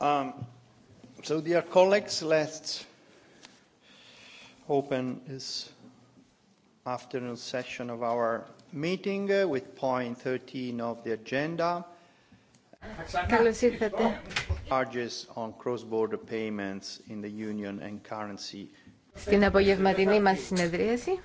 Um So, dear colleagues, let's open this afternoon session of our meeting with point 13 of the agenda. Charges on cross-border payments in the Union and currency. Στην απογευματινή μας συνεδρίαση.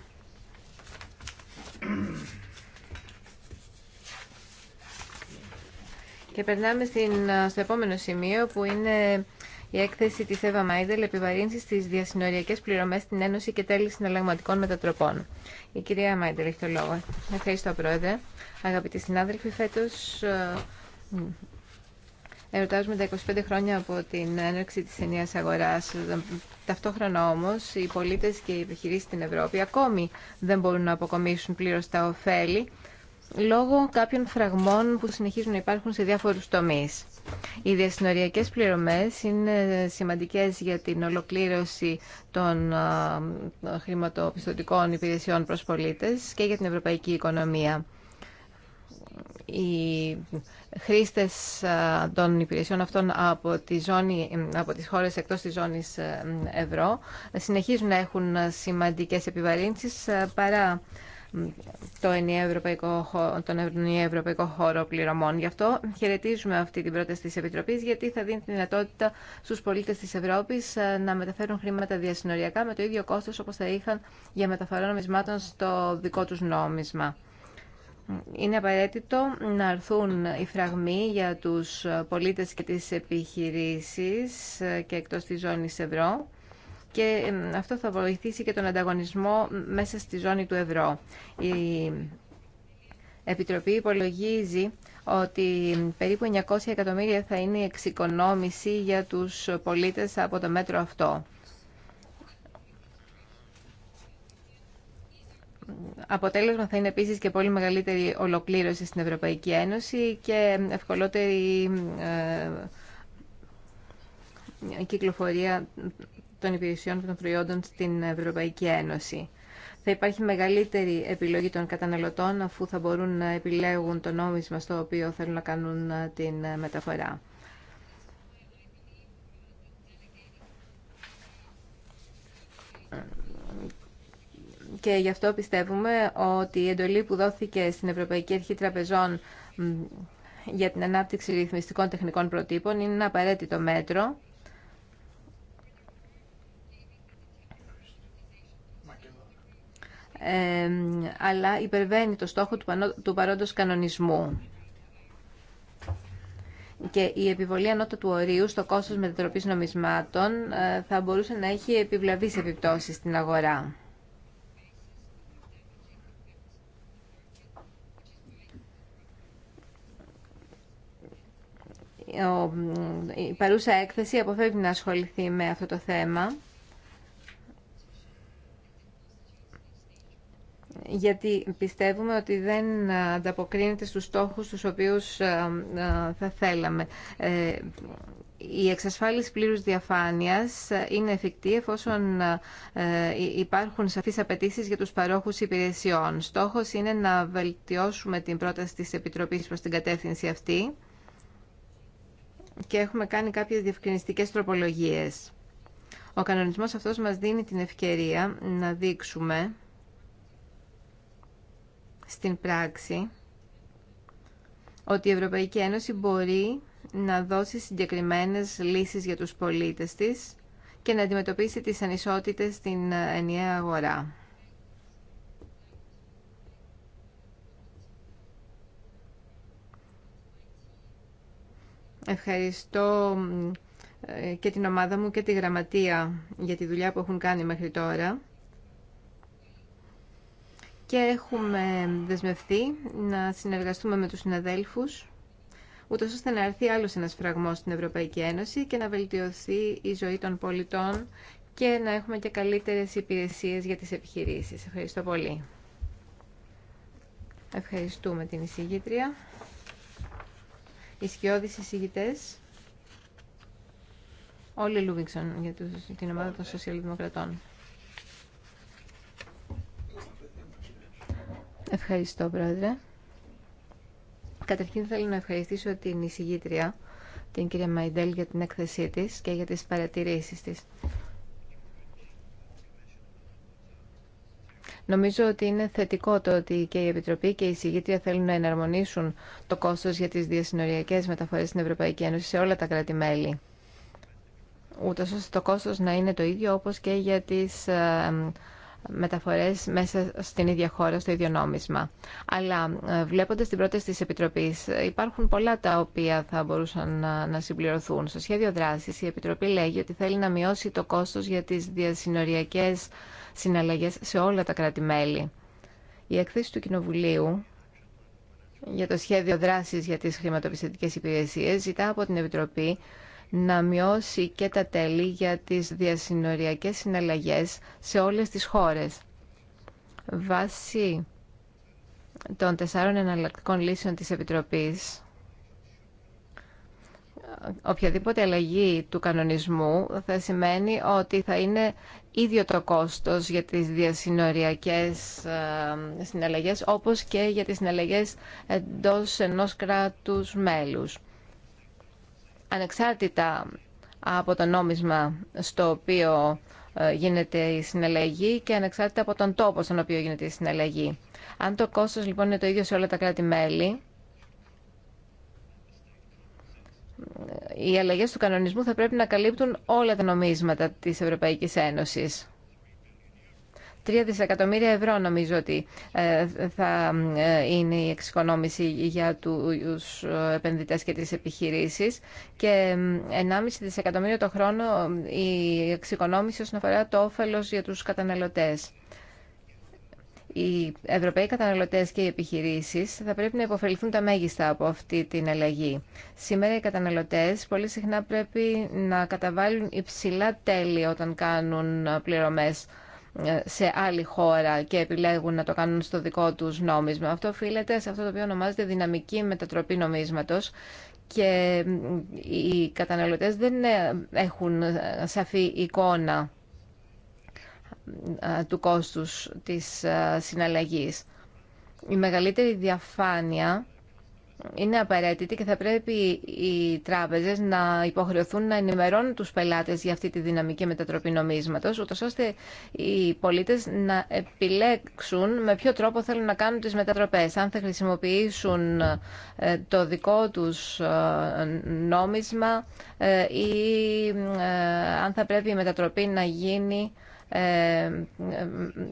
Και περνάμε στην, στο επόμενο σημείο που είναι η έκθεση της Εύα Μάιντελ επιβαρύνσεις στις διασυνοριακές πληρωμές στην Ένωση και τέλη συναλλαγματικών μετατροπών. Η κυρία Μάιντελ έχει το λόγο. Ευχαριστώ Πρόεδρε. Αγαπητοί συνάδελφοι, φέτος Ερωτάζουμε τα 25 χρόνια από την έναρξη της ενίας αγοράς. Ταυτόχρονα όμως οι πολίτες και οι επιχειρήσεις στην Ευρώπη ακόμη δεν μπορούν να αποκομίσουν πλήρως τα ωφέλη λόγω κάποιων φραγμών που συνεχίζουν να υπάρχουν σε διάφορους τομείς. Οι διασυνοριακές πληρωμές είναι σημαντικές για την ολοκλήρωση των χρηματοπιστωτικών υπηρεσιών προς πολίτες και για την ευρωπαϊκή οικονομία. Οι χρήστες των υπηρεσιών αυτών από, τη ζώνη, από τις χώρες εκτός της ζώνης ευρώ συνεχίζουν να έχουν σημαντικές επιβαρύνσεις παρά το ενιαίο ευρωπαϊκό, τον ενιαίο ευρωπαϊκό χώρο πληρωμών. Γι' αυτό χαιρετίζουμε αυτή την πρόταση τη Επιτροπής, γιατί θα δίνει τη δυνατότητα στου πολίτες της Ευρώπης ε, να μεταφέρουν χρήματα διασυνοριακά με το ίδιο κόστος όπως θα είχαν για μεταφορά νομισμάτων στο δικό τους νόμισμα. Είναι απαραίτητο να έρθουν οι φραγμοί για τους πολίτες και τις επιχειρήσεις ε, και εκτός της ζώνης ευρώ και αυτό θα βοηθήσει και τον ανταγωνισμό μέσα στη ζώνη του ευρώ. Η Επιτροπή υπολογίζει ότι περίπου 900 εκατομμύρια θα είναι η εξοικονόμηση για τους πολίτες από το μέτρο αυτό. Αποτέλεσμα θα είναι επίσης και πολύ μεγαλύτερη ολοκλήρωση στην Ευρωπαϊκή Ένωση και ευκολότερη ε, κυκλοφορία των υπηρεσιών και των προϊόντων στην Ευρωπαϊκή Ένωση. Θα υπάρχει μεγαλύτερη επιλογή των καταναλωτών αφού θα μπορούν να επιλέγουν το νόμισμα στο οποίο θέλουν να κάνουν ε, την ε, μεταφορά. Και γι' αυτό πιστεύουμε ότι η εντολή που δόθηκε στην Ευρωπαϊκή Αρχή Τραπεζών για την ανάπτυξη ρυθμιστικών τεχνικών προτύπων είναι ένα απαραίτητο μέτρο αλλά υπερβαίνει το στόχο του παρόντος κανονισμού. Και η επιβολή ανώτατου του ορίου στο κόστος μετατροπής νομισμάτων ε, θα μπορούσε να έχει επιβλαβείς επιπτώσεις στην αγορά. η παρούσα έκθεση αποφεύγει να ασχοληθεί με αυτό το θέμα γιατί πιστεύουμε ότι δεν ανταποκρίνεται στους στόχους τους οποίους ε, ε, θα θέλαμε. Ε, η εξασφάλιση πλήρους διαφάνειας είναι εφικτή εφόσον υπάρχουν σαφείς απαιτήσει για τους παρόχους υπηρεσιών. Στόχος είναι να βελτιώσουμε την πρόταση της Επιτροπής προς την κατεύθυνση αυτή και έχουμε κάνει κάποιες διευκρινιστικές τροπολογίες. Ο κανονισμός αυτός μας δίνει την ευκαιρία να δείξουμε στην πράξη ότι η Ευρωπαϊκή Ένωση μπορεί να δώσει συγκεκριμένες λύσεις για τους πολίτες της και να αντιμετωπίσει τις ανισότητες στην ενιαία αγορά. Ευχαριστώ ε, και την ομάδα μου και τη γραμματεία για τη δουλειά που έχουν κάνει μέχρι τώρα και έχουμε δεσμευθεί να συνεργαστούμε με τους συναδέλφους ούτως ώστε να έρθει άλλος ένας φραγμός στην Ευρωπαϊκή Ένωση και να βελτιωθεί η ζωή των πολιτών και να έχουμε και καλύτερες υπηρεσίες για τις επιχειρήσεις. Ευχαριστώ πολύ. Ευχαριστούμε την εισηγήτρια. Οι σκιώδεις εισηγητές. Όλοι Λούβιξον για την ομάδα των Σοσιαλδημοκρατών. Ευχαριστώ, Πρόεδρε. Καταρχήν θέλω να ευχαριστήσω την εισηγήτρια, την κυρία Μαϊντέλ, για την έκθεσή της και για τις παρατηρήσεις της. Νομίζω ότι είναι θετικό το ότι και η Επιτροπή και η εισηγήτρια θέλουν να εναρμονίσουν το κόστος για τις διασυνοριακές μεταφορές στην Ευρωπαϊκή Ένωση σε όλα τα κράτη-μέλη. Ούτως ώστε το κόστος να είναι το ίδιο όπως και για τις ε, μεταφορές μέσα στην ίδια χώρα, στο ίδιο νόμισμα. Αλλά ε, βλέποντας την πρόταση της Επιτροπής, υπάρχουν πολλά τα οποία θα μπορούσαν να συμπληρωθούν. Στο σχέδιο δράσης η Επιτροπή λέγει ότι θέλει να μειώσει το κόστος για τις διασυνοριακές συναλλαγές σε όλα τα κράτη-μέλη. Η εκθέση του Κοινοβουλίου για το σχέδιο δράσης για τις χρηματοπιστωτικές υπηρεσίες ζητά από την Επιτροπή να μειώσει και τα τέλη για τις διασυνοριακές συναλλαγές σε όλες τις χώρες. Βάσει των τεσσάρων εναλλακτικών λύσεων της Επιτροπής, οποιαδήποτε αλλαγή του κανονισμού θα σημαίνει ότι θα είναι ίδιο το κόστος για τις διασυνοριακές ε, συναλλαγές όπως και για τις συναλλαγές εντός ενός κράτους μέλους ανεξάρτητα από το νόμισμα στο οποίο ε, γίνεται η συναλλαγή και ανεξάρτητα από τον τόπο στον οποίο γίνεται η συναλλαγή. Αν το κόστος λοιπόν είναι το ίδιο σε όλα τα κράτη-μέλη, ε, οι αλλαγές του κανονισμού θα πρέπει να καλύπτουν όλα τα νομίσματα της Ευρωπαϊκής Ένωσης. 3 δισεκατομμύρια ευρώ νομίζω ότι ε, θα ε, είναι η εξοικονόμηση για τους ε, επενδυτές και τις επιχειρήσεις και 1,5 δισεκατομμύριο το χρόνο η εξοικονόμηση όσον αφορά το όφελος για τους καταναλωτές οι Ευρωπαίοι καταναλωτέ και οι επιχειρήσει θα πρέπει να υποφεληθούν τα μέγιστα από αυτή την αλλαγή. Σήμερα οι καταναλωτέ πολύ συχνά πρέπει να καταβάλουν υψηλά τέλη όταν κάνουν πληρωμέ σε άλλη χώρα και επιλέγουν να το κάνουν στο δικό τους νόμισμα. Αυτό οφείλεται σε αυτό το οποίο ονομάζεται δυναμική μετατροπή νομίσματος και οι καταναλωτές δεν έχουν σαφή εικόνα του κόστους της συναλλαγής. Η μεγαλύτερη διαφάνεια είναι απαραίτητη και θα πρέπει οι τράπεζε να υποχρεωθούν να ενημερώνουν τους πελάτε για αυτή τη δυναμική μετατροπή νομίσματος, ούτω ώστε οι πολίτες να επιλέξουν με ποιο τρόπο θέλουν να κάνουν τις μετατροπές. Αν θα χρησιμοποιήσουν ε, το δικό του ε, νόμισμα ε, ή αν θα πρέπει η μετατροπή να γίνει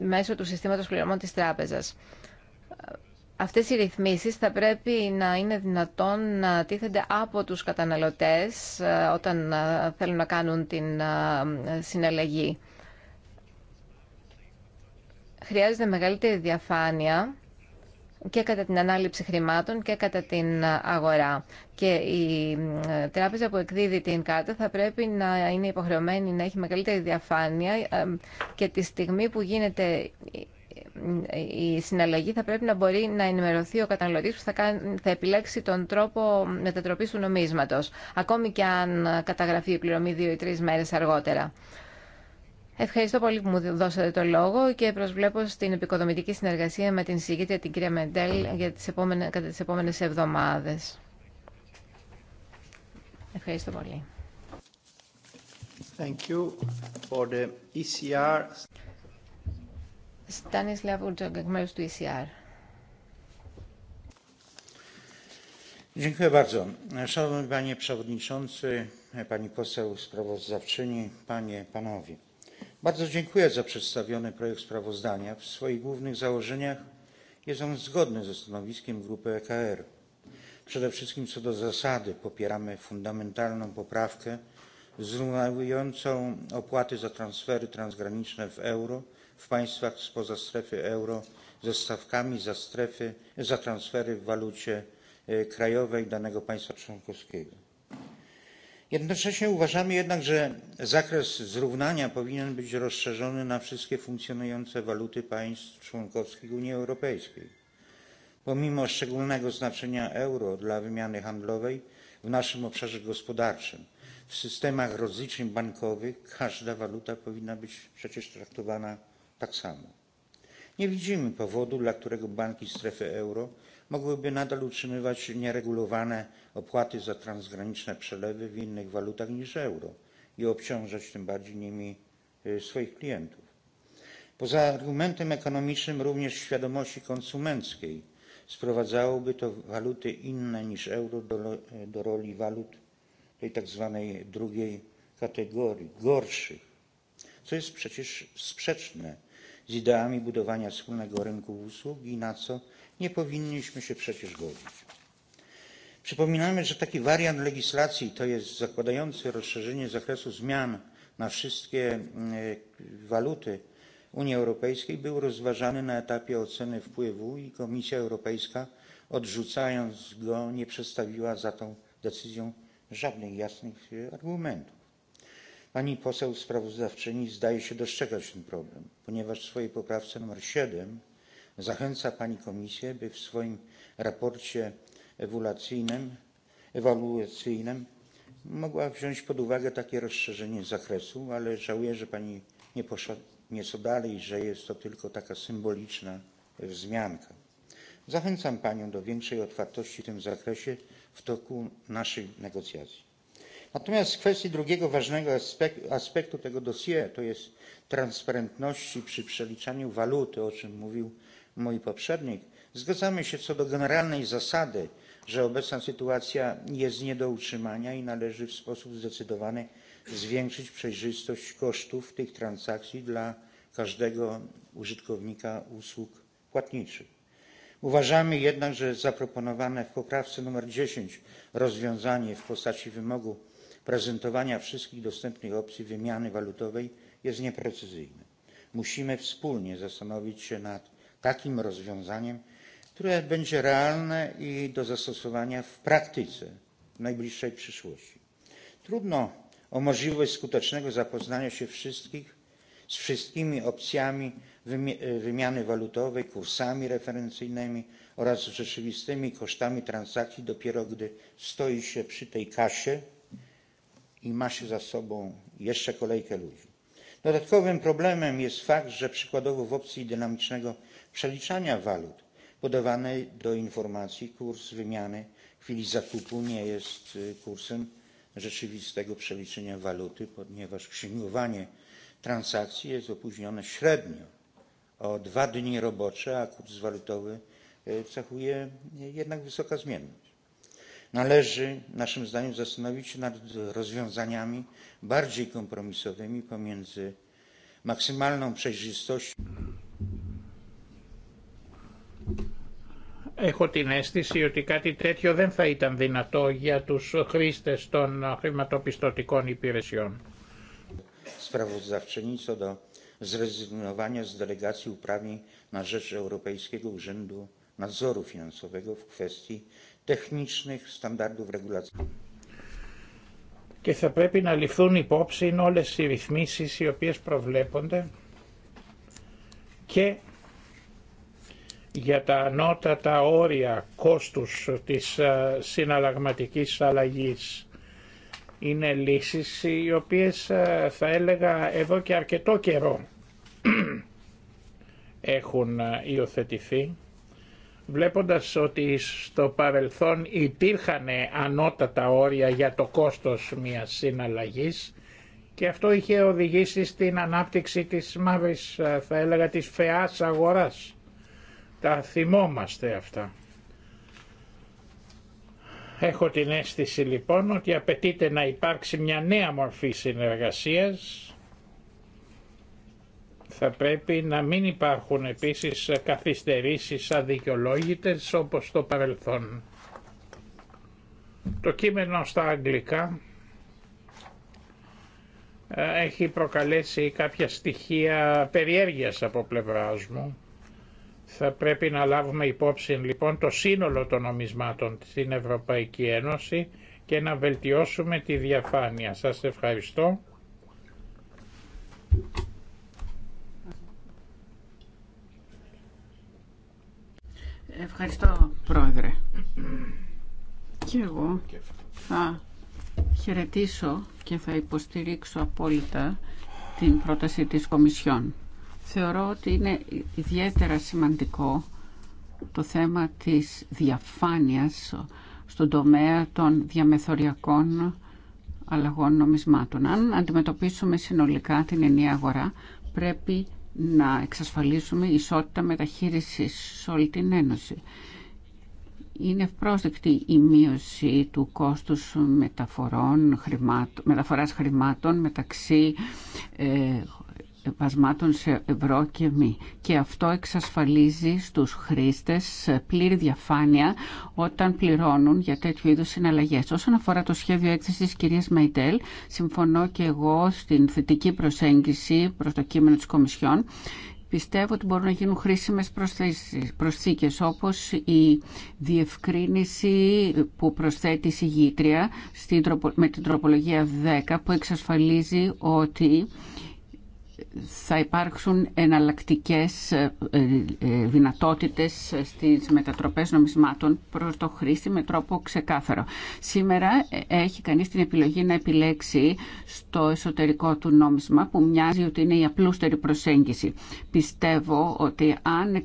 μέσω του συστήματος πληρωμών της τράπεζας αυτές οι ρυθμίσεις θα πρέπει να είναι δυνατόν να τίθενται από τους καταναλωτές ε, όταν ε, θέλουν να κάνουν την ε, συναλλαγή. Χρειάζεται μεγαλύτερη διαφάνεια και κατά την ανάληψη χρημάτων και κατά την αγορά. Και η τράπεζα που εκδίδει την κάρτα θα πρέπει να είναι υποχρεωμένη να έχει μεγαλύτερη διαφάνεια και τη στιγμή που γίνεται η συναλλαγή θα πρέπει να μπορεί να ενημερωθεί ο καταναλωτής που θα, κάνει, θα επιλέξει τον τρόπο μετατροπή του νομίσματος, ακόμη και αν καταγραφεί η πληρωμή δύο ή τρει μέρες αργότερα. Ευχαριστώ πολύ που μου δώσατε το λόγο και προσβλέπω στην επικοδομητική συνεργασία με την συγκήτρια την κυρία Μεντέλ για τις επόμενες, κατά τις επόμενες εβδομάδες. Ευχαριστώ πολύ. Thank you for the e Στάνισλαβ Dziękuję bardzo. Szanowny Panie Przewodniczący, Pani Poseł Sprawozdawczyni, Panie, Panowie. Bardzo dziękuję za przedstawiony projekt sprawozdania. W swoich głównych założeniach jest on zgodny ze stanowiskiem grupy EKR. Przede wszystkim co do zasady popieramy fundamentalną poprawkę zrównującą opłaty za transfery transgraniczne w euro w państwach spoza strefy euro ze stawkami za strefy za transfery w walucie krajowej danego państwa członkowskiego. jednocześnie uważamy jednak że zakres zrównania powinien być rozszerzony na wszystkie funkcjonujące waluty państw członkowskich unii europejskiej. pomimo szczególnego znaczenia euro dla wymiany handlowej w naszym obszarze gospodarczym w systemach rozliczeń bankowych każda waluta powinna być przecież traktowana tak samo. Nie widzimy powodu, dla którego banki strefy euro mogłyby nadal utrzymywać nieregulowane opłaty za transgraniczne przelewy w innych walutach niż euro i obciążać tym bardziej nimi swoich klientów. Poza argumentem ekonomicznym również świadomości konsumenckiej sprowadzałoby to waluty inne niż euro do, do roli walut tej tak zwanej drugiej kategorii, gorszych, co jest przecież sprzeczne z ideami budowania wspólnego rynku usług i na co nie powinniśmy się przecież godzić. Przypominamy, że taki wariant legislacji, to jest zakładający rozszerzenie zakresu zmian na wszystkie waluty Unii Europejskiej, był rozważany na etapie oceny wpływu i Komisja Europejska, odrzucając go, nie przedstawiła za tą decyzją żadnych jasnych argumentów. Pani poseł sprawozdawczyni zdaje się dostrzegać ten problem, ponieważ w swojej poprawce nr 7 zachęca pani Komisję, by w swoim raporcie ewaluacyjnym mogła wziąć pod uwagę takie rozszerzenie zakresu, ale żałuję, że pani nie poszła nieco dalej, że jest to tylko taka symboliczna wzmianka. Zachęcam panią do większej otwartości w tym zakresie w toku naszych negocjacji. Natomiast w kwestii drugiego ważnego aspektu tego dossier, to jest transparentności przy przeliczaniu waluty, o czym mówił mój poprzednik, zgadzamy się co do generalnej zasady, że obecna sytuacja jest nie do utrzymania i należy w sposób zdecydowany zwiększyć przejrzystość kosztów tych transakcji dla każdego użytkownika usług płatniczych. Uważamy jednak, że zaproponowane w poprawce nr 10 rozwiązanie w postaci wymogu prezentowania wszystkich dostępnych opcji wymiany walutowej jest nieprecyzyjne. Musimy wspólnie zastanowić się nad takim rozwiązaniem, które będzie realne i do zastosowania w praktyce w najbliższej przyszłości. Trudno o możliwość skutecznego zapoznania się wszystkich z wszystkimi opcjami wymiany walutowej, kursami referencyjnymi oraz rzeczywistymi kosztami transakcji dopiero gdy stoi się przy tej kasie i ma się za sobą jeszcze kolejkę ludzi. Dodatkowym problemem jest fakt, że przykładowo w opcji dynamicznego przeliczania walut podawanej do informacji kurs wymiany w chwili zakupu nie jest kursem rzeczywistego przeliczenia waluty, ponieważ księgowanie transakcji jest opóźnione średnio o dwa dni robocze, a kurs walutowy cechuje jednak wysoka zmienność. Należy, naszym zdaniem, zastanowić się nad rozwiązaniami bardziej kompromisowymi pomiędzy maksymalną przejrzystością. Έχω την αίσθηση ότι κάτι τέτοιο δεν θα ήταν δυνατό για τους χρήστες των χρηματοπιστωτικών Sprawozdawczyni co do zrezygnowania z delegacji uprawnień na rzecz Europejskiego Urzędu Nadzoru Finansowego w kwestii και θα πρέπει να ληφθούν υπόψη όλες οι ρυθμίσεις οι οποίες προβλέπονται και για τα ανώτατα όρια κόστους της ε, συναλλαγματικής αλλαγής. Είναι λύσεις οι οποίες ε, θα έλεγα εδώ και αρκετό καιρό έχουν ε, υιοθετηθεί Βλέποντας ότι στο παρελθόν υπήρχαν ανώτατα όρια για το κόστος μιας συναλλαγής και αυτό είχε οδηγήσει στην ανάπτυξη της μαύρης, θα έλεγα, της φεάς αγοράς. Τα θυμόμαστε αυτά. Έχω την αίσθηση λοιπόν ότι απαιτείται να υπάρξει μια νέα μορφή συνεργασίας θα πρέπει να μην υπάρχουν επίσης καθυστερήσεις αδικαιολόγητες όπως το παρελθόν. Το κείμενο στα αγγλικά ε, έχει προκαλέσει κάποια στοιχεία περιέργειας από πλευράς μου. Θα πρέπει να λάβουμε υπόψη λοιπόν το σύνολο των νομισμάτων στην Ευρωπαϊκή Ένωση και να βελτιώσουμε τη διαφάνεια. Σας ευχαριστώ. Ευχαριστώ, Πρόεδρε. Και εγώ θα χαιρετήσω και θα υποστηρίξω απόλυτα την πρόταση της Κομισιόν. Θεωρώ ότι είναι ιδιαίτερα σημαντικό το θέμα της διαφάνειας στον τομέα των διαμεθοριακών αλλαγών νομισμάτων. Αν αντιμετωπίσουμε συνολικά την ενιαία αγορά, πρέπει να εξασφαλίσουμε ισότητα μεταχείρισης σε όλη την Ένωση. Είναι ευπρόσδεκτη η μείωση του κόστους μεταφορών, χρημάτων, μεταφοράς χρημάτων μεταξύ ε, βασμάτων σε ευρώ και μη. Και αυτό εξασφαλίζει στους χρήστες πλήρη διαφάνεια όταν πληρώνουν για τέτοιου είδους συναλλαγές. Όσον αφορά το σχέδιο έκθεσης κυρίας Μαϊτέλ, συμφωνώ και εγώ στην θετική προσέγγιση προς το κείμενο της Κομισιόν πιστεύω ότι μπορούν να γίνουν χρήσιμες προσθήκες όπως η διευκρίνηση που προσθέτει η συγγήτρια με την τροπολογία 10 που εξασφαλίζει ότι θα υπάρξουν εναλλακτικές ε, ε, ε, δυνατότητες στις μετατροπές νομισμάτων προς το χρήστη με τρόπο ξεκάθαρο. Σήμερα έχει κανείς την επιλογή να επιλέξει στο εσωτερικό του νόμισμα που μοιάζει ότι είναι η απλούστερη προσέγγιση. Πιστεύω ότι αν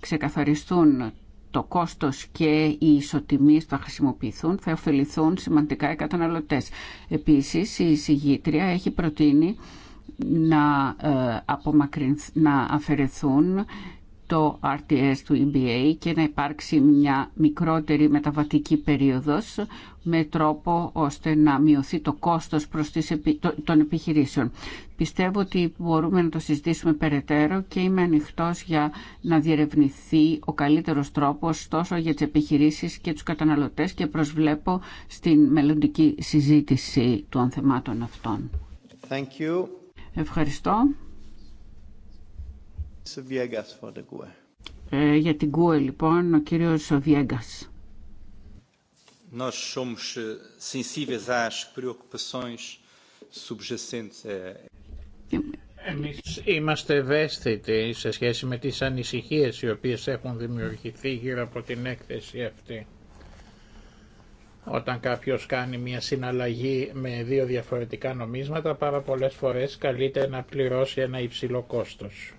ξεκαθαριστούν το κόστος και οι ισοτιμίες που θα χρησιμοποιηθούν θα ωφεληθούν σημαντικά οι καταναλωτές. Επίσης η συγγήτρια έχει προτείνει να, ε, να αφαιρεθούν το RTS του EBA και να υπάρξει μια μικρότερη μεταβατική περίοδος με τρόπο ώστε να μειωθεί το κόστος προς τις, των επιχειρήσεων. Πιστεύω ότι μπορούμε να το συζητήσουμε περαιτέρω και είμαι ανοιχτό για να διερευνηθεί ο καλύτερος τρόπος τόσο για τις επιχειρήσεις και τους καταναλωτές και προσβλέπω στην μελλοντική συζήτηση των θεμάτων αυτών. Ευχαριστώ. Ε, για την ΚΟΕ λοιπόν ο κύριος Βιέγκας. Nós eh, εμείς είμαστε ευαίσθητοι σε σχέση με τις ανησυχίες οι οποίες έχουν δημιουργηθεί γύρω από την έκθεση αυτή. Όταν κάποιος κάνει μια συναλλαγή με δύο διαφορετικά νομίσματα, πάρα πολλές φορές καλείται να πληρώσει ένα υψηλό κόστος.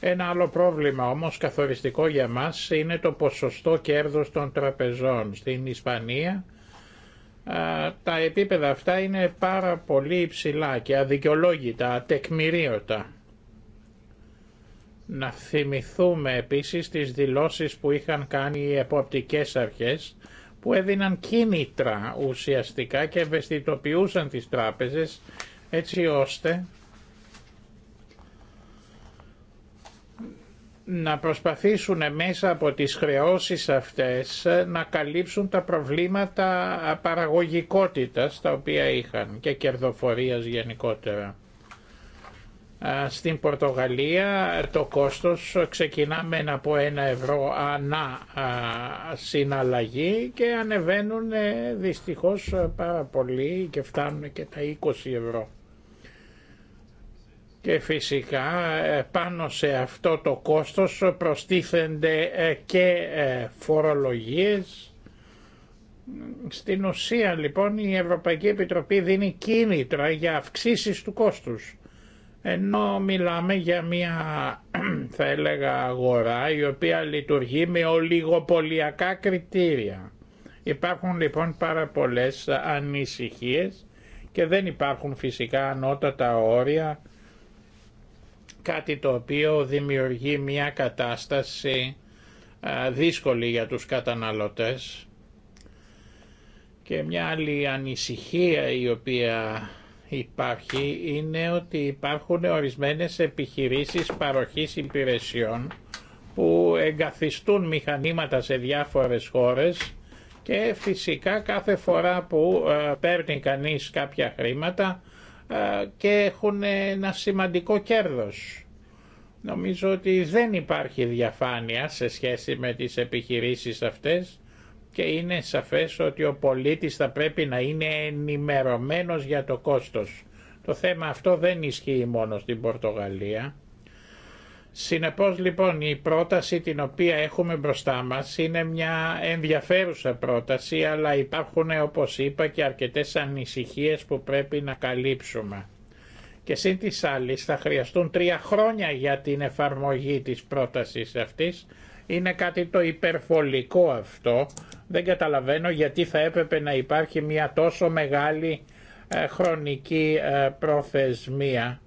Ένα άλλο πρόβλημα όμως καθοριστικό για μας είναι το ποσοστό κέρδος των τραπεζών. Στην Ισπανία τα επίπεδα αυτά είναι πάρα πολύ υψηλά και αδικαιολόγητα, ατεκμηρίωτα. Να θυμηθούμε επίσης τις δηλώσεις που είχαν κάνει οι εποπτικές αρχές που έδιναν κίνητρα ουσιαστικά και ευαισθητοποιούσαν τις τράπεζες έτσι ώστε να προσπαθήσουν μέσα από τις χρεώσεις αυτές να καλύψουν τα προβλήματα παραγωγικότητας τα οποία είχαν και κερδοφορίας γενικότερα. Στην Πορτογαλία το κόστος ξεκινάμε από ένα ευρώ ανά συναλλαγή και ανεβαίνουν ε, δυστυχώς ε, πάρα πολύ και φτάνουν και τα 20 ευρώ. Και φυσικά ε, πάνω σε αυτό το κόστος προστίθενται και φορολογίες. Στην ουσία λοιπόν η Ευρωπαϊκή Επιτροπή δίνει κίνητρα για αυξήσεις του κόστους ενώ μιλάμε για μια θα έλεγα αγορά η οποία λειτουργεί με ολιγοπολιακά κριτήρια. Υπάρχουν λοιπόν πάρα πολλές ανησυχίες και δεν υπάρχουν φυσικά ανώτατα όρια κάτι το οποίο δημιουργεί μια κατάσταση δύσκολη για τους καταναλωτές και μια άλλη ανησυχία η οποία υπάρχει είναι ότι υπάρχουν ορισμένες επιχειρήσεις παροχής υπηρεσιών που εγκαθιστούν μηχανήματα σε διάφορες χώρες και φυσικά κάθε φορά που ε, παίρνει κανείς κάποια χρήματα ε, και έχουν ένα σημαντικό κέρδος. Νομίζω ότι δεν υπάρχει διαφάνεια σε σχέση με τις επιχειρήσεις αυτές και είναι σαφές ότι ο πολίτης θα πρέπει να είναι ενημερωμένος για το κόστος. Το θέμα αυτό δεν ισχύει μόνο στην Πορτογαλία. Συνεπώς λοιπόν η πρόταση την οποία έχουμε μπροστά μας είναι μια ενδιαφέρουσα πρόταση αλλά υπάρχουν όπως είπα και αρκετές ανησυχίες που πρέπει να καλύψουμε. Και σύν τις άλλες θα χρειαστούν τρία χρόνια για την εφαρμογή της πρότασης αυτής. Είναι κάτι το υπερβολικό αυτό δεν καταλαβαίνω γιατί θα έπρεπε να υπάρχει μια τόσο μεγάλη ε, χρονική ε, προθεσμία.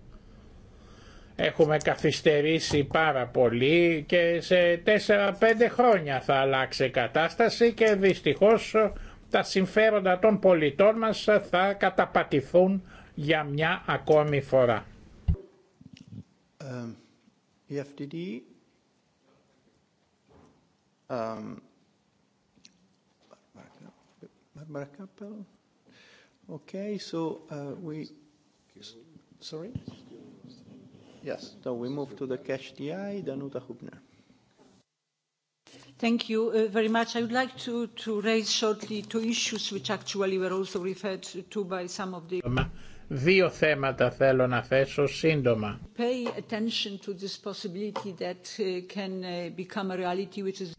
Έχουμε καθυστερήσει πάρα πολύ και σε 4-5 χρόνια θα αλλάξει η κατάσταση και δυστυχώς ε, τα συμφέροντα των πολιτών μας θα καταπατηθούν για μια ακόμη φορά. Um, FDD Um... Baracappel? Okay, so uh, we... Sorry? Yes, so we move to the cash DI, Danuta Hubner. Thank you very much. I would like to, to raise shortly two issues which actually were also referred to by some of the... Δύο θέματα θέλω να θέσω σύντομα. Pay attention to this possibility that can become a reality which is...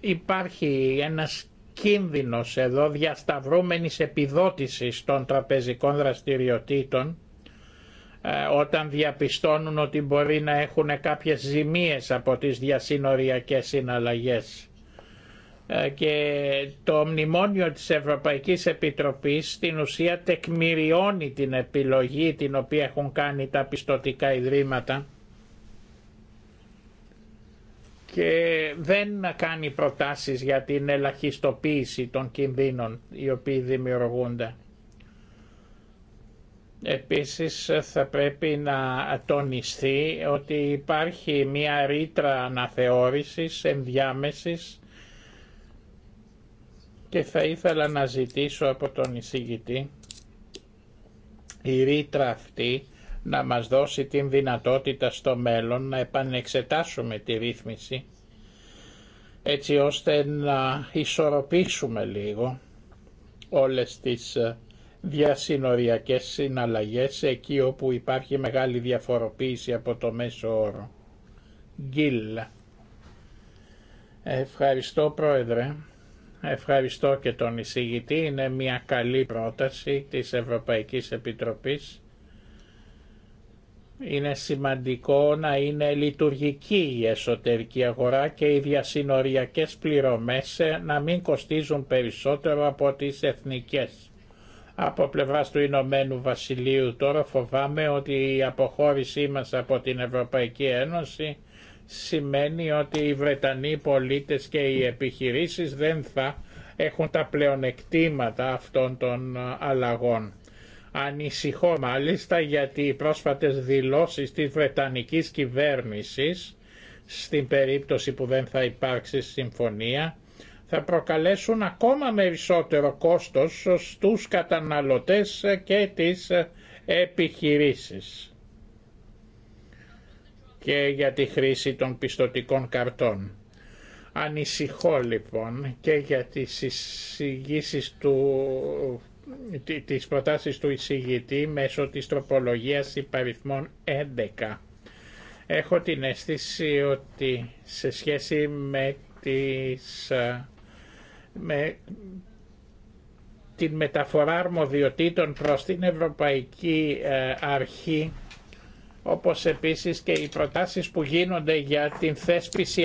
Υπάρχει ένας κίνδυνος εδώ διασταυρούμενης επιδότησης των τραπεζικών δραστηριοτήτων ε, όταν διαπιστώνουν ότι μπορεί να έχουν κάποιες ζημίες από τις διασυνοριακές συναλλαγές. Ε, και το μνημόνιο της Ευρωπαϊκής Επιτροπής στην ουσία τεκμηριώνει την επιλογή την οποία έχουν κάνει τα πιστοτικά ιδρύματα και δεν κάνει προτάσεις για την ελαχιστοποίηση των κινδύνων οι οποίοι δημιουργούνται. Επίσης θα πρέπει να τονιστεί ότι υπάρχει μια ρήτρα αναθεώρησης ενδιάμεσης και θα ήθελα να ζητήσω από τον εισηγητή η ρήτρα αυτή να μας δώσει την δυνατότητα στο μέλλον να επανεξετάσουμε τη ρύθμιση έτσι ώστε να ισορροπήσουμε λίγο όλες τις ε, διασυνοριακές συναλλαγές εκεί όπου υπάρχει μεγάλη διαφοροποίηση από το μέσο όρο. Γκίλ. Ευχαριστώ Πρόεδρε. Ευχαριστώ και τον εισηγητή. Είναι μια καλή πρόταση της Ευρωπαϊκής Επιτροπής είναι σημαντικό να είναι λειτουργική η εσωτερική αγορά και οι διασυνοριακές πληρωμές ε, να μην κοστίζουν περισσότερο από τις εθνικές. Από πλευράς του Ηνωμένου Βασιλείου τώρα φοβάμαι ότι η αποχώρησή μας από την Ευρωπαϊκή Ένωση σημαίνει ότι οι Βρετανοί πολίτες και οι επιχειρήσεις δεν θα έχουν τα πλεονεκτήματα αυτών των ε, αλλαγών. Ανησυχώ μάλιστα γιατί οι πρόσφατες δηλώσεις της Βρετανικής κυβέρνησης στην περίπτωση που δεν θα υπάρξει συμφωνία θα προκαλέσουν ακόμα μερισσότερο κόστος στους καταναλωτές και τις επιχειρήσεις και για τη χρήση των πιστοτικών καρτών. Ανησυχώ λοιπόν και για τις εισηγήσεις του τις προτάσεις του εισηγητή μέσω της τροπολογίας υπαριθμών 11. Έχω την αίσθηση ότι σε σχέση με, τις, ε, την μεταφορά αρμοδιοτήτων προς την Ευρωπαϊκή ε, Αρχή όπως επίσης και οι προτάσεις που γίνονται για την θέσπιση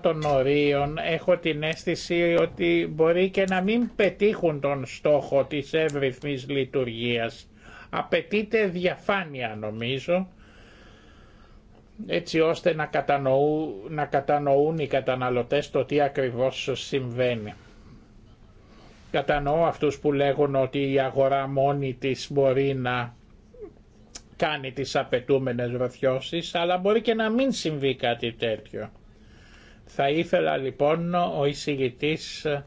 των ορίων έχω την αίσθηση ότι μπορεί και να μην πετύχουν τον στόχο της εύρυθμης λειτουργίας. Απαιτείται διαφάνεια νομίζω έτσι ώστε να, κατανοούν, να κατανοούν οι καταναλωτές το τι ακριβώς συμβαίνει. Κατανοώ αυτούς που λέγουν ότι η αγορά μόνη της μπορεί να κάνει τις απαιτούμενες βροθιώσεις, αλλά μπορεί και να μην συμβεί κάτι τέτοιο. Θα ήθελα λοιπόν ο εισηγητής ε,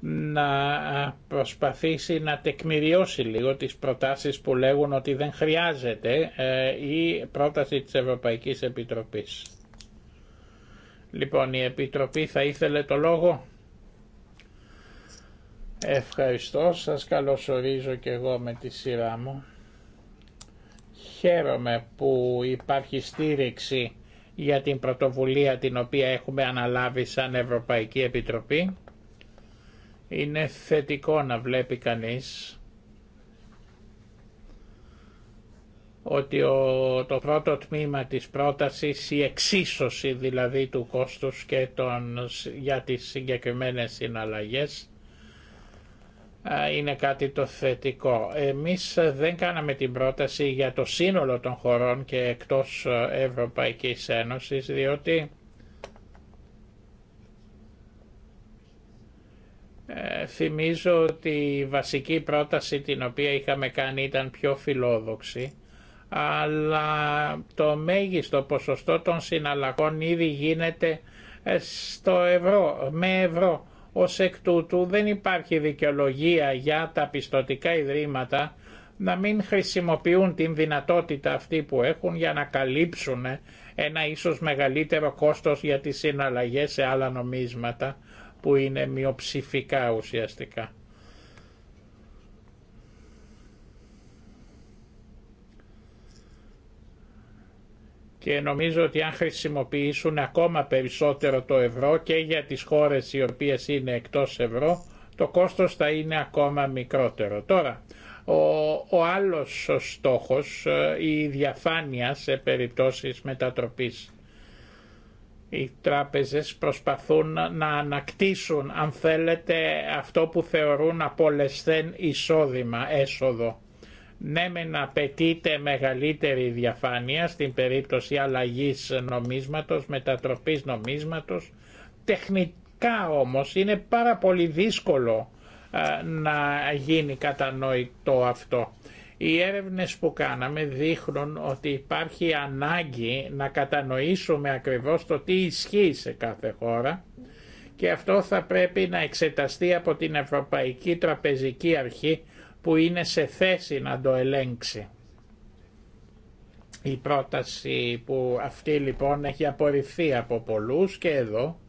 να ε, προσπαθήσει να τεκμηριώσει λίγο τις προτάσεις που λέγουν ότι δεν χρειάζεται ε, η πρόταση της Ευρωπαϊκής Επιτροπής. Λοιπόν, η Επιτροπή θα ήθελε το λόγο. Ευχαριστώ, σας καλωσορίζω και εγώ με τη σειρά μου. Χαίρομαι που υπάρχει στήριξη για την πρωτοβουλία την οποία έχουμε αναλάβει σαν Ευρωπαϊκή Επιτροπή. Είναι θετικό να βλέπει κανείς ότι το πρώτο τμήμα της πρότασης, η εξίσωση δηλαδή του κόστους και των, για τις συγκεκριμένες συναλλαγές, είναι κάτι το θετικό. Εμείς δεν κάναμε την πρόταση για το σύνολο των χωρών και εκτός ε, Ευρωπαϊκής Ένωσης, διότι ε, θυμίζω ότι η βασική πρόταση την οποία είχαμε κάνει ήταν πιο φιλόδοξη, αλλά το μέγιστο ποσοστό των συναλλαγών ήδη γίνεται ε, στο ευρώ, με ευρώ ως εκ τούτου δεν υπάρχει δικαιολογία για τα πιστοτικά ιδρύματα να μην χρησιμοποιούν την δυνατότητα αυτή που έχουν για να καλύψουν ένα ίσως μεγαλύτερο κόστος για τις συναλλαγές σε άλλα νομίσματα που είναι μειοψηφικά ουσιαστικά. και νομίζω ότι αν χρησιμοποιήσουν ακόμα περισσότερο το ευρώ και για τις χώρες οι οποίες είναι εκτός ευρώ το κόστος θα είναι ακόμα μικρότερο. Τώρα, ο, ο άλλος στόχος, ε, η διαφάνεια σε περιπτώσεις μετατροπής. Οι τράπεζες προσπαθούν να ανακτήσουν, αν θέλετε, αυτό που θεωρούν απολεσθέν εισόδημα, έσοδο. Ναι με να απαιτείται μεγαλύτερη διαφάνεια στην περίπτωση αλλαγής νομίσματος, μετατροπής νομίσματος. Τεχνικά όμως είναι πάρα πολύ δύσκολο να γίνει κατανοητό αυτό. Οι έρευνες που κάναμε δείχνουν ότι υπάρχει ανάγκη να κατανοήσουμε ακριβώς το τι ισχύει σε κάθε χώρα και αυτό θα πρέπει να εξεταστεί από την Ευρωπαϊκή Τραπεζική Αρχή που είναι σε θέση να το ελέγξει. Η πρόταση που αυτή λοιπόν έχει απορριφθεί από πολλούς και εδώ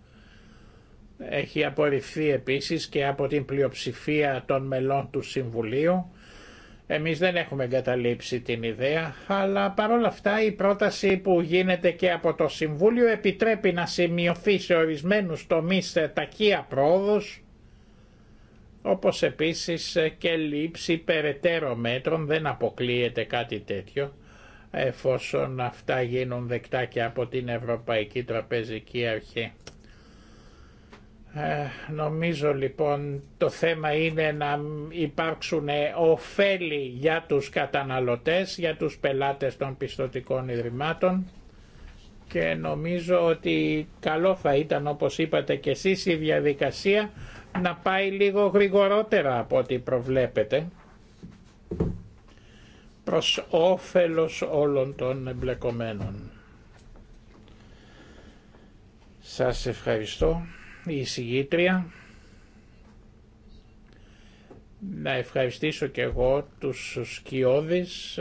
έχει απορριφθεί επίσης και από την πλειοψηφία των μελών του Συμβουλίου. Εμείς δεν έχουμε εγκαταλείψει την ιδέα, αλλά παρόλα αυτά η πρόταση που γίνεται και από το Συμβούλιο επιτρέπει να σημειωθεί σε ορισμένους τομείς ταχεία πρόοδος όπως επίσης και λήψη περαιτέρω μέτρων, δεν αποκλείεται κάτι τέτοιο, εφόσον αυτά γίνουν δεκτά και από την Ευρωπαϊκή Τραπεζική Αρχή. Ε, νομίζω λοιπόν το θέμα είναι να υπάρξουν ωφέλη για τους καταναλωτές, για τους πελάτες των πιστοτικών ιδρυμάτων και νομίζω ότι καλό θα ήταν όπως είπατε και εσείς η διαδικασία να πάει λίγο γρηγορότερα από ό,τι προβλέπετε προς όφελος όλων των εμπλεκομένων. Σας ευχαριστώ η συγγήτρια. Να ευχαριστήσω και εγώ τους σκιώδεις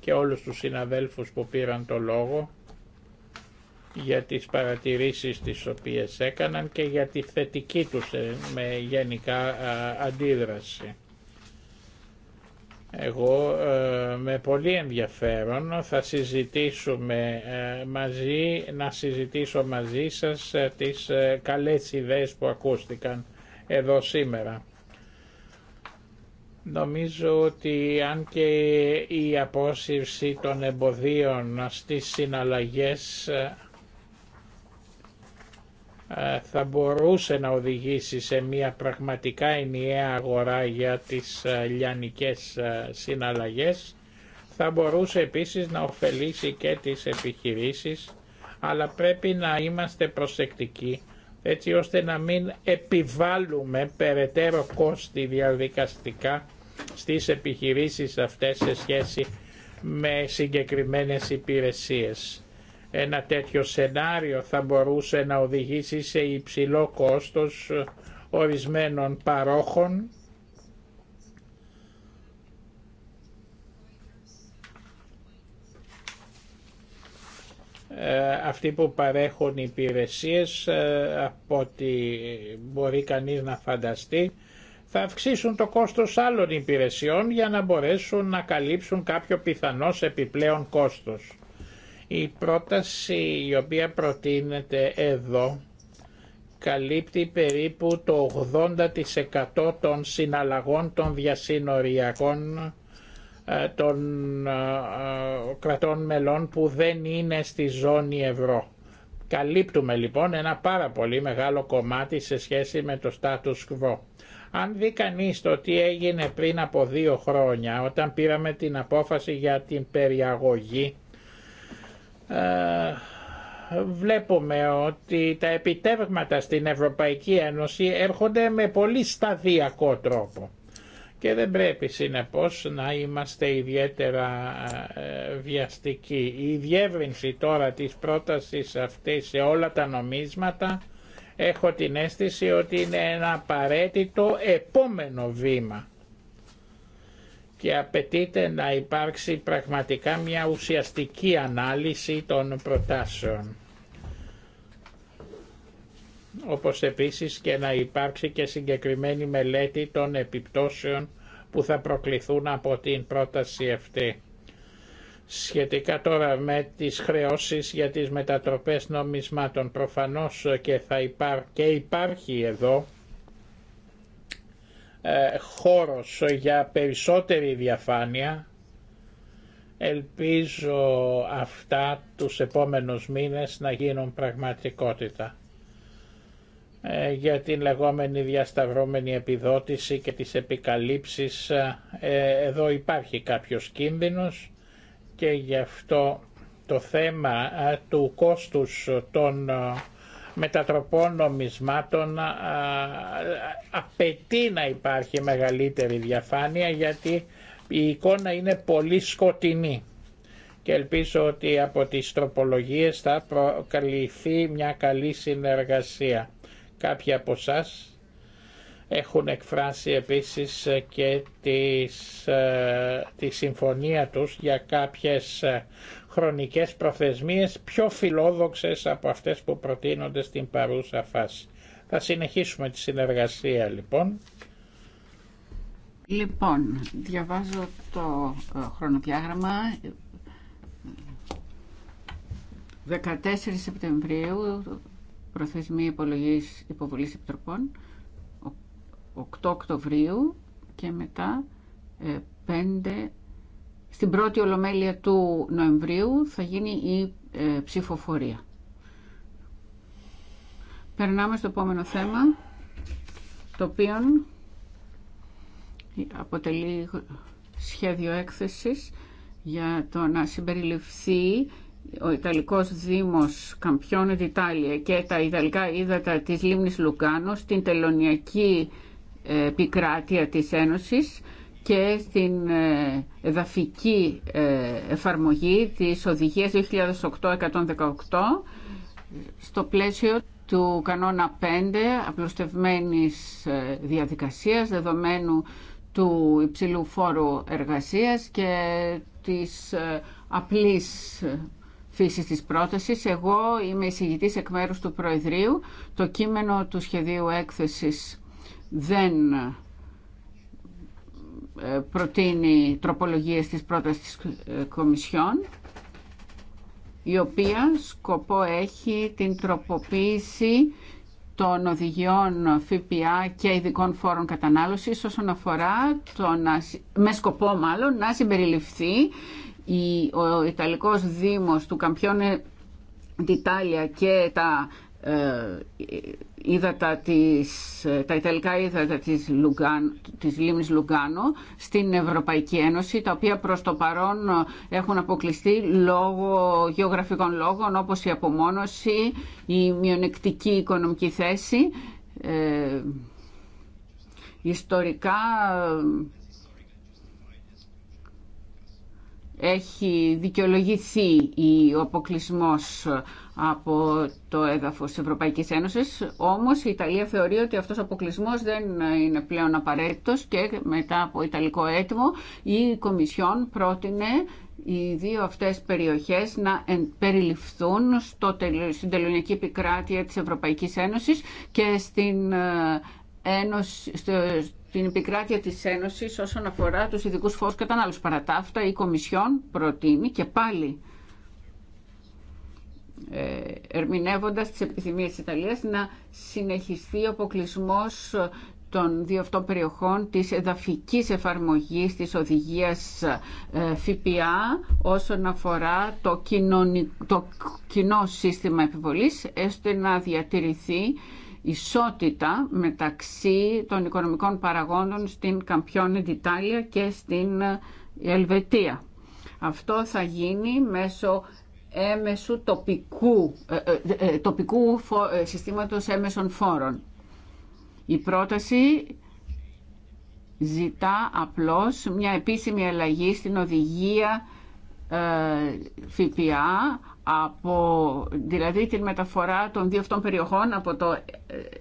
και όλους τους συναδέλφους που πήραν το λόγο για τις παρατηρήσεις τις οποίες έκαναν και για τη θετική τους ε, με γενικά αντίδραση. Εγώ ε, με πολύ ενδιαφέρον θα συζητήσουμε ε, μαζί, να συζητήσω μαζί σας τις καλές ιδέες που ακούστηκαν εδώ σήμερα. Νομίζω ότι αν και η απόσυρση των εμποδίων στις συναλλαγές ε, θα μπορούσε να οδηγήσει σε μια πραγματικά ενιαία αγορά για τις ε, λιανικές ε, συναλλαγές. Θα μπορούσε επίσης να ωφελήσει και τις επιχειρήσεις, αλλά πρέπει να είμαστε προσεκτικοί έτσι ώστε να μην επιβάλλουμε περαιτέρω κόστη διαδικαστικά στις επιχειρήσεις αυτές σε σχέση με συγκεκριμένες υπηρεσίες. Ένα τέτοιο σενάριο θα μπορούσε να οδηγήσει σε υψηλό κόστος ορισμένων παρόχων ε, αυτοί που παρέχουν υπηρεσίες ε, από ό,τι μπορεί κανείς να φανταστεί θα αυξήσουν το κόστος άλλων υπηρεσιών για να μπορέσουν να καλύψουν κάποιο πιθανός επιπλέον κόστος. Η πρόταση η οποία προτείνεται εδώ καλύπτει περίπου το 80% των συναλλαγών των διασύνοριακών ε, των ε, ε, κρατών μελών που δεν είναι στη ζώνη ευρώ. Καλύπτουμε λοιπόν ένα πάρα πολύ μεγάλο κομμάτι σε σχέση με το status quo. Αν δει κανείς το τι έγινε πριν από δύο χρόνια όταν πήραμε την απόφαση για την περιαγωγή ε, βλέπουμε ότι τα επιτεύγματα στην Ευρωπαϊκή Ένωση έρχονται με πολύ σταδιακό τρόπο και δεν πρέπει συνεπώς να είμαστε ιδιαίτερα ε, βιαστικοί. Η διεύρυνση τώρα της πρότασης αυτή σε όλα τα νομίσματα έχω την αίσθηση ότι είναι ένα απαραίτητο επόμενο βήμα και απαιτείται να υπάρξει πραγματικά μια ουσιαστική ανάλυση των προτάσεων. Όπως επίσης και να υπάρξει και συγκεκριμένη μελέτη των επιπτώσεων που θα προκληθούν από την πρόταση αυτή. Σχετικά τώρα με τις χρεώσεις για τις μετατροπές νομισμάτων, προφανώς και, θα και υπάρχει εδώ ε, χώρος για περισσότερη διαφάνεια. Ελπίζω αυτά τους επόμενους μήνες να γίνουν πραγματικότητα ε, για την λεγόμενη διασταυρώμενη επιδότηση και τις επικαλύψεις ε, εδώ υπάρχει κάποιος κίνδυνος και γι' αυτό το θέμα του κόστους των μετατροπών νομισμάτων απαιτεί να υπάρχει μεγαλύτερη διαφάνεια γιατί η εικόνα είναι πολύ σκοτεινή και ελπίζω ότι από τις τροπολογίες θα προκαλυφθεί μια καλή συνεργασία. Κάποιοι από εσά έχουν εκφράσει επίσης και τις, ε, τη συμφωνία τους για κάποιες ε, χρονικές προθεσμίες πιο φιλόδοξες από αυτές που προτείνονται στην παρούσα φάση. Θα συνεχίσουμε τη συνεργασία λοιπόν. Λοιπόν, διαβάζω το ε, χρονοδιάγραμμα. 14 Σεπτεμβρίου, προθεσμία υπολογής υποβολής επιτροπών, 8 Οκτωβρίου και μετά 5 ε, στην πρώτη ολομέλεια του Νοεμβρίου θα γίνει η ε, ψηφοφορία. Περνάμε στο επόμενο θέμα, το οποίο αποτελεί σχέδιο έκθεσης για το να συμπεριληφθεί ο Ιταλικός Δήμος Καμπιόνε Ιταλία και τα Ιταλικά Ήδατα της Λίμνης Λουκάνος στην τελωνιακή ε, επικράτεια της Ένωσης και στην ε, εδαφική ε, εφαρμογή της Οδηγίας 2008-118 στο πλαίσιο του κανόνα 5 απλουστευμένης ε, διαδικασίας δεδομένου του υψηλού φόρου εργασίας και της απλής φύσης της πρότασης. Εγώ είμαι εισηγητής εκ μέρους του Προεδρείου. Το κείμενο του σχεδίου έκθεσης δεν ε, προτείνει τροπολογίες της πρότασης της ε, Κομισιόν η οποία σκοπό έχει την τροποποίηση των οδηγιών ΦΠΑ και ειδικών φόρων κατανάλωσης όσον αφορά το με σκοπό μάλλον να συμπεριληφθεί η, ο Ιταλικός Δήμος του Καμπιόνε Τιτάλια και τα ε, της, τα ιταλικά ύδατα της, Λουγκάν, της λίμνης Λουγκάνο στην Ευρωπαϊκή Ένωση, τα οποία προς το παρόν έχουν αποκλειστεί λόγω γεωγραφικών λόγων όπως η απομόνωση, η μειονεκτική οικονομική θέση, ε, ιστορικά έχει δικαιολογηθεί ο αποκλεισμός από το έδαφος της Ευρωπαϊκής Ένωσης. Όμως η Ιταλία θεωρεί ότι αυτός ο αποκλεισμό δεν είναι πλέον απαραίτητος και μετά από Ιταλικό έτοιμο η Κομισιόν πρότεινε οι δύο αυτές περιοχές να περιληφθούν στο, στην τελωνιακή επικράτεια της Ευρωπαϊκής Ένωσης και στην, ε, Ένωση, επικράτεια της Ένωσης όσον αφορά τους ειδικούς φόρους κατανάλωσης. Παρά τα αυτά η Κομισιόν προτείνει και πάλι ε, ερμηνεύοντας τις επιθυμίες της Ιταλίας να συνεχιστεί ο αποκλεισμό των δύο αυτών περιοχών της εδαφικής εφαρμογής της οδηγίας ε, ΦΠΑ όσον αφορά το, το κοινό σύστημα επιβολής έστω να διατηρηθεί ισότητα μεταξύ των οικονομικών παραγόντων στην Καμπιόνε Ιταλία και στην ε, Ελβετία. Αυτό θα γίνει μέσω έμεσου τοπικού, ε, ε, ε, τοπικού συστήματος έμεσων φόρων. Η πρόταση ζητά απλώς μια επίσημη αλλαγή στην οδηγία ΦΠΑ, από, δηλαδή την μεταφορά των δύο αυτών περιοχών από το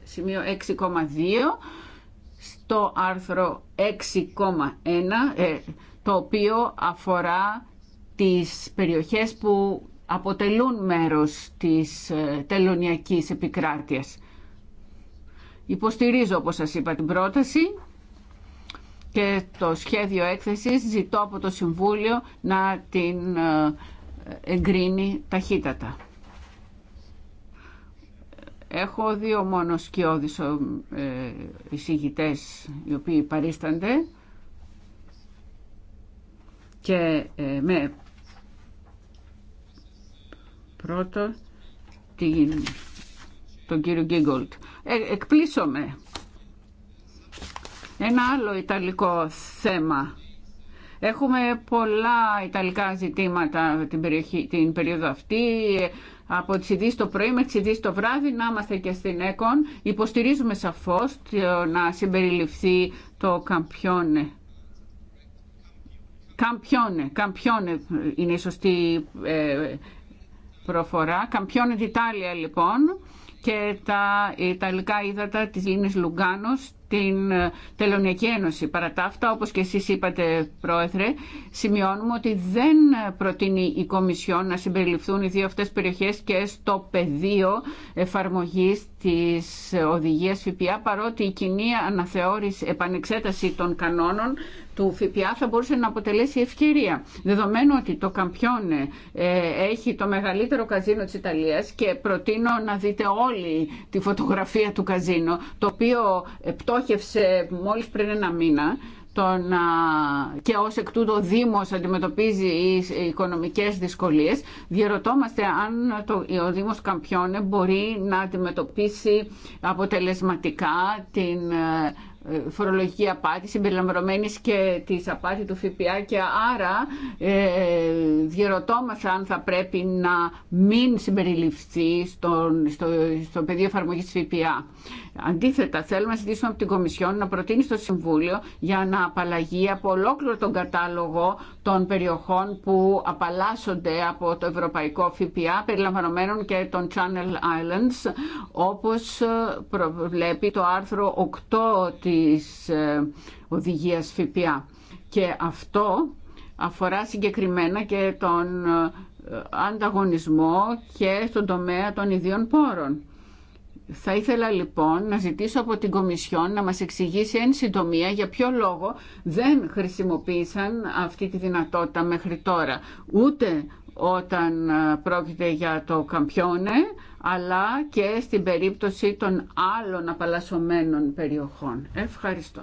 σημείο 6,2 στο άρθρο 6,1, το οποίο αφορά τις περιοχές που αποτελούν μέρος της ε, τελωνιακής επικράτειας. Υποστηρίζω, όπως σας είπα, την πρόταση και το σχέδιο έκθεσης ζητώ από το Συμβούλιο να την ε, εγκρίνει ταχύτατα. Έχω δύο μόνο σκιώδεις ε, εισηγητές οι οποίοι παρίστανται και με Πρώτο, τον κύριο Γκίγκολτ. Ε, εκπλήσω Ένα άλλο ιταλικό θέμα. Έχουμε πολλά ιταλικά ζητήματα την, την περίοδο αυτή. Από τις ειδήσεις το πρωί με τις ειδήσεις το βράδυ να είμαστε και στην ΕΚΟΝ. Υποστηρίζουμε σαφώς να συμπεριληφθεί το καμπιόνε. Καμπιόνε, καμπιόνε είναι η σωστή ε, προφορά. Καμπιόνε Ιταλία λοιπόν και τα Ιταλικά ύδατα της Λίνης Λουγκάνος την ε, Τελωνιακή Ένωση. Παρά τα αυτά, όπως και εσείς είπατε πρόεδρε, σημειώνουμε ότι δεν προτείνει η Κομισιόν να συμπεριληφθούν οι δύο αυτές περιοχές και στο πεδίο εφαρμογής της οδηγίας ΦΠΑ, παρότι η κοινή αναθεώρηση, επανεξέταση των κανόνων του ΦΠΑ θα μπορούσε να αποτελέσει ευκαιρία. Δεδομένου ότι το Καμπιόνε έχει το μεγαλύτερο καζίνο της Ιταλίας και προτείνω να δείτε όλη τη φωτογραφία του καζίνο, το οποίο στόχευσε μόλις πριν ένα μήνα τον, και ως εκ τούτου ο Δήμος αντιμετωπίζει οικονομικές δυσκολίες, διερωτώμαστε αν το, ο Δήμος Καμπιόνε μπορεί να αντιμετωπίσει αποτελεσματικά την ε, φορολογική απάτη συμπεριλαμβανομένης και της απάτη του ΦΠΑ και άρα ε, διερωτώμαστε αν θα πρέπει να μην συμπεριληφθεί στον, στο, στο πεδίο εφαρμογής ΦΠΑ. Αντίθετα, θέλουμε να ζητήσουμε από την Κομισιόν να προτείνει στο Συμβούλιο για να απαλλαγεί από ολόκληρο τον κατάλογο των περιοχών που απαλλάσσονται από το ευρωπαϊκό ΦΠΑ, περιλαμβανομένων και των Channel Islands, όπως ε, προβλέπει το άρθρο 8 της ε, οδηγίας ΦΠΑ. Και αυτό αφορά συγκεκριμένα και τον ε, ανταγωνισμό και στον τομέα των ιδίων πόρων. Θα ήθελα λοιπόν να ζητήσω από την Κομισιόν να μας εξηγήσει εν συντομία για ποιο λόγο δεν χρησιμοποίησαν αυτή τη δυνατότητα μέχρι τώρα. Ούτε όταν ε, πρόκειται για το Καμπιόνε, αλλά και στην περίπτωση των άλλων απαλλασσομένων περιοχών. Ευχαριστώ.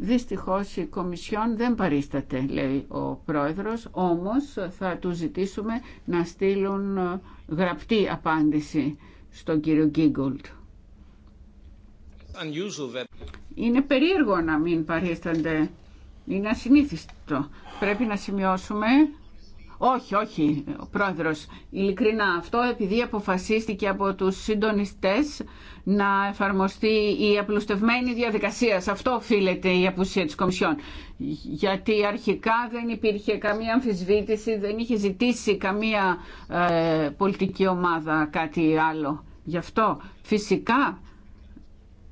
Δυστυχώς η Κομισιόν δεν παρίσταται, λέει ο Πρόεδρος, όμως θα του ζητήσουμε να στείλουν ε, γραπτή απάντηση στον κύριο Γκίγκολτ. Είναι περίεργο να μην παρίστανται. Είναι ασυνήθιστο. Πρέπει να σημειώσουμε... Όχι, όχι, ο πρόεδρος. Ειλικρινά αυτό επειδή αποφασίστηκε από τους συντονιστές να εφαρμοστεί η απλουστευμένη διαδικασία. Σε αυτό οφείλεται η απουσία της Κομισιόν. Γιατί αρχικά δεν υπήρχε καμία αμφισβήτηση, δεν είχε ζητήσει καμία ε, πολιτική ομάδα κάτι άλλο. Γι' αυτό φυσικά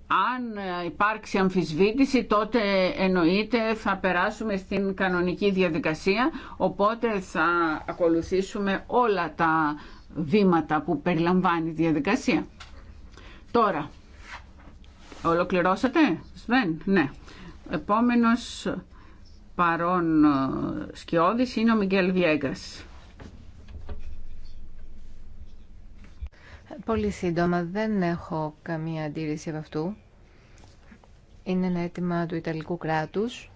αν υπάρξει αμφισβήτηση τότε εννοείται θα περάσουμε στην κανονική διαδικασία οπότε θα ακολουθήσουμε όλα τα βήματα που περιλαμβάνει η διαδικασία. Τώρα, ολοκληρώσατε, Σβέν, ναι. Επόμενος παρόν ε, σκιώδης είναι ο Μιγγέλ Βιέγκας. Πολύ σύντομα, δεν έχω καμία αντίρρηση από αυτού. Είναι ένα αίτημα του Ιταλικού κράτους.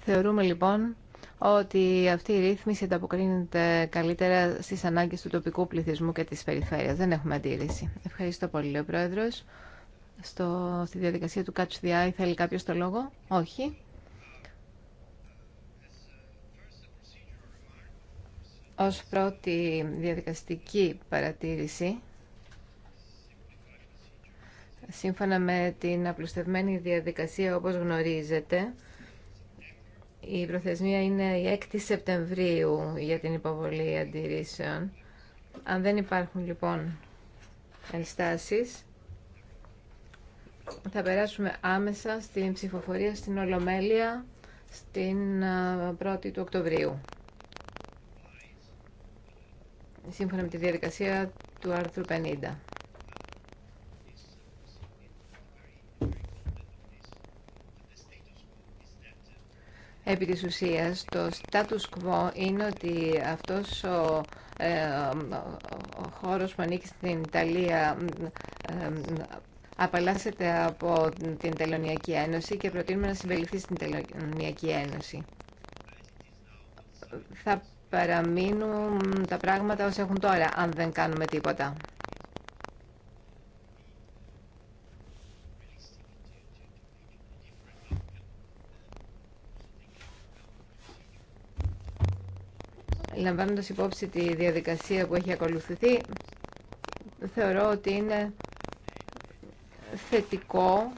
Θεωρούμε λοιπόν ότι αυτή η ρύθμιση ανταποκρίνεται καλύτερα στις ανάγκες του τοπικού πληθυσμού και της περιφέρειας. Δεν έχουμε αντίρρηση. Ευχαριστώ πολύ, ο Πρόεδρος. Στο, στη διαδικασία του Catch the Eye θέλει κάποιος το λόγο. Όχι. ως πρώτη διαδικαστική παρατήρηση σύμφωνα με την απλουστευμένη διαδικασία όπως γνωρίζετε η προθεσμία είναι η 6η Σεπτεμβρίου για την υποβολή αντιρρήσεων αν δεν υπάρχουν λοιπόν ενστάσεις θα περάσουμε άμεσα στην ψηφοφορία στην Ολομέλεια στην 1η του Οκτωβρίου σύμφωνα με τη διαδικασία του άρθρου 50. Επί της ουσίας, το status quo είναι ότι αυτός ο, ε, χώρος που ανήκει στην Ιταλία ε, απαλλάσσεται από την Τελωνιακή Ένωση και προτείνουμε να συμπεριληφθεί στην Τελωνιακή Ένωση. Θα παραμείνουν τα πράγματα όσο έχουν τώρα, αν δεν κάνουμε τίποτα. Λαμβάνοντας υπόψη τη διαδικασία που έχει ακολουθηθεί, θεωρώ ότι είναι θετικό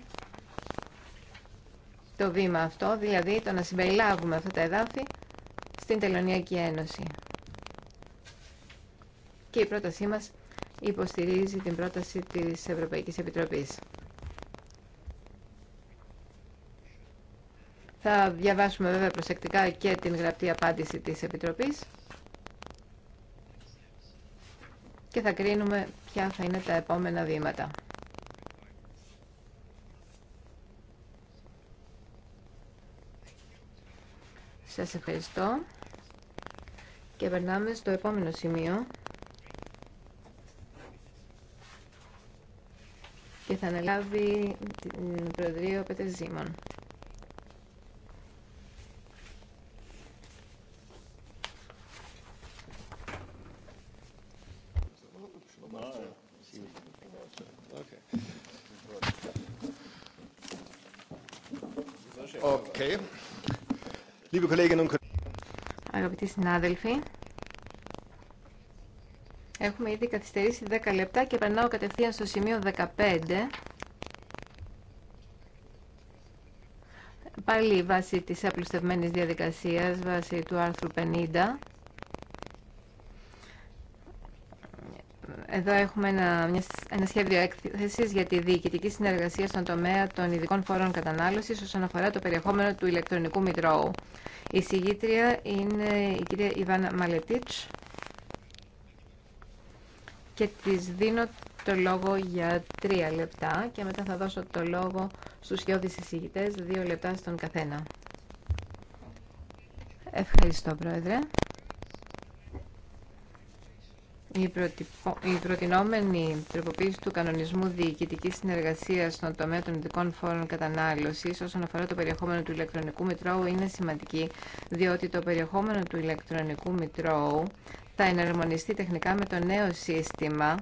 το βήμα αυτό, δηλαδή το να συμπεριλάβουμε αυτά τα εδάφη στην Τελωνιακή Ένωση. Και η πρότασή μας υποστηρίζει την πρόταση της Ευρωπαϊκής Επιτροπής. Θα διαβάσουμε βέβαια προσεκτικά και την γραπτή απάντηση της Επιτροπής και θα κρίνουμε ποια θα είναι τα επόμενα βήματα. Σας ευχαριστώ. Και περνάμε στο επόμενο σημείο και θα αναλάβει την Προεδρία ο Ζήμων. Okay. Liebe Kolleginnen und Αγαπητοί συνάδελφοι, έχουμε ήδη καθυστερήσει 10 λεπτά και περνάω κατευθείαν στο σημείο 15. Πάλι βάση της απλουστευμένης διαδικασίας, βάση του άρθρου 50. Εδώ έχουμε ένα, ένα σχέδιο έκθεση για τη διοικητική συνεργασία στον τομέα των ειδικών φόρων κατανάλωση όσον αφορά το περιεχόμενο του ηλεκτρονικού μητρώου. Η συγγήτρια είναι η κυρία Ιβάνα Μαλετίτς και της δίνω το λόγο για τρία λεπτά και μετά θα δώσω το λόγο στους σιώδεις εισηγητές, δύο λεπτά στον καθένα. Ευχαριστώ, Πρόεδρε. Η, προτινόμενη τροποποίηση του κανονισμού διοικητική συνεργασία στον τομέα των ειδικών φόρων κατανάλωση όσον αφορά το περιεχόμενο του ηλεκτρονικού μητρώου είναι σημαντική, διότι το περιεχόμενο του ηλεκτρονικού μητρώου θα εναρμονιστεί τεχνικά με το νέο σύστημα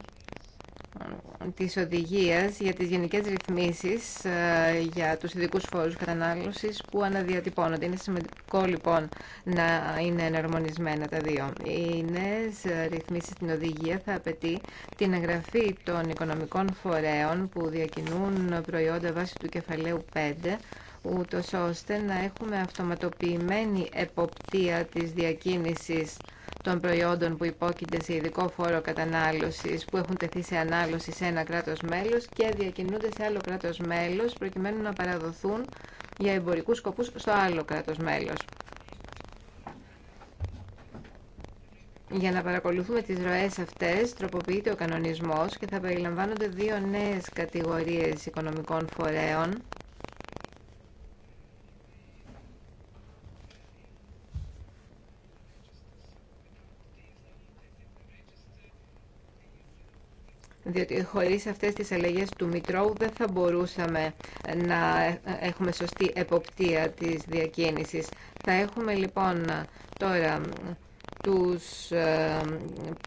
της οδηγίας για τις γενικές ρυθμίσεις ε, για τους ειδικού φόρους κατανάλωσης που αναδιατυπώνονται. Είναι σημαντικό λοιπόν να είναι εναρμονισμένα τα δύο. Οι νέε ρυθμίσεις στην οδηγία θα απαιτεί την εγγραφή των οικονομικών φορέων που διακινούν προϊόντα βάσει του κεφαλαίου 5 ούτως ώστε να έχουμε αυτοματοποιημένη εποπτεία της διακίνησης των προϊόντων που υπόκεινται σε ειδικό φόρο κατανάλωσης που έχουν τεθεί σε ανάλωση σε ένα κράτος μέλος και διακινούνται σε άλλο κράτος μέλος προκειμένου να παραδοθούν για εμπορικούς σκοπούς στο άλλο κράτος μέλος. Για να παρακολουθούμε τις ροές αυτές, τροποποιείται ο κανονισμός και θα περιλαμβάνονται δύο νέες κατηγορίες οικονομικών φορέων διότι χωρίς αυτές τις αλλαγές του Μητρώου δεν θα μπορούσαμε να έχουμε σωστή εποπτεία της διακίνησης. Θα έχουμε λοιπόν τώρα τους ε,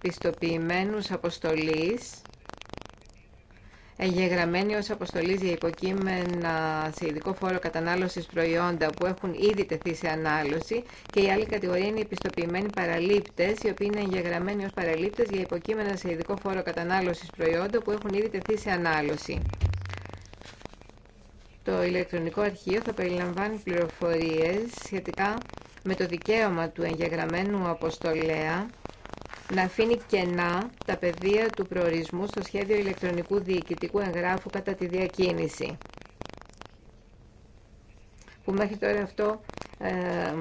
πιστοποιημένους αποστολής εγγεγραμμένοι ως αποστολή για υποκείμενα σε ειδικό φόρο κατανάλωσης προϊόντα που έχουν ήδη τεθεί σε ανάλωση και η άλλη κατηγορία είναι οι πιστοποιημένοι παραλήπτες οι οποίοι είναι εγγεγραμμένοι ως παραλήπτες για υποκείμενα σε ειδικό φόρο κατανάλωσης προϊόντα που έχουν ήδη τεθεί σε ανάλωση. Το ηλεκτρονικό αρχείο θα περιλαμβάνει πληροφορίες σχετικά με το δικαίωμα του εγγεγραμμένου αποστολέα να αφήνει κενά τα πεδία του προορισμού στο σχέδιο ηλεκτρονικού διοικητικού εγγράφου κατά τη διακίνηση που μέχρι τώρα αυτό ε,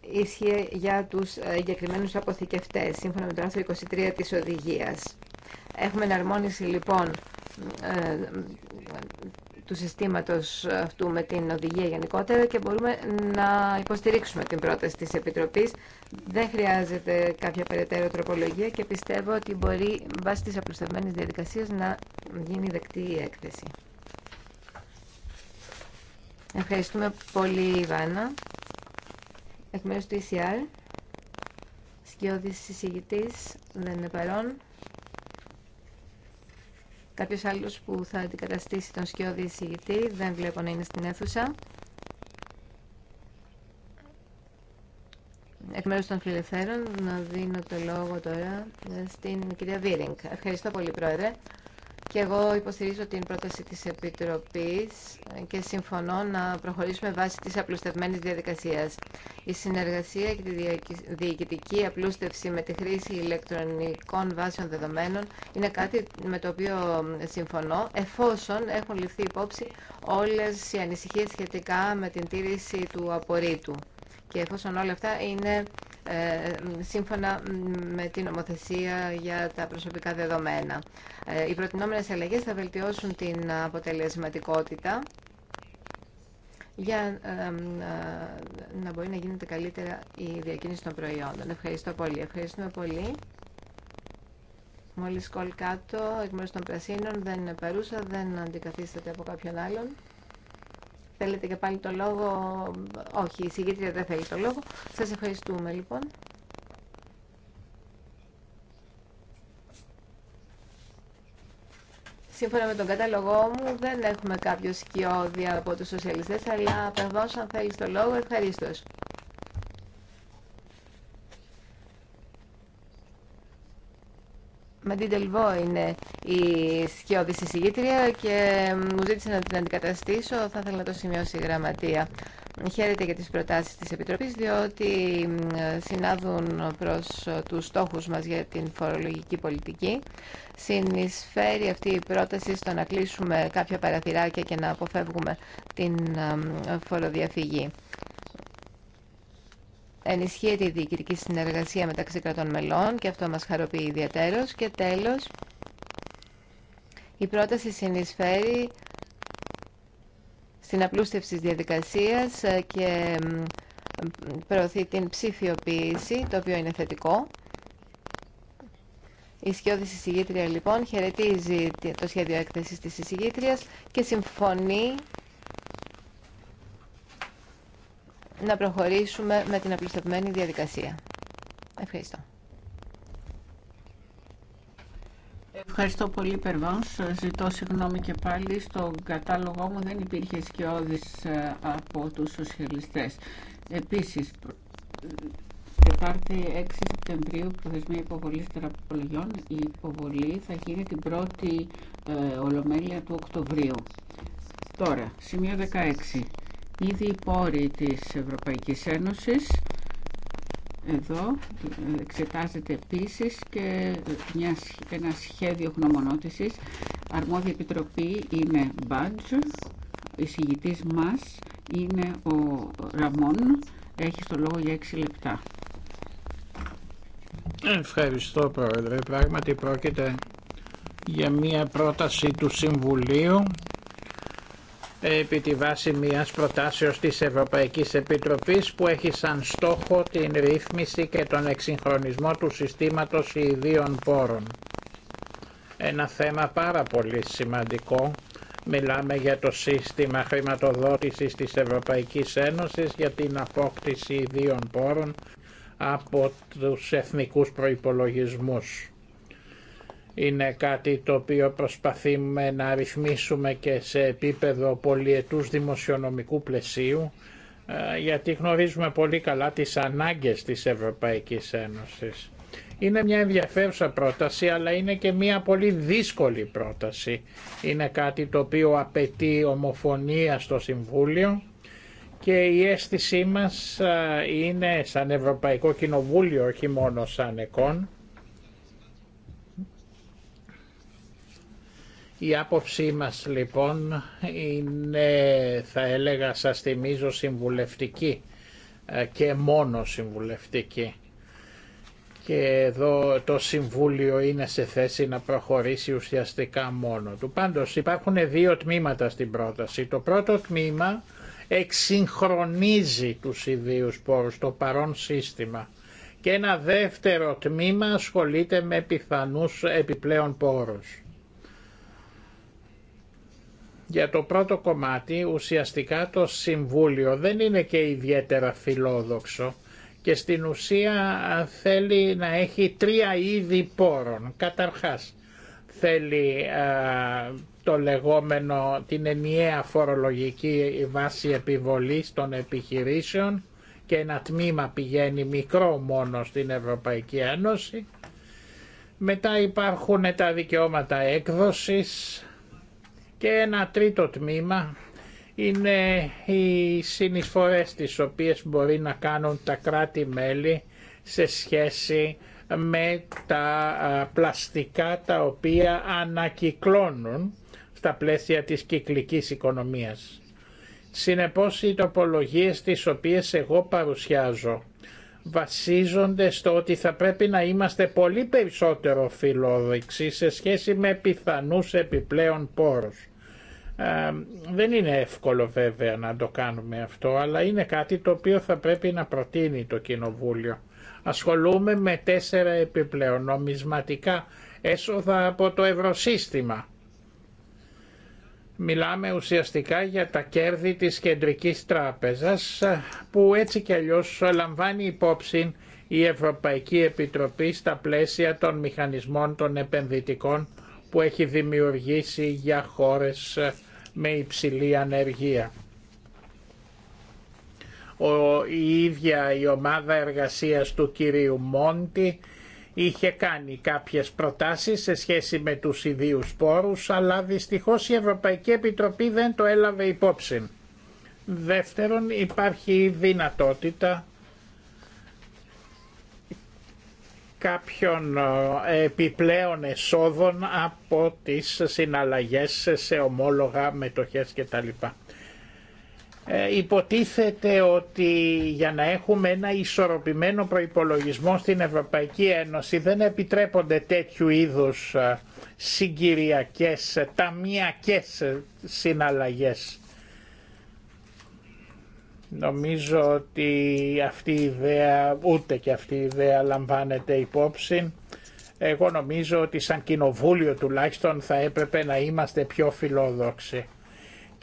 ίσχυε για τους εγκεκριμένους αποθηκευτές, σύμφωνα με το άρθρο 23 της οδηγίας. Έχουμε εναρμόνιση λοιπόν ε, του συστήματος αυτού με την οδηγία γενικότερα και μπορούμε να υποστηρίξουμε την πρόταση της Επιτροπής. Δεν χρειάζεται κάποια περαιτέρω τροπολογία και πιστεύω ότι μπορεί βάσει της απλουστευμένης διαδικασίας να γίνει δεκτή η έκθεση. Ευχαριστούμε πολύ Ιβάνα. Εκ μέρους του ECR, σκιώδης συζητητής, δεν είναι παρόν. Κάποιος άλλος που θα αντικαταστήσει τον σκιώδη εισηγητή δεν βλέπω να είναι στην αίθουσα. Εκ μέρους των φιλελευθέρων να δίνω το λόγο τώρα στην κυρία Βίρινγκ. Ευχαριστώ πολύ, Πρόεδρε. Και εγώ υποστηρίζω την πρόταση της Επιτροπής και συμφωνώ να προχωρήσουμε βάσει της απλουστευμένης διαδικασίας. Η συνεργασία και τη διοικητική απλούστευση με τη χρήση ηλεκτρονικών βάσεων δεδομένων είναι κάτι με το οποίο συμφωνώ, εφόσον έχουν ληφθεί υπόψη όλες οι ανησυχίες σχετικά με την τήρηση του απορρίτου. Και εφόσον όλα αυτά είναι ε, σύμφωνα με την νομοθεσία για τα προσωπικά δεδομένα. Ε, οι προτινόμενες αλλαγές θα βελτιώσουν την αποτελεσματικότητα για ε, να μπορεί να γίνεται καλύτερα η διακίνηση των προϊόντων. Ευχαριστώ πολύ. Ευχαριστούμε πολύ. Μόλις κολ κάτω, εκ μέρους των Πρασίνων, δεν είναι παρούσα, δεν αντικαθίσταται από κάποιον άλλον. Θέλετε και πάλι το λόγο. Όχι, η συγκήτρια δεν θέλει το λόγο. Σας ευχαριστούμε λοιπόν. Σύμφωνα με τον κατάλογό μου δεν έχουμε κάποιο σκιώδη από τους σοσιαλιστές, αλλά πέρνω αν θέλεις το λόγο ευχαρίστως. Μαντίν Τελβό είναι η σκιώδη συζητήτρια και μου ζήτησε να την αντικαταστήσω. Θα ήθελα να το σημειώσει η γραμματεία. Χαίρεται για τις προτάσεις της Επιτροπής, διότι συνάδουν προς τους στόχους μας για την φορολογική πολιτική. Συνεισφέρει αυτή η πρόταση στο να κλείσουμε κάποια παραθυράκια και να αποφεύγουμε την φοροδιαφυγή ενισχύεται η διοικητική συνεργασία μεταξύ κρατών μελών και αυτό μας χαροποιεί ιδιαίτερως. Και τέλος, η πρόταση συνεισφέρει στην απλούστευση της διαδικασίας και προωθεί την ψηφιοποίηση, το οποίο είναι θετικό. Η Σκιώδη εισηγήτρια λοιπόν χαιρετίζει το σχέδιο έκθεσης της εισηγήτριας και συμφωνεί να προχωρήσουμε με την απλουστευμένη διαδικασία. Ευχαριστώ. Ευχαριστώ πολύ Περβάνς. Ζητώ συγγνώμη και πάλι. Στο κατάλογό μου δεν υπήρχε σκιώδης ε, από τους σοσιαλιστές. Επίσης, Τετάρτη 6 Σεπτεμβρίου, προθεσμία υποβολή τεραπολογιων Η υποβολή θα γίνει την πρώτη ε, ολομέλεια του Οκτωβρίου. Τώρα, σημείο 16 ήδη οι πόροι της Ευρωπαϊκής Ένωσης εδώ εξετάζεται επίσης και μια, ένα σχέδιο γνωμονότησης. Αρμόδια Επιτροπή είναι Μπάντζ, εισηγητής μας είναι ο Ραμόν, έχει το λόγο για 6 λεπτά. Ευχαριστώ Πρόεδρε. Πράγματι πρόκειται για μια πρόταση του Συμβουλίου επί τη βάση μιας προτάσεως της Ευρωπαϊκής Επιτροπής που έχει σαν στόχο την ρύθμιση και τον εξυγχρονισμό του συστήματος ιδίων πόρων. Ένα θέμα πάρα πολύ σημαντικό. Μιλάμε για το σύστημα χρηματοδότησης της Ευρωπαϊκής Ένωσης για την απόκτηση ιδίων πόρων από τους εθνικούς προϋπολογισμούς είναι κάτι το οποίο προσπαθούμε να ρυθμίσουμε και σε επίπεδο πολιετούς δημοσιονομικού πλαισίου ε, γιατί γνωρίζουμε πολύ καλά τις ανάγκες της Ευρωπαϊκής Ένωσης. Είναι μια ενδιαφέρουσα πρόταση αλλά είναι και μια πολύ δύσκολη πρόταση. Είναι κάτι το οποίο απαιτεί ομοφωνία στο Συμβούλιο και η αίσθησή μας ε, είναι σαν Ευρωπαϊκό Κοινοβούλιο όχι μόνο σαν ΕΚΟΝ Η άποψή μας λοιπόν είναι θα έλεγα σας θυμίζω συμβουλευτική ε, και μόνο συμβουλευτική και εδώ το Συμβούλιο είναι σε θέση να προχωρήσει ουσιαστικά μόνο του. Πάντως υπάρχουν δύο τμήματα στην πρόταση. Το πρώτο τμήμα εξυγχρονίζει τους ιδίους πόρους, το παρόν σύστημα και ένα δεύτερο τμήμα ασχολείται με πιθανούς επιπλέον πόρους. Για το πρώτο κομμάτι ουσιαστικά το Συμβούλιο δεν είναι και ιδιαίτερα φιλόδοξο και στην ουσία θέλει να έχει τρία είδη πόρων. Καταρχάς θέλει το λεγόμενο την ενιαία φορολογική βάση επιβολής των επιχειρήσεων και ένα τμήμα πηγαίνει μικρό μόνο στην Ευρωπαϊκή Ένωση. Μετά υπάρχουν τα δικαιώματα έκδοσης, και ένα τρίτο τμήμα είναι οι συνεισφορές τις οποίες μπορεί να κάνουν τα κράτη-μέλη σε σχέση με τα πλαστικά τα οποία ανακυκλώνουν στα πλαίσια της κυκλικής οικονομίας. Συνεπώς οι τοπολογίες τις οποίες εγώ παρουσιάζω βασίζονται στο ότι θα πρέπει να είμαστε πολύ περισσότερο φιλόδοξοι σε σχέση με πιθανούς επιπλέον πόρους. Ε, δεν είναι εύκολο βέβαια να το κάνουμε αυτό, αλλά είναι κάτι το οποίο θα πρέπει να προτείνει το Κοινοβούλιο. Ασχολούμε με τέσσερα επιπλέον νομισματικά έσοδα από το ευρωσύστημα. Μιλάμε ουσιαστικά για τα κέρδη της Κεντρικής Τράπεζας που έτσι κι αλλιώς λαμβάνει υπόψη η Ευρωπαϊκή Επιτροπή στα πλαίσια των μηχανισμών των επενδυτικών που έχει δημιουργήσει για χώρες με υψηλή ανεργία. Ο, η ίδια η ομάδα εργασίας του κυρίου Μόντι είχε κάνει κάποιες προτάσεις σε σχέση με τους ιδίους πόρους, αλλά δυστυχώς η Ευρωπαϊκή Επιτροπή δεν το έλαβε υπόψη. Δεύτερον, υπάρχει δυνατότητα κάποιων ε, επιπλέον εσόδων από τις συναλλαγές σε ομόλογα μετοχές κτλ. Ε, υποτίθεται ότι για να έχουμε ένα ισορροπημένο προϋπολογισμό στην Ευρωπαϊκή Ένωση δεν επιτρέπονται τέτοιου είδους ε, συγκυριακές, ταμιακές συναλλαγές. Νομίζω ότι αυτή η ιδέα, ούτε και αυτή η ιδέα λαμβάνεται υπόψη. Εγώ νομίζω ότι σαν κοινοβούλιο τουλάχιστον θα έπρεπε να είμαστε πιο φιλόδοξοι.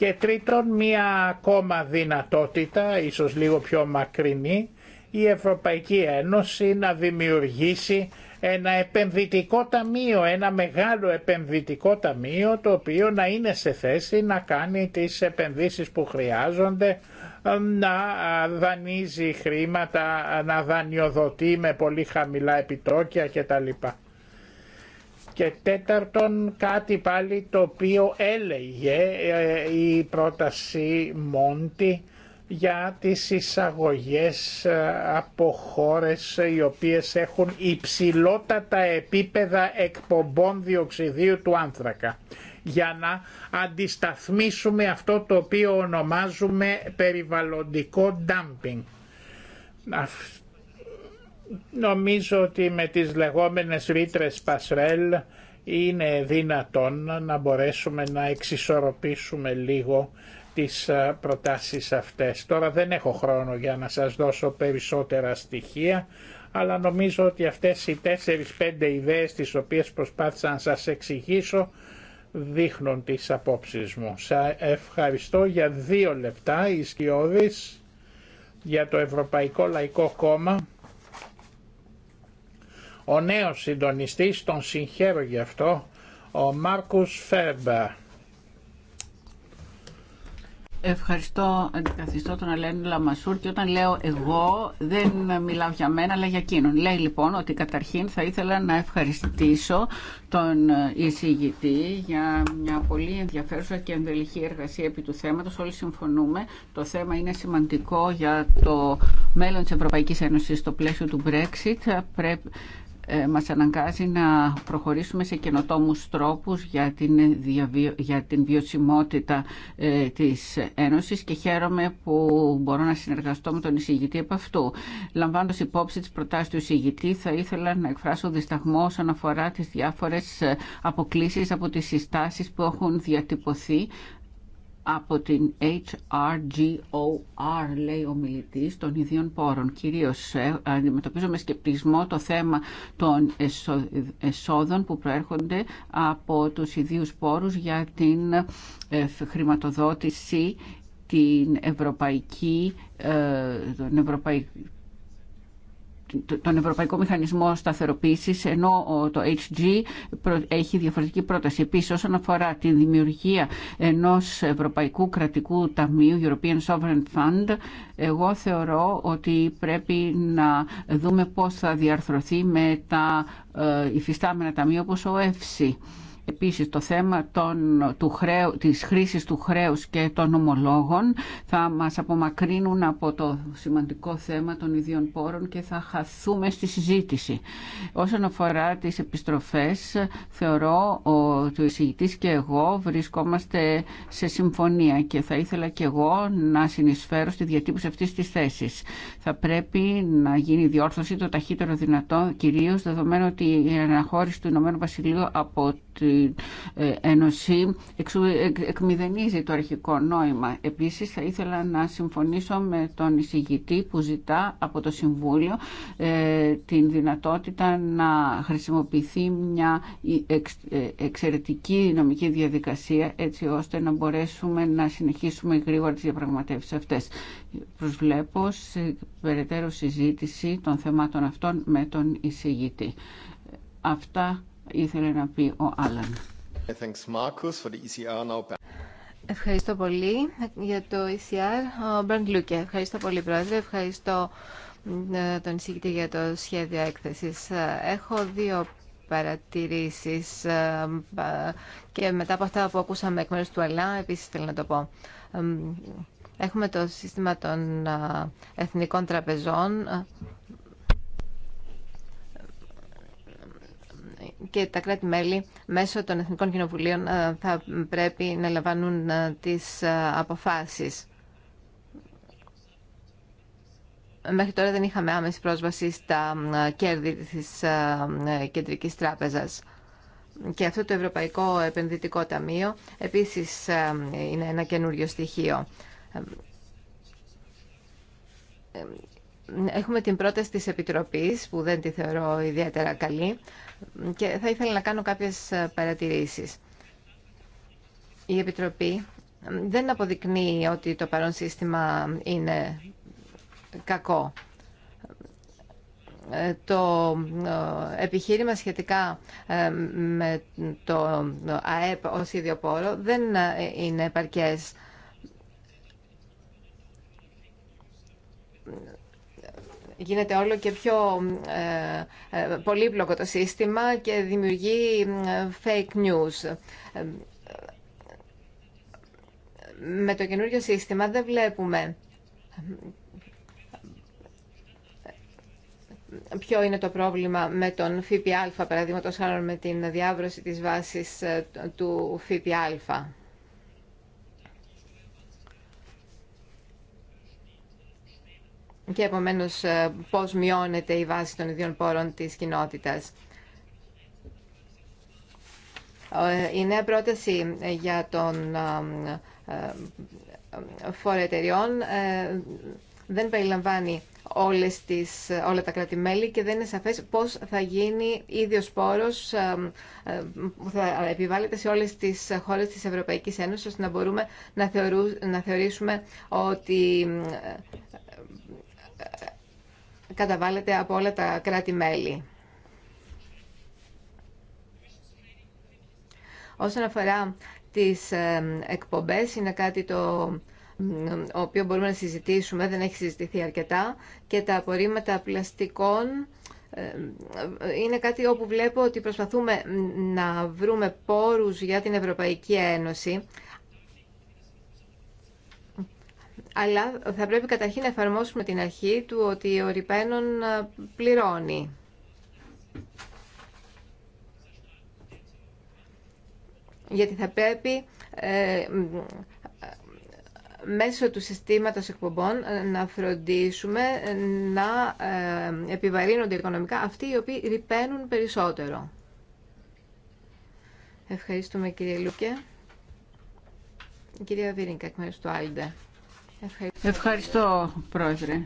Και τρίτον, μία ακόμα δυνατότητα, ίσως λίγο πιο μακρινή, η Ευρωπαϊκή Ένωση να δημιουργήσει ένα επενδυτικό ταμείο, ένα μεγάλο επενδυτικό ταμείο το οποίο να είναι σε θέση να κάνει τις επενδύσεις που χρειάζονται, να δανείζει χρήματα, να δανειοδοτεί με πολύ χαμηλά επιτόκια κτλ. Και τέταρτον κάτι πάλι το οποίο έλεγε ε, η πρόταση Μόντι για τις εισαγωγές ε, από χώρες οι οποίες έχουν υψηλότατα επίπεδα εκπομπών διοξιδίου του άνθρακα για να αντισταθμίσουμε αυτό το οποίο ονομάζουμε περιβαλλοντικό dumping. Νομίζω ότι με τις λεγόμενες ρήτρε Πασρέλ είναι δυνατόν να μπορέσουμε να εξισορροπήσουμε λίγο τις ε, προτάσεις αυτές. Τώρα δεν έχω χρόνο για να σας δώσω περισσότερα στοιχεία, αλλά νομίζω ότι αυτές οι 4-5 ιδέες τις οποίες προσπάθησα να σας εξηγήσω δείχνουν τις απόψεις μου. Σα ευχαριστώ για δύο λεπτά, Ισκιώδης, για το Ευρωπαϊκό Λαϊκό Κόμμα. Ο νέος συντονιστής, τον συγχαίρω γι' αυτό, ο Μάρκους Φέρμπα. Ευχαριστώ, αντικαθιστώ τον Αλένη Λαμασούρ και όταν λέω εγώ δεν μιλάω για μένα αλλά για εκείνον. Λέει λοιπόν ότι καταρχήν θα ήθελα να ευχαριστήσω τον εισηγητή για μια πολύ ενδιαφέρουσα και ενδελική εργασία επί του θέματος. Όλοι συμφωνούμε. Το θέμα είναι σημαντικό για το μέλλον της Ευρωπαϊκής Ένωσης στο πλαίσιο του Brexit. Ε, μας αναγκάζει να προχωρήσουμε σε καινοτόμους τρόπους για την, για την βιωσιμότητα ε, της Ένωσης και χαίρομαι που μπορώ να συνεργαστώ με τον εισηγητή επ' αυτού. Λαμβάνοντας υπόψη τις προτάσεις του εισηγητή θα ήθελα να εκφράσω δισταγμό όσον αφορά τις διάφορες αποκλήσεις από τις συστάσεις που έχουν διατυπωθεί από την HRGOR, λέει ο μιλητή των ιδίων πόρων. Κυρίως ε, αντιμετωπίζω με σκεπτισμό το θέμα των εσόδων που προέρχονται από του ιδίους πόρους για την ε, χρηματοδότηση την ευρωπαϊκή, ε, τον ευρωπαϊκό τον Ευρωπαϊκό Μηχανισμό σταθεροποίηση ενώ το HG έχει διαφορετική πρόταση. Επίση, όσον αφορά τη δημιουργία ενός Ευρωπαϊκού Κρατικού Ταμείου, European Sovereign Fund, εγώ θεωρώ ότι πρέπει να δούμε πώς θα διαρθρωθεί με τα ε, υφιστάμενα ταμεία όπω ο ΕΦΣΥ. Επίσης το θέμα των, του χρέου, της χρήσης του χρέους και των ομολόγων θα μας απομακρύνουν από το σημαντικό θέμα των ιδίων πόρων και θα χαθούμε στη συζήτηση. Όσον αφορά τις επιστροφές, θεωρώ ότι ο εισηγητής και εγώ βρισκόμαστε σε συμφωνία και θα ήθελα και εγώ να συνεισφέρω στη διατύπωση αυτής της θέσης. Θα πρέπει να γίνει διόρθωση το ταχύτερο δυνατό, κυρίως δεδομένου ότι η αναχώρηση του Ηνωμένου Βασιλείου από την ε, Ένωση εκμηδενίζει το αρχικό νόημα. Επίσης θα ήθελα να συμφωνήσω με τον εισηγητή που ζητά από το Συμβούλιο ε, την δυνατότητα να χρησιμοποιηθεί μια ε, εξαιρετική νομική διαδικασία έτσι ώστε να μπορέσουμε να συνεχίσουμε γρήγορα τις διαπραγματεύσεις αυτές. Προσβλέπω σε περαιτέρω συζήτηση των θεμάτων αυτών με τον εισηγητή. Αυτά ήθελε να πει ο Άλαν. E ευχαριστώ πολύ για το ECR. Ο Μπραντ Λούκε, ευχαριστώ πολύ πρόεδρε. Ευχαριστώ ε, τον εισηγητή για το σχέδιο έκθεσης. Ε, έχω δύο παρατηρήσεις ε, και μετά από αυτά που ακούσαμε εκ μέρους του ΕΛΑ, επίσης θέλω να το πω. Έχουμε το σύστημα των εθνικών τραπεζών και τα κράτη-μέλη μέσω των Εθνικών Κοινοβουλίων ε, θα πρέπει να λαμβάνουν ε, τις ε, αποφάσεις. Μέχρι τώρα δεν είχαμε άμεση πρόσβαση στα κέρδη της Κεντρικής Τράπεζας. Και αυτό το Ευρωπαϊκό Επενδυτικό Ταμείο επίσης είναι ένα καινούριο στοιχείο έχουμε την πρόταση της Επιτροπής, που δεν τη θεωρώ ιδιαίτερα καλή, και θα ήθελα να κάνω κάποιες ε, παρατηρήσεις. Η Επιτροπή ε, δεν αποδεικνύει ότι το παρόν σύστημα είναι κακό. Ε, το επιχείρημα σχετικά με το ΑΕΠ ως ιδιοπόρο δεν είναι επαρκές γίνεται όλο και πιο ε, ε, πολύπλοκο το σύστημα και δημιουργεί ε, fake news. Με το καινούριο σύστημα δεν βλέπουμε ποιο είναι το πρόβλημα με τον ΦΠΑ, παραδείγματος χάρη με την διάβρωση της βάσης του ΦΠΑ. και επομένως ε, πώς μειώνεται η βάση των ιδίων πόρων της κοινότητας. Ε, η νέα πρόταση ε, για τον φορετεριών δεν περιλαμβάνει όλες τις, όλα τα κράτη-μέλη και δεν είναι σαφές πώς θα γίνει ίδιος πόρος που θα επιβάλλεται σε όλες τις χώρες της Ευρωπαϊκής Ένωσης ώστε να μπορούμε να, θεωρήσουμε ότι καταβάλλεται από όλα τα κράτη-μέλη. Όσον αφορά τις ε, εκπομπές, είναι κάτι το οποίο μπορούμε να συζητήσουμε, δεν έχει συζητηθεί αρκετά, και τα απορρίμματα πλαστικών ε, είναι κάτι όπου βλέπω ότι προσπαθούμε να βρούμε πόρους για την Ευρωπαϊκή Ένωση, αλλά θα πρέπει καταρχήν να εφαρμόσουμε την αρχή του ότι ο ρηπαίνων ε, πληρώνει. Γιατί θα πρέπει ε, μέσω του συστήματος εκπομπών ε, να φροντίσουμε να επιβαρύνονται οικονομικά αυτοί οι οποίοι ρηπαίνουν περισσότερο. Ευχαριστούμε κύριε Λούκε. Η κυρία Βίρινκα, εκ μέρους του Άλντε. Ευχαριστώ. Πρόεδρε.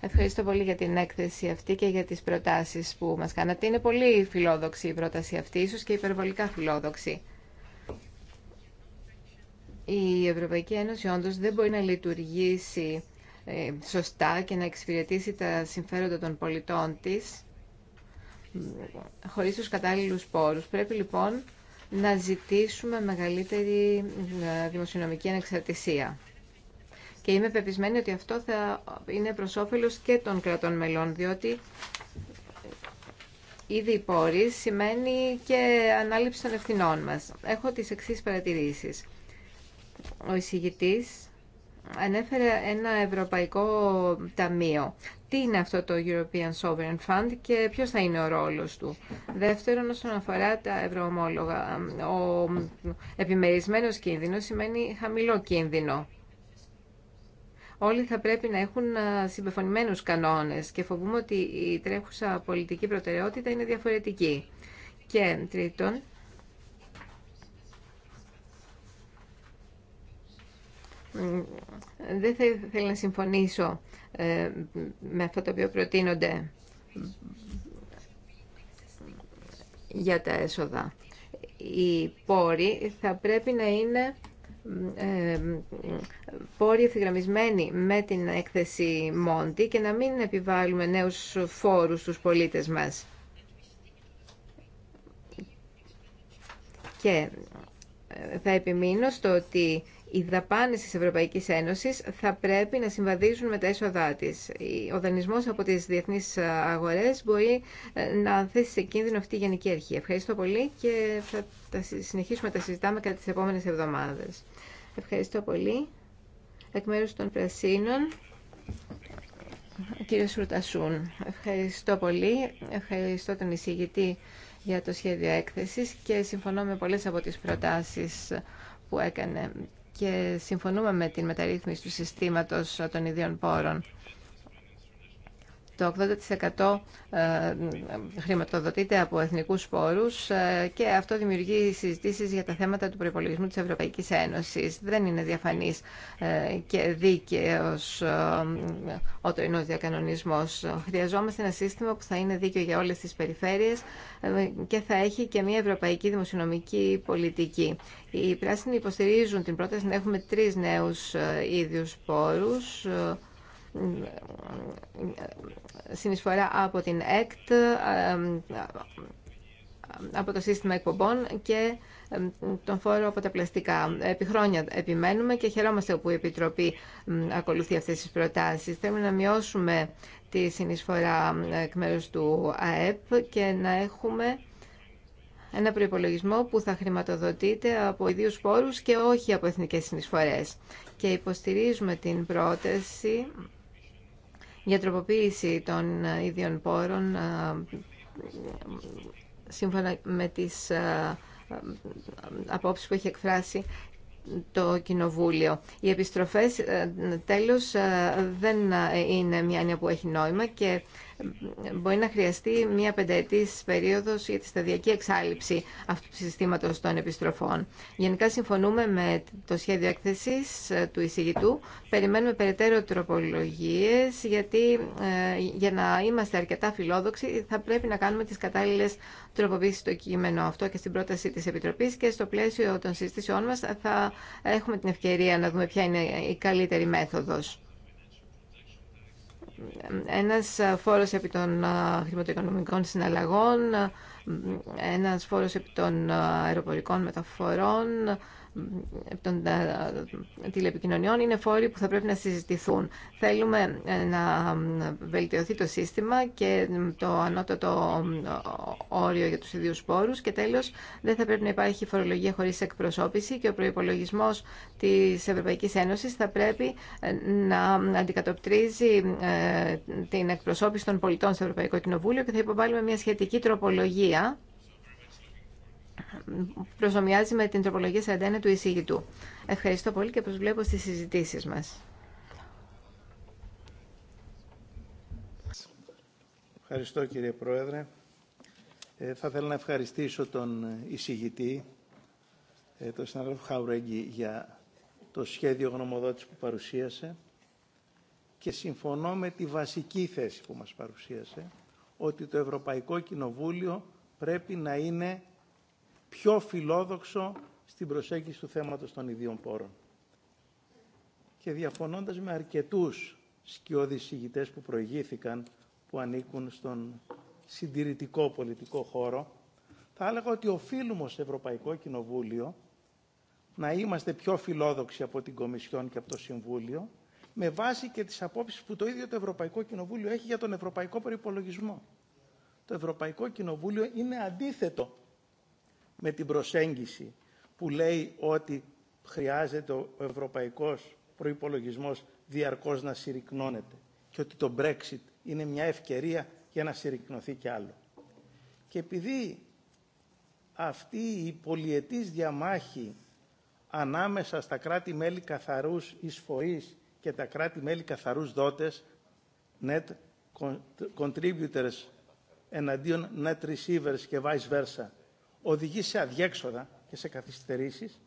Ευχαριστώ πολύ για την έκθεση αυτή και για τις προτάσεις που μας κάνατε. Είναι πολύ φιλόδοξη η πρόταση αυτή, ίσως και υπερβολικά φιλόδοξη. Η Ευρωπαϊκή Ένωση όντως δεν μπορεί να λειτουργήσει ε, σωστά και να εξυπηρετήσει τα συμφέροντα των πολιτών της χωρίς τους κατάλληλους πόρους. Πρέπει λοιπόν να ζητήσουμε μεγαλύτερη ε, δημοσιονομική ανεξαρτησία. Και είμαι πεπισμένη ότι αυτό θα είναι προς όφελος και των κρατών μελών, διότι ήδη πόρη σημαίνει και ανάληψη των ευθυνών μας. Έχω τις εξής παρατηρήσεις. Ο εισηγητή ανέφερε ένα ευρωπαϊκό ταμείο. Τι είναι αυτό το European Sovereign Fund και ποιος θα είναι ο ρόλος του. Δεύτερον, όσον αφορά τα ευρωομόλογα, ο επιμερισμένος κίνδυνος σημαίνει χαμηλό κίνδυνο όλοι θα πρέπει να έχουν συμπεφωνημένους κανόνες και φοβούμαι ότι η τρέχουσα πολιτική προτεραιότητα είναι διαφορετική. Και τρίτον, δεν θα ήθελα να συμφωνήσω ε, με αυτό το οποίο προτείνονται για τα έσοδα. Οι πόροι θα πρέπει να είναι πόροι ευθυγραμμισμένοι με την έκθεση Μόντι και να μην επιβάλλουμε νέους φόρους στους πολίτες μας. Και ε, θα επιμείνω στο ότι οι δαπάνε τη Ευρωπαϊκή Ένωση θα πρέπει να συμβαδίζουν με τα έσοδά τη. Ο δανεισμό από τι διεθνεί αγορέ μπορεί ε, να θέσει σε κίνδυνο αυτή η γενική αρχή. Ευχαριστώ πολύ και θα τα συνεχίσουμε να τα συζητάμε κατά τι επόμενε εβδομάδε. Ευχαριστώ πολύ. Εκ μέρου των Πρασίνων, κύριε Σουρτασούν, ευχαριστώ πολύ. Ευχαριστώ τον εισηγητή για το σχέδιο έκθεσης και συμφωνώ με πολλές από τις προτάσεις που έκανε και συμφωνούμε με την μεταρρύθμιση του συστήματος των ιδίων πόρων. Το 80% ε, χρηματοδοτείται από εθνικούς πόρους ε, και αυτό δημιουργεί συζητήσεις για τα θέματα του προϋπολογισμού της Ευρωπαϊκής Ένωσης. Δεν είναι διαφανής ε, και δίκαιος ο τωρινός διακανονισμός. Χρειαζόμαστε ένα σύστημα που θα είναι δίκαιο για όλες τις περιφέρειες και θα έχει και μια ευρωπαϊκή δημοσιονομική πολιτική. Οι πράσινοι υποστηρίζουν την πρόταση να έχουμε τρεις νέους ίδιους πόρους συνεισφορά από την ΕΚΤ, από το σύστημα εκπομπών και τον φόρο από τα πλαστικά. Επί χρόνια επιμένουμε και χαιρόμαστε που η Επιτροπή ακολουθεί αυτές τις προτάσεις. Θέλουμε να μειώσουμε τη συνεισφορά εκ μέρους του ΑΕΠ και να έχουμε ένα προϋπολογισμό που θα χρηματοδοτείται από ιδίους πόρους και όχι από εθνικές συνεισφορές. Και υποστηρίζουμε την πρόταση για τροποποίηση των ε, ίδιων πόρων ε, σύμφωνα με τις ε, απόψεις που έχει εκφράσει το Κοινοβούλιο. Οι επιστροφές τέλος δεν είναι μια έννοια που έχει νόημα και μπορεί να χρειαστεί μία πενταετής περίοδος για τη σταδιακή εξάλληψη αυτού του συστήματος των επιστροφών. Γενικά συμφωνούμε με το σχέδιο έκθεσης ε, του εισηγητού. Περιμένουμε περαιτέρω τροπολογίες γιατί ε, για να είμαστε αρκετά φιλόδοξοι θα πρέπει να κάνουμε τις κατάλληλες τροποποίησεις στο κείμενο αυτό και στην πρόταση της Επιτροπής και στο πλαίσιο των συζητήσεών μας θα έχουμε την ευκαιρία να δούμε ποια είναι η καλύτερη μέθοδος ένας φόρος επί των χρηματοοικονομικών συναλλαγών, ένας φόρος επί των αεροπορικών μεταφορών, των ε, τηλεπικοινωνιών είναι φόροι που θα πρέπει να συζητηθούν. Θέλουμε ε, να ε, βελτιωθεί το σύστημα και το ανώτατο όριο για τους ιδίους πόρους και τέλος δεν θα πρέπει να υπάρχει φορολογία χωρίς εκπροσώπηση και ο προϋπολογισμός της Ευρωπαϊκής Ένωσης θα πρέπει να αντικατοπτρίζει την εκπροσώπηση των πολιτών στο Ευρωπαϊκό Κοινοβούλιο και θα υποβάλουμε μια σχετική τροπολογία προσωμιάζει με την τροπολογία 41 του εισηγητού. Ευχαριστώ πολύ και προσβλέπω στις συζητήσεις μας. Ευχαριστώ κύριε Πρόεδρε. Ε, θα ήθελα να ευχαριστήσω τον εισηγητή, ε, τον συνάδελφο Χαουρέγγι, για το σχέδιο γνωμοδότης που παρουσίασε και συμφωνώ με τη βασική θέση που μας παρουσίασε, ότι το Ευρωπαϊκό Κοινοβούλιο πρέπει να είναι πιο φιλόδοξο στην προσέγγιση του θέματος των ιδίων πόρων. Και διαφωνώντας με αρκετούς σκιώδεις ηγητές που προηγήθηκαν, που ανήκουν στον συντηρητικό πολιτικό χώρο, θα έλεγα ότι οφείλουμε ως Ευρωπαϊκό Κοινοβούλιο να είμαστε πιο φιλόδοξοι από την Κομισιόν και από το Συμβούλιο, με βάση και τις απόψεις που το ίδιο το Ευρωπαϊκό Κοινοβούλιο έχει για τον Ευρωπαϊκό Προϋπολογισμό. Το Ευρωπαϊκό Κοινοβούλιο είναι αντίθετο με την προσέγγιση που λέει ότι χρειάζεται ο ευρωπαϊκός προϋπολογισμός διαρκώς να συρρυκνώνεται και ότι το Brexit είναι μια ευκαιρία για να συρρυκνωθεί κι άλλο. Και επειδή αυτή η πολιετής διαμάχη ανάμεσα στα κράτη-μέλη καθαρούς εισφορείς και τα κράτη-μέλη καθαρούς δότες, net contributors εναντίον net receivers και vice versa, οδηγεί σε αδιέξοδα και σε καθυστερήσεις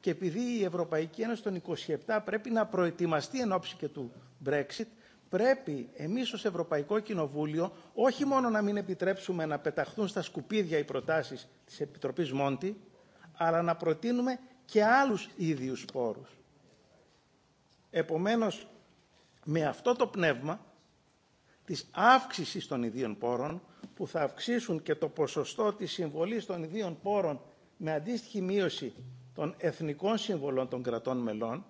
και επειδή η Ευρωπαϊκή Ένωση των 27 πρέπει να προετοιμαστεί εν ώψη και του Brexit, πρέπει εμείς ως Ευρωπαϊκό Κοινοβούλιο όχι μόνο να μην επιτρέψουμε να πεταχθούν στα σκουπίδια οι προτάσεις της Επιτροπής Μόντι, αλλά να προτείνουμε και άλλους ίδιους πόρους. Επομένως, με αυτό το πνεύμα της αύξησης των ιδίων πόρων, που θα αυξήσουν και το ποσοστό της συμβολής των ιδίων πόρων με αντίστοιχη μείωση των εθνικών συμβολών των κρατών μελών,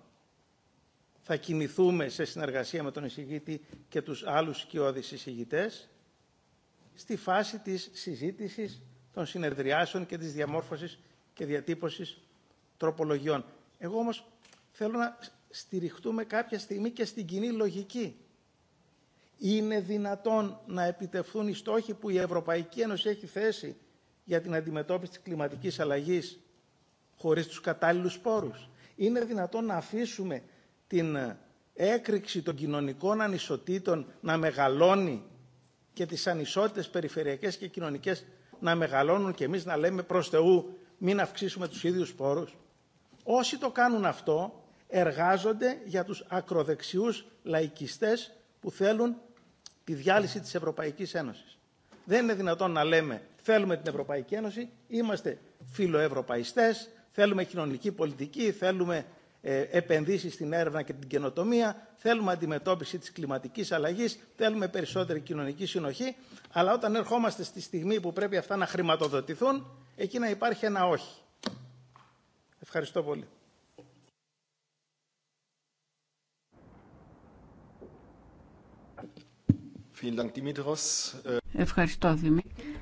θα κινηθούμε σε συνεργασία με τον εισηγήτη και τους άλλους σκιώδεις εισηγητές, στη φάση της συζήτησης των συνεδριάσεων και της διαμόρφωσης και διατύπωσης τροπολογιών. Εγώ όμως θέλω να στηριχτούμε κάποια στιγμή και στην κοινή λογική είναι δυνατόν να επιτευχθούν οι στόχοι που η Ευρωπαϊκή Ένωση έχει θέσει για την αντιμετώπιση της κλιματικής αλλαγής χωρίς τους κατάλληλους πόρους. Είναι δυνατόν να αφήσουμε την ε, έκρηξη των κοινωνικών ανισοτήτων να μεγαλώνει και τις ανισότητες περιφερειακές και κοινωνικές να μεγαλώνουν και εμείς να λέμε προς Θεού μην αυξήσουμε τους ίδιους πόρους. Όσοι το κάνουν αυτό εργάζονται για τους ακροδεξιούς λαϊκιστές που θέλουν τη διάλυση της Ευρωπαϊκής Ένωσης. Δεν είναι δυνατόν να λέμε θέλουμε την Ευρωπαϊκή Ένωση, είμαστε φιλοευρωπαϊστές, θέλουμε κοινωνική πολιτική, θέλουμε ε, επενδύσεις στην έρευνα και την καινοτομία, θέλουμε αντιμετώπιση της κλιματικής αλλαγής, θέλουμε περισσότερη κοινωνική συνοχή, αλλά όταν ερχόμαστε στη στιγμή που πρέπει αυτά να χρηματοδοτηθούν, εκεί να υπάρχει ένα όχι. Ευχαριστώ πολύ. Ευχαριστώ, Δημήτρη.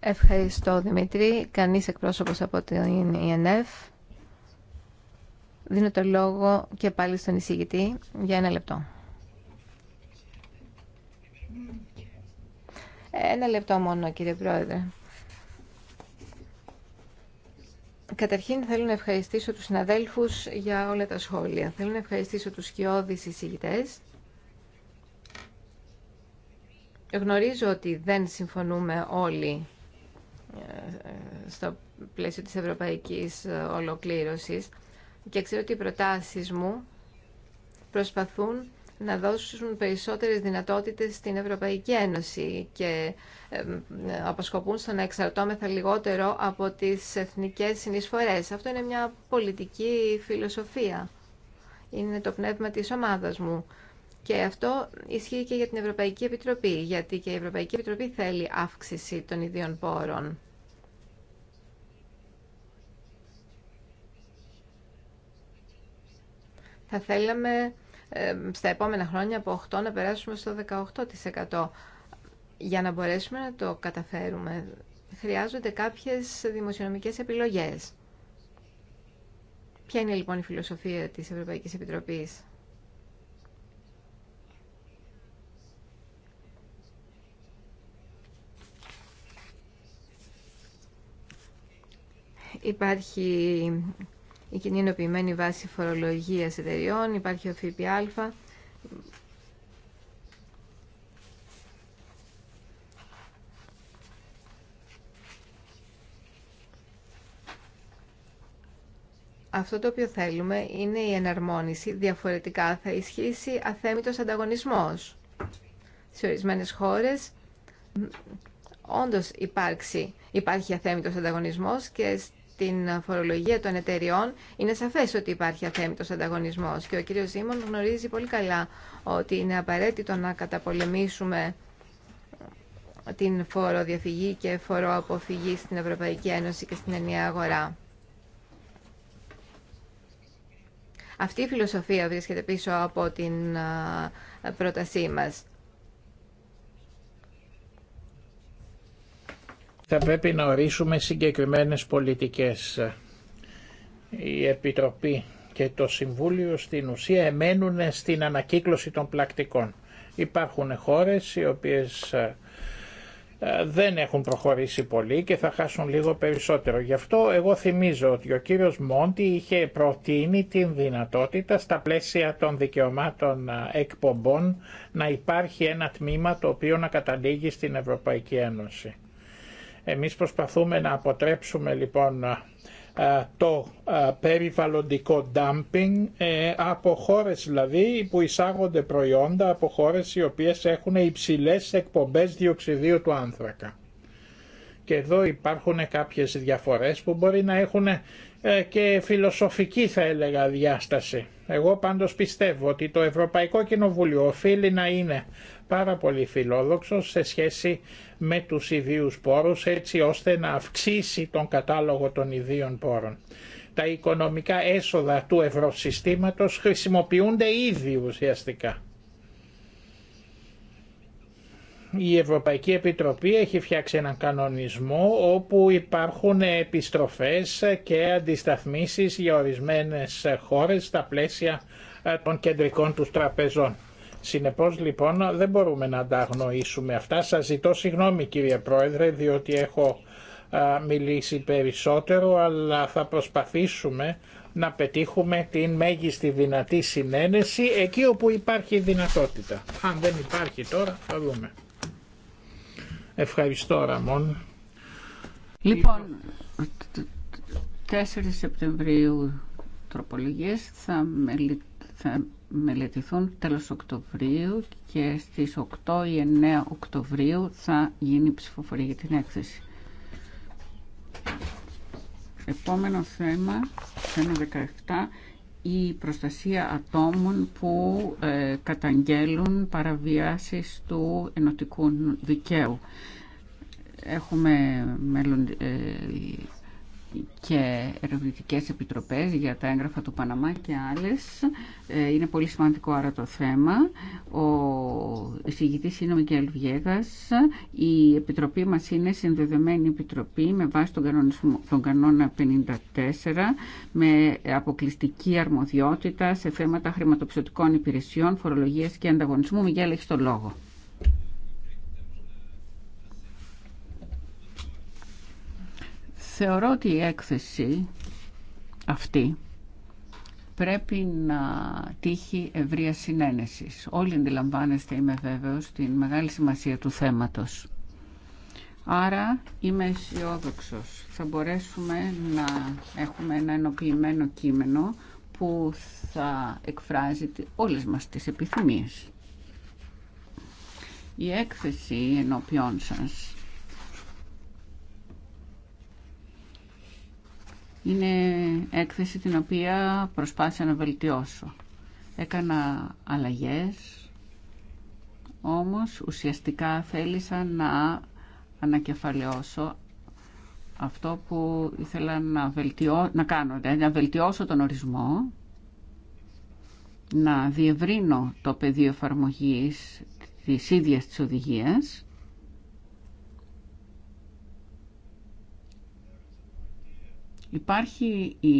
Ευχαριστώ, Δημήτρη. Κανείς εκπρόσωπος από την ΕΝΕΦ. Δίνω το λόγο και πάλι στον εισηγητή για ένα λεπτό. Ένα λεπτό μόνο, κύριε Πρόεδρε. Καταρχήν θέλω να ευχαριστήσω τους συναδέλφους για όλα τα σχόλια. Θέλω να ευχαριστήσω τους σκιώδεις εισηγητές Γνωρίζω ότι δεν συμφωνούμε όλοι ε, στο πλαίσιο της ευρωπαϊκής ε, ολοκλήρωσης και ξέρω ότι οι προτάσεις μου προσπαθούν να δώσουν περισσότερες δυνατότητες στην Ευρωπαϊκή Ένωση και ε, αποσκοπούν στο να εξαρτώμεθα λιγότερο από τις εθνικές συνεισφορές. Αυτό είναι μια πολιτική φιλοσοφία. Είναι το πνεύμα της ομάδας μου. Και αυτό ισχύει και για την Ευρωπαϊκή Επιτροπή, γιατί και η Ευρωπαϊκή Επιτροπή θέλει αύξηση των ιδίων πόρων. Θα θέλαμε στα επόμενα χρόνια από 8 να περάσουμε στο 18%. Για να μπορέσουμε να το καταφέρουμε, χρειάζονται κάποιες δημοσιονομικές επιλογές. Ποια είναι λοιπόν η φιλοσοφία της Ευρωπαϊκής Επιτροπής. Υπάρχει η κοινή βάση φορολογίας εταιριών, υπάρχει ο ΦΠΑ. Αυτό το οποίο θέλουμε είναι η εναρμόνιση. Διαφορετικά θα ισχύσει αθέμητος ανταγωνισμός. Σε ορισμένες χώρες όντως υπάρξει, υπάρχει αθέμητος ανταγωνισμός και την φορολογία των εταιριών, είναι σαφές ότι υπάρχει αθέμητο ανταγωνισμός και ο κύριος Ζήμων γνωρίζει πολύ καλά ότι είναι απαραίτητο να καταπολεμήσουμε την φοροδιαφυγή και φοροαποφυγή στην Ευρωπαϊκή Ένωση και στην ενιαία αγορά. Αυτή η φιλοσοφία βρίσκεται πίσω από την ε, πρότασή μας. Θα πρέπει να ορίσουμε συγκεκριμένες πολιτικές. Η Επιτροπή και το Συμβούλιο στην ουσία εμένουν στην ανακύκλωση των πλακτικών. Υπάρχουν χώρες οι οποίες ε, δεν έχουν προχωρήσει πολύ και θα χάσουν λίγο περισσότερο. Γι' αυτό εγώ θυμίζω ότι ο κύριος Μόντι είχε προτείνει την δυνατότητα στα πλαίσια των δικαιωμάτων ε, εκπομπών να υπάρχει ένα τμήμα το οποίο να καταλήγει στην Ευρωπαϊκή Ένωση. Εμείς προσπαθούμε να αποτρέψουμε λοιπόν το περιβαλλοντικό dumping ε, από χώρες δηλαδή που εισάγονται προϊόντα από χώρες οι οποίες έχουν υψηλές εκπομπές διοξιδίου του άνθρακα. Και εδώ υπάρχουν κάποιες διαφορές που μπορεί να έχουν ε, και φιλοσοφική θα έλεγα διάσταση. Εγώ πάντως πιστεύω ότι το Ευρωπαϊκό Κοινοβούλιο οφείλει να είναι πάρα πολύ φιλόδοξος σε σχέση με τους ιδίους πόρους έτσι ώστε να αυξήσει τον κατάλογο των ιδίων πόρων. Τα οικονομικά έσοδα του ευρωσυστήματος χρησιμοποιούνται ήδη ουσιαστικά. Η Ευρωπαϊκή Επιτροπή έχει φτιάξει έναν κανονισμό όπου υπάρχουν επιστροφές και αντισταθμίσεις για ορισμένες χώρες στα πλαίσια των κεντρικών τους τραπεζών. Συνεπώς λοιπόν δεν μπορούμε να τα αγνοήσουμε αυτά. Σα ζητώ συγγνώμη κύριε Πρόεδρε διότι έχω μιλήσει περισσότερο αλλά θα προσπαθήσουμε να πετύχουμε την μέγιστη δυνατή συνένεση εκεί όπου υπάρχει δυνατότητα. Αν δεν υπάρχει τώρα θα δούμε. Ευχαριστώ Ραμόν. Λοιπόν, 4 Σεπτεμβρίου τροπολογίες θα μελετήσουμε θα μελετηθούν τέλος Οκτωβρίου και στις 8 ή 9 Οκτωβρίου θα γίνει η 9 οκτωβριου θα γινει ψηφοφορια για την έκθεση. Επόμενο θέμα, θέμα 17, η προστασία ατόμων που ε, καταγγέλουν παραβιάσεις του ενωτικού δικαίου. Έχουμε μέλλον, ε, και ερευνητικές επιτροπές για τα έγγραφα του Παναμά και άλλες. Ε, είναι πολύ σημαντικό άρα το θέμα. Ο εισηγητής είναι ο Μικέλ Βιέγας. Η επιτροπή μας είναι συνδεδεμένη επιτροπή με βάση τον, τον κανόνα 54 με αποκλειστική αρμοδιότητα σε θέματα χρηματοπιστωτικών υπηρεσιών, φορολογίας και ανταγωνισμού. Μικέλ, έχει το λόγο. Θεωρώ ότι η έκθεση αυτή πρέπει να τύχει ευρεία συνένεση. Όλοι αντιλαμβάνεστε, είμαι βέβαιος, την μεγάλη σημασία του θέματος. Άρα είμαι αισιόδοξο. Θα μπορέσουμε να έχουμε ένα ενοποιημένο κείμενο που θα εκφράζει όλες μας τις επιθυμίες. Η έκθεση ενώπιόν σας Είναι έκθεση την οποία προσπάθησα να βελτιώσω. Έκανα αλλαγές, όμως ουσιαστικά θέλησα να ανακεφαλαιώσω αυτό που ήθελα να, βελτιώ, να κάνω, δηλαδή να βελτιώσω τον ορισμό, να διευρύνω το πεδίο εφαρμογής της ίδιας της οδηγίας Υπάρχει η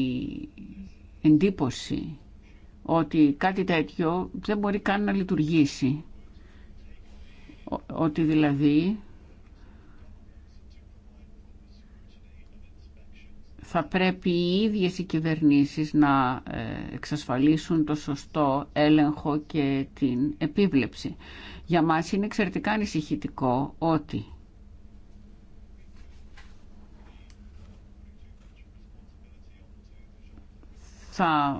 εντύπωση ότι κάτι τέτοιο δεν μπορεί καν να λειτουργήσει. Ότι δηλαδή θα πρέπει οι ίδιες οι κυβερνήσεις να ε, εξασφαλίσουν το σωστό έλεγχο και την επίβλεψη. Για μας είναι εξαιρετικά ανησυχητικό ότι θα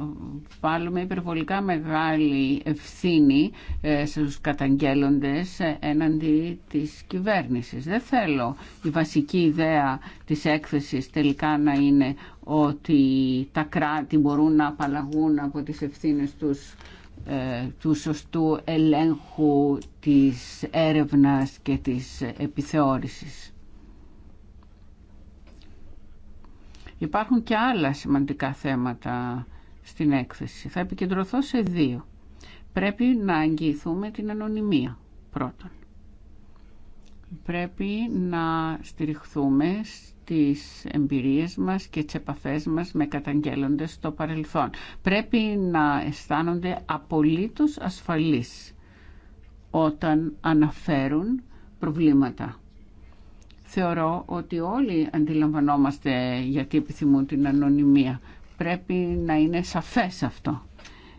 βάλουμε υπερβολικά μεγάλη ευθύνη ε, στους καταγγέλλοντες έναντι της κυβέρνησης. Δεν θέλω η βασική ιδέα της έκθεσης τελικά να είναι ότι τα κράτη μπορούν να απαλλαγούν από τις ευθύνες τους ε, του σωστού ελέγχου της έρευνας και της επιθεώρησης. Υπάρχουν και άλλα σημαντικά θέματα στην έκθεση. Θα επικεντρωθώ σε δύο. Πρέπει να αγγιηθούμε την ανωνυμία πρώτον. Πρέπει να στηριχθούμε στις εμπειρίες μας και τις επαφές μας με καταγγέλλοντες στο παρελθόν. Πρέπει να αισθάνονται απολύτως ασφαλείς όταν αναφέρουν προβλήματα Θεωρώ ότι όλοι αντιλαμβανόμαστε γιατί επιθυμούν την ανωνυμία. Πρέπει να είναι σαφές αυτό.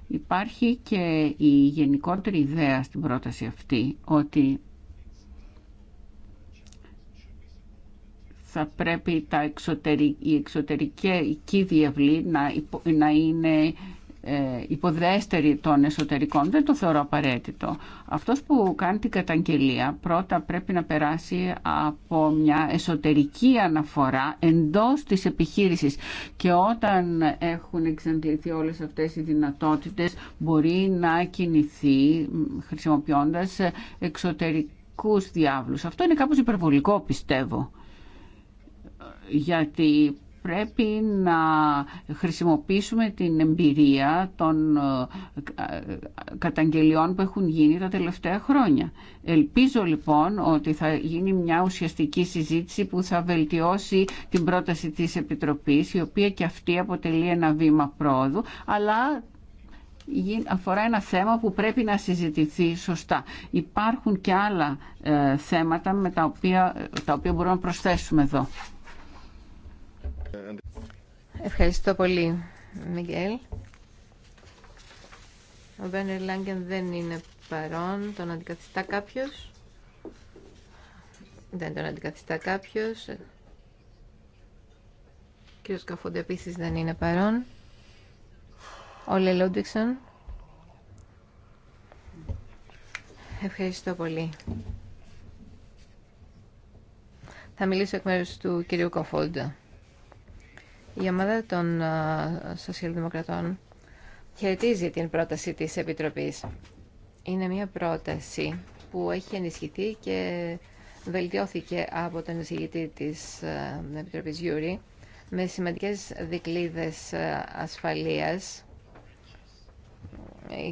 Υπάρχει και η γενικότερη ιδέα στην πρόταση αυτή ότι θα πρέπει τα η εξωτερική διαβλή να, να είναι ε, υποδέστερη των εσωτερικών. Δεν το θεωρώ απαραίτητο. Αυτός που κάνει την καταγγελία πρώτα πρέπει να περάσει από μια εσωτερική αναφορά εντός της επιχείρησης και όταν έχουν εξαντληθεί όλες αυτές οι δυνατότητες μπορεί να κινηθεί χρησιμοποιώντας εξωτερικούς διάβλους. Αυτό είναι κάπως υπερβολικό πιστεύω γιατί πρέπει να χρησιμοποιήσουμε την εμπειρία των ε, καταγγελιών που έχουν γίνει τα τελευταία χρόνια. Ελπίζω λοιπόν ότι θα γίνει μια ουσιαστική συζήτηση που θα βελτιώσει την πρόταση της Επιτροπής, η οποία και αυτή αποτελεί ένα βήμα πρόοδου, αλλά αφορά ένα θέμα που πρέπει να συζητηθεί σωστά. Υπάρχουν και άλλα ε, θέματα με τα οποία, τα οποία μπορούμε να προσθέσουμε εδώ. Ευχαριστώ πολύ, Μιγγέλ. Ο Μπένερ Λάγκεν δεν είναι παρόν. Τον αντικαθιστά κάποιος. Δεν τον αντικαθιστά κάποιος. Ο κύριος Καφούντε επίσης δεν είναι παρόν. Ο Λελόντιξον. Ευχαριστώ πολύ. Θα μιλήσω εκ μέρους του κυρίου Καφούντε. Η ομάδα των Σοσιαλδημοκρατών χαιρετίζει την πρόταση της Επιτροπής. Είναι μια πρόταση που έχει ενισχυθεί και βελτιώθηκε από τον εισηγητή της Επιτροπής Γιούρη με σημαντικές δικλίδες ασφαλείας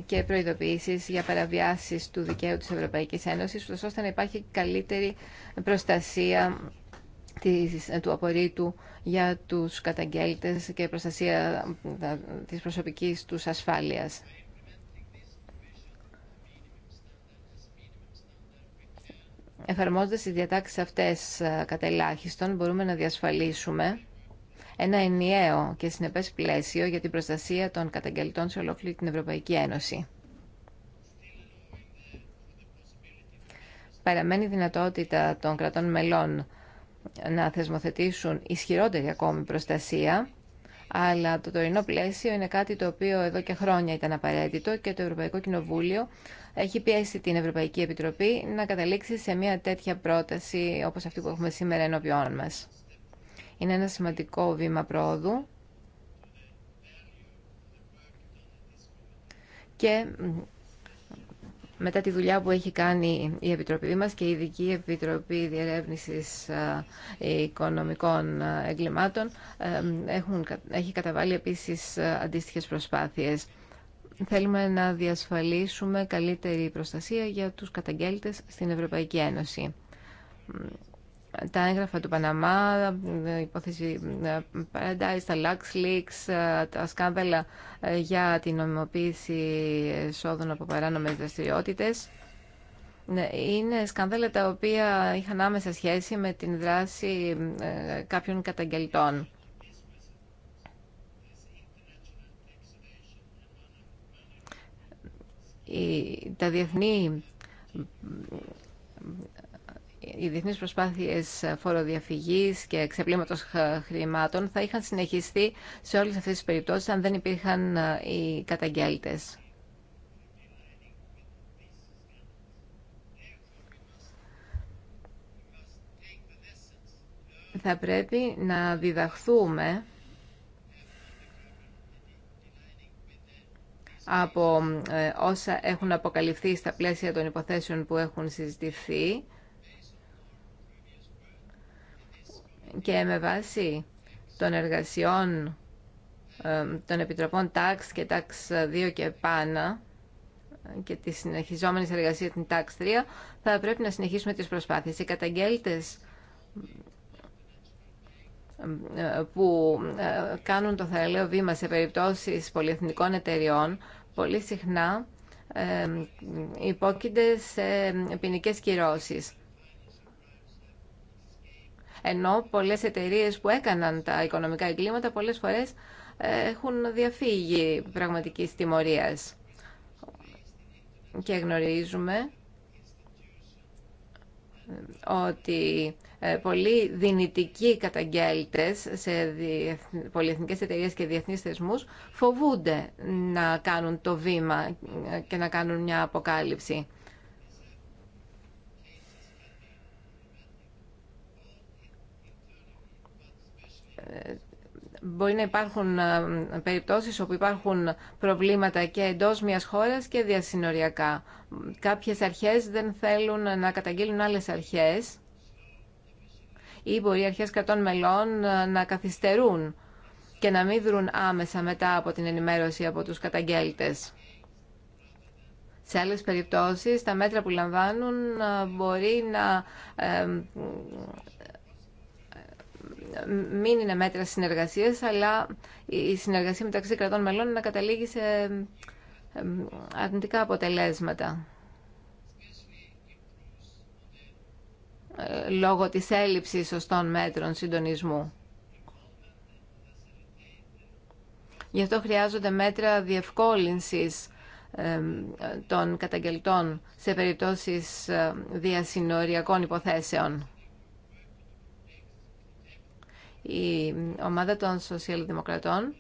και προειδοποιήσεις για παραβιάσεις του δικαίου της Ευρωπαϊκής Ένωσης, ώστε να υπάρχει καλύτερη προστασία ε, του απορρίτου για τους καταγγέλτες και προστασία ε, της προσωπικής τους ασφάλειας. Εφαρμόζοντας τις διατάξεις αυτές ε, ελάχιστον μπορούμε να διασφαλίσουμε ένα ενιαίο και συνεπές πλαίσιο για την προστασία των καταγγελτών σε ολόκληρη την Ευρωπαϊκή Ένωση. Παραμένει η δυνατότητα των κρατών μελών να θεσμοθετήσουν ισχυρότερη ακόμη προστασία, αλλά το τωρινό πλαίσιο είναι κάτι το οποίο εδώ και χρόνια ήταν απαραίτητο και το Ευρωπαϊκό Κοινοβούλιο έχει πιέσει την Ευρωπαϊκή Επιτροπή να καταλήξει σε μια τέτοια πρόταση όπως αυτή που έχουμε σήμερα ενώπιόν μας. Είναι ένα σημαντικό βήμα πρόοδου και μετά τη δουλειά που έχει κάνει η Επιτροπή μας και η Ειδική Επιτροπή Διερεύνησης ε, Οικονομικών ε, Εγκλημάτων ε, έχουν, έχει καταβάλει επίσης αντίστοιχες προσπάθειες. Θέλουμε να διασφαλίσουμε καλύτερη προστασία για τους καταγγέλτες στην Ευρωπαϊκή Ένωση τα έγγραφα του Παναμά, η ε, υπόθεση ε, Paradise, τα Lux Leaks, ε, τα σκάνδαλα για την νομιμοποίηση εσόδων από παράνομες δραστηριότητες. Ναι, είναι σκάνδαλα τα οποία είχαν άμεσα σχέση με την δράση κάποιων καταγγελτών. Τα διεθνή οι διεθνείς προσπάθειες φοροδιαφυγής και ξεπλήματος χρημάτων θα είχαν συνεχιστεί σε όλες αυτές τις περιπτώσεις αν δεν υπήρχαν ε, οι καταγγέλτες. Θα πρέπει να διδαχθούμε από ε, όσα έχουν αποκαλυφθεί στα πλαίσια των υποθέσεων που έχουν συζητηθεί και με βάση των εργασιών των Επιτροπών ΤΑΞ και ΤΑΞ 2 και πάνω και τη συνεχιζόμενη εργασία την ΤΑΚΣ 3 θα πρέπει να συνεχίσουμε τις προσπάθειες. Οι καταγγέλτες ε, που ε, κάνουν το θαραλέο βήμα σε περιπτώσεις πολυεθνικών εταιριών πολύ συχνά υπόκεινται σε ποινικέ κυρώσεις. Ενώ πολλές εταιρείες που έκαναν τα οικονομικά εγκλήματα πολλές φορές ε, έχουν διαφύγει πραγματικής τιμωρίας. Και γνωρίζουμε ε, ότι ε, πολλοί δυνητικοί καταγγέλτες σε πολυεθνικές εταιρείες και διεθνείς θεσμούς φοβούνται να κάνουν το βήμα και να κάνουν μια αποκάλυψη. μπορεί να υπάρχουν ε, περιπτώσεις όπου υπάρχουν προβλήματα και εντός μιας χώρας και διασυνοριακά. Κάποιες αρχές δεν θέλουν να καταγγείλουν άλλες αρχές ή μπορεί οι αρχές κρατών μελών ε, να καθυστερούν και να μην δρουν άμεσα μετά από την ενημέρωση από τους καταγγέλτες. Σε άλλες περιπτώσεις, τα μέτρα που λαμβάνουν ε, μπορεί να μην είναι μέτρα συνεργασίας, αλλά η συνεργασία μεταξύ κρατών μελών να καταλήγει σε αρνητικά αποτελέσματα. Ε, λόγω της έλλειψης σωστών μέτρων συντονισμού. Γι' αυτό χρειάζονται μέτρα διευκόλυνσης των καταγγελτών σε περιπτώσεις ε, διασυνοριακών υποθέσεων. Η ομάδα των Σοσιαλδημοκρατών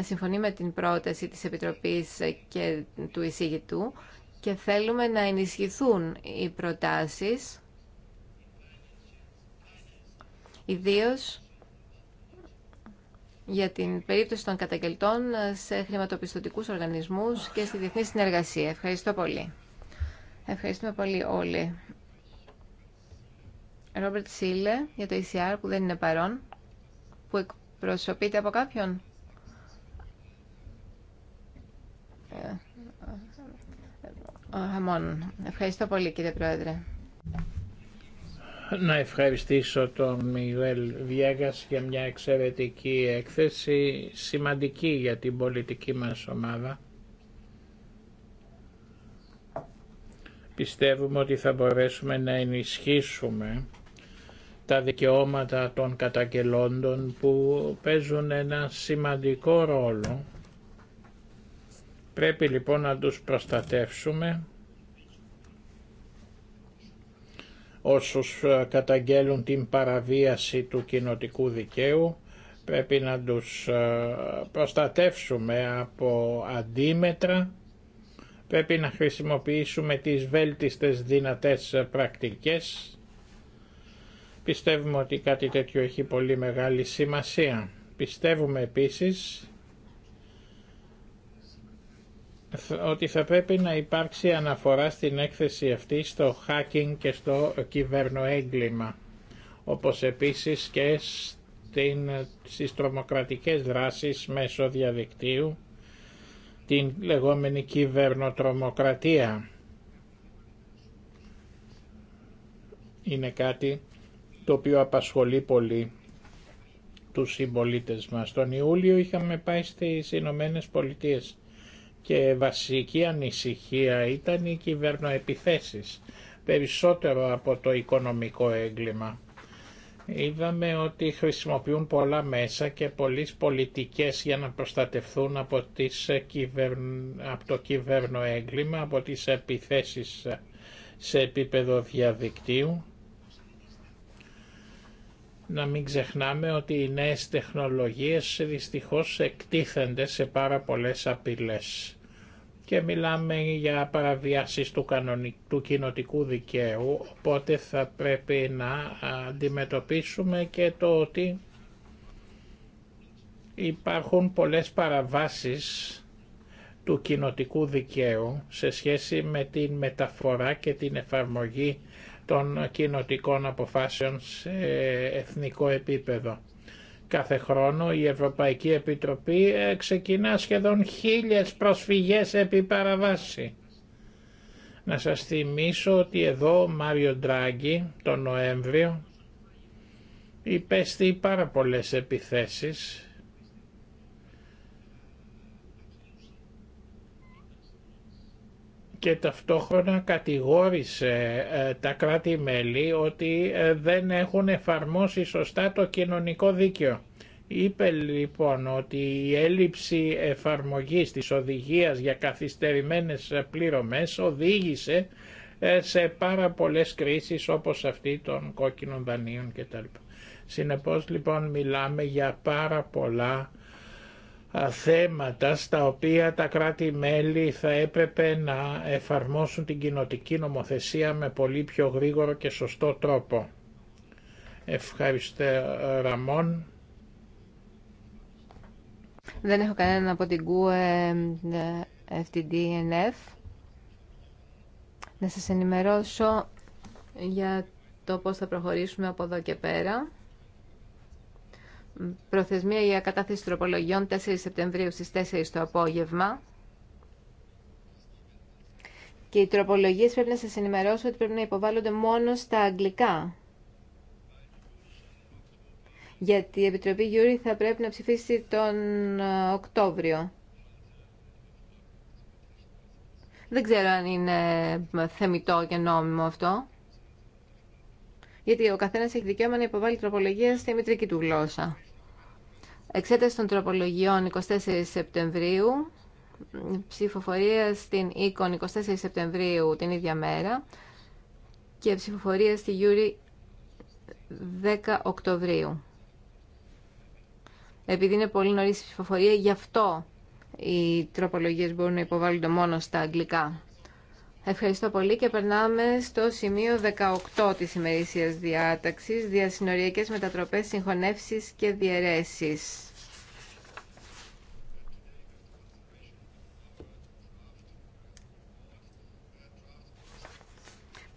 συμφωνεί με την πρόταση της Επιτροπής και του εισηγητού και θέλουμε να ενισχυθούν οι προτάσεις ιδίως για την περίπτωση των καταγγελτών σε χρηματοπιστωτικούς οργανισμούς και στη διεθνή συνεργασία. Ευχαριστώ πολύ. Ευχαριστούμε πολύ όλοι. Ρόμπερτ Σίλε για το ECR που δεν είναι παρόν, που εκπροσωπείται από κάποιον. Ε, Ευχαριστώ πολύ κύριε Πρόεδρε. Να ευχαριστήσω τον Μιουέλ Βιέγας για μια εξαιρετική έκθεση, σημαντική για την πολιτική μας ομάδα. Πιστεύουμε ότι θα μπορέσουμε να ενισχύσουμε τα δικαιώματα των καταγγελόντων που παίζουν ένα σημαντικό ρόλο. Πρέπει λοιπόν να τους προστατεύσουμε όσους ε, καταγγέλουν την παραβίαση του κοινοτικού δικαίου πρέπει να τους ε, προστατεύσουμε από αντίμετρα πρέπει να χρησιμοποιήσουμε τις βέλτιστες δυνατές πρακτικές Πιστεύουμε ότι κάτι τέτοιο έχει πολύ μεγάλη σημασία. Πιστεύουμε επίσης ότι θα πρέπει να υπάρξει αναφορά στην έκθεση αυτή στο hacking και στο κυβερνοέγκλημα, όπως επίσης και στην, στις τρομοκρατικές δράσεις μέσω διαδικτύου, την λεγόμενη κυβερνοτρομοκρατία. Είναι κάτι το οποίο απασχολεί πολύ του συμπολίτε μας. Τον Ιούλιο είχαμε πάει στις Ηνωμένε Πολιτείε και βασική ανησυχία ήταν οι κυβερνοεπιθέσεις, περισσότερο από το οικονομικό έγκλημα. Είδαμε ότι χρησιμοποιούν πολλά μέσα και πολλές πολιτικές για να προστατευθούν από, τις κυβέρνο από το κυβερνοέγκλημα, από τις επιθέσεις σε επίπεδο διαδικτύου να μην ξεχνάμε ότι οι νέες τεχνολογίες δυστυχώς εκτίθενται σε πάρα πολλές απειλές και μιλάμε για παραβιάσεις του, του κοινοτικού δικαίου, οπότε θα πρέπει να αντιμετωπίσουμε και το ότι υπάρχουν πολλές παραβάσεις του κοινοτικού δικαίου σε σχέση με την μεταφορά και την εφαρμογή των κοινοτικών αποφάσεων σε εθνικό επίπεδο. Κάθε χρόνο η Ευρωπαϊκή Επιτροπή ε, ξεκινά σχεδόν χίλιες προσφυγές επί παραβάση. Να σας θυμίσω ότι εδώ ο Μάριο Ντράγκη τον Νοέμβριο υπέστη πάρα πολλές επιθέσεις και ταυτόχρονα κατηγόρησε ε, τα κράτη-μέλη ότι ε, δεν έχουν εφαρμόσει σωστά το κοινωνικό δίκαιο. Είπε λοιπόν ότι η έλλειψη εφαρμογής της οδηγίας για καθυστερημένες πληρωμές οδήγησε ε, σε πάρα πολλές κρίσεις όπως αυτή των κόκκινων δανείων κτλ. Συνεπώς λοιπόν μιλάμε για πάρα πολλά θέματα στα οποία τα κράτη-μέλη θα έπρεπε να εφαρμόσουν την κοινοτική νομοθεσία με πολύ πιο γρήγορο και σωστό τρόπο. Ευχαριστώ Ραμόν. Δεν έχω κανέναν από την ΚΟΕ FTDNF. Να σας ενημερώσω για το πώς θα προχωρήσουμε από εδώ και πέρα. Προθεσμία για κατάθεση τροπολογιών 4 Σεπτεμβρίου στις 4 το απόγευμα. Και οι τροπολογίες πρέπει να σας ενημερώσω ότι πρέπει να υποβάλλονται μόνο στα αγγλικά. Γιατί η Επιτροπή Γιούρι θα πρέπει να ψηφίσει τον ε, Οκτώβριο. Δεν ξέρω αν είναι ε, θεμητό και νόμιμο αυτό. Γιατί ο καθένας έχει δικαίωμα να υποβάλει τροπολογία στη μητρική του γλώσσα. Εξέταση των τροπολογιών 24 Σεπτεμβρίου, ψηφοφορία στην ΕΚΟΝ 24 Σεπτεμβρίου την ίδια μέρα και ψηφοφορία στη Γιούρη 10 Οκτωβρίου. Επειδή είναι πολύ νωρίς η ψηφοφορία, γι' αυτό οι τροπολογίες μπορούν να υποβάλλονται μόνο στα αγγλικά. Ευχαριστώ πολύ και περνάμε στο σημείο 18 της ημερήσιας διάταξης, διασυνοριακές μετατροπές, συγχωνεύσεις και διαιρέσεις.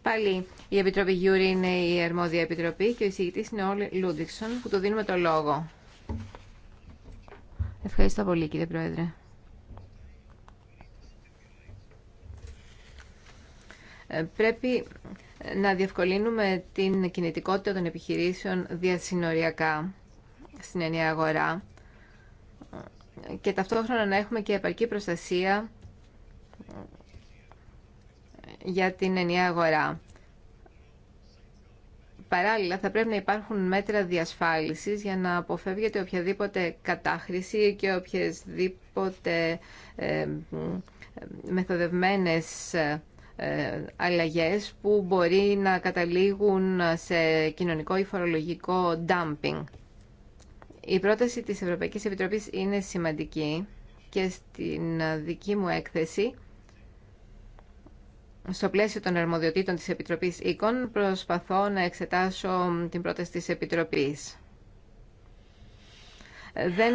Πάλι η Επιτροπή Γιούρη είναι η αρμόδια επιτροπή και ο εισηγητής είναι ο Λούντιξον που του δίνουμε το λόγο. Ευχαριστώ πολύ κύριε Πρόεδρε. Ε, πρέπει ε, να διευκολύνουμε την κινητικότητα των επιχειρήσεων διασυνοριακά στην ενιαία αγορά ε, και ταυτόχρονα να έχουμε και επαρκή προστασία για την ενιαία αγορά. Παράλληλα, θα πρέπει να υπάρχουν μέτρα διασφάλισης για να αποφεύγεται οποιαδήποτε κατάχρηση και οποιασδήποτε μεθοδευμένες ε, αλλαγές που μπορεί να καταλήγουν σε κοινωνικό ή φορολογικό dumping. Η πρόταση της Ευρωπαϊκής Επιτροπής είναι σημαντική και στην δική μου έκθεση στο πλαίσιο των αρμοδιοτήτων της Επιτροπής Οίκων προσπαθώ να εξετάσω την πρόταση της Επιτροπής δεν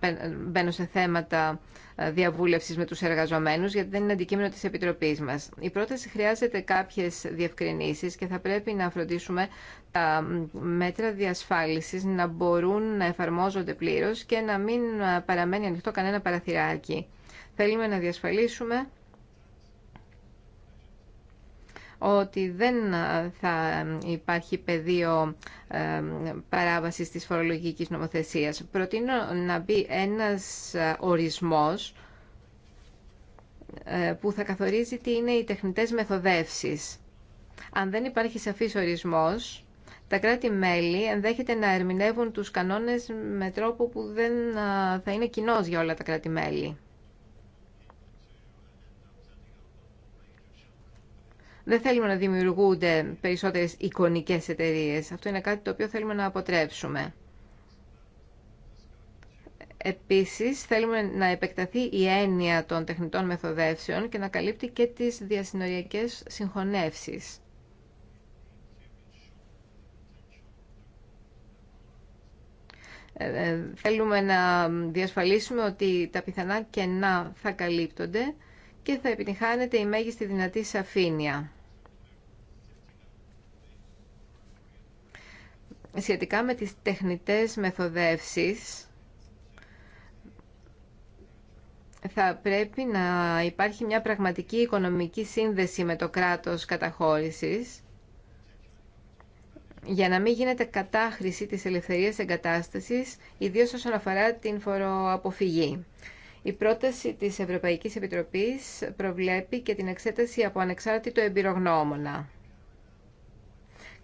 ε, μπαίνω σε θέματα ε, διαβούλευση με του εργαζομένου, γιατί δεν είναι αντικείμενο τη Επιτροπή μα. Η πρόταση χρειάζεται κάποιε διευκρινήσει και θα πρέπει να φροντίσουμε τα μέτρα διασφάλιση να μπορούν να εφαρμόζονται πλήρω και να μην ε, παραμένει ανοιχτό κανένα παραθυράκι. Θέλουμε να διασφαλίσουμε ότι δεν θα υπάρχει πεδίο ε, παράβασης της φορολογικής νομοθεσίας. Προτείνω να μπει ένας ορισμός ε, που θα καθορίζει τι είναι οι τεχνητές μεθοδεύσεις. Αν δεν υπάρχει σαφής ορισμός, τα κράτη-μέλη ενδέχεται να ερμηνεύουν τους κανόνες με τρόπο που δεν ε, θα είναι κοινός για όλα τα κράτη-μέλη. Δεν θέλουμε να δημιουργούνται περισσότερες εικονικές εταιρείε. Αυτό είναι κάτι το οποίο θέλουμε να αποτρέψουμε. Επίσης, θέλουμε να επεκταθεί η έννοια των τεχνητών μεθοδεύσεων και να καλύπτει και τις διασυνοριακές συγχωνεύσεις. Ε, ε, θέλουμε να διασφαλίσουμε ότι τα πιθανά κενά θα καλύπτονται και θα επιτυχάνεται η μέγιστη δυνατή σαφήνεια. Σχετικά με τις τεχνητές μεθοδεύσεις, θα πρέπει να υπάρχει μια πραγματική οικονομική σύνδεση με το κράτος καταχώρησης για να μην γίνεται κατάχρηση της ελευθερίας εγκατάστασης, ιδίως όσον αφορά την φοροαποφυγή. Η πρόταση της Ευρωπαϊκής Επιτροπής προβλέπει και την εξέταση από ανεξάρτητο εμπειρογνώμονα.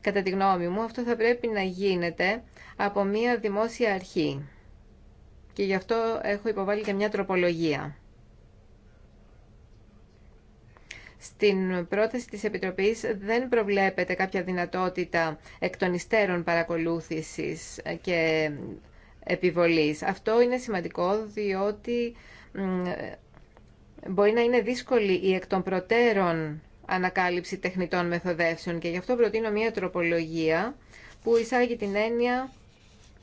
Κατά τη γνώμη μου, αυτό θα πρέπει να γίνεται από μία δημόσια αρχή. Και γι' αυτό έχω υποβάλει και μια τροπολογία. Στην πρόταση της Επιτροπής δεν προβλέπεται κάποια δυνατότητα εκ των υστέρων παρακολούθησης και επιβολής. Αυτό είναι σημαντικό διότι μπορεί να είναι δύσκολη η εκ των προτέρων ανακάλυψη τεχνητών μεθοδεύσεων και γι' αυτό προτείνω μια τροπολογία που εισάγει την έννοια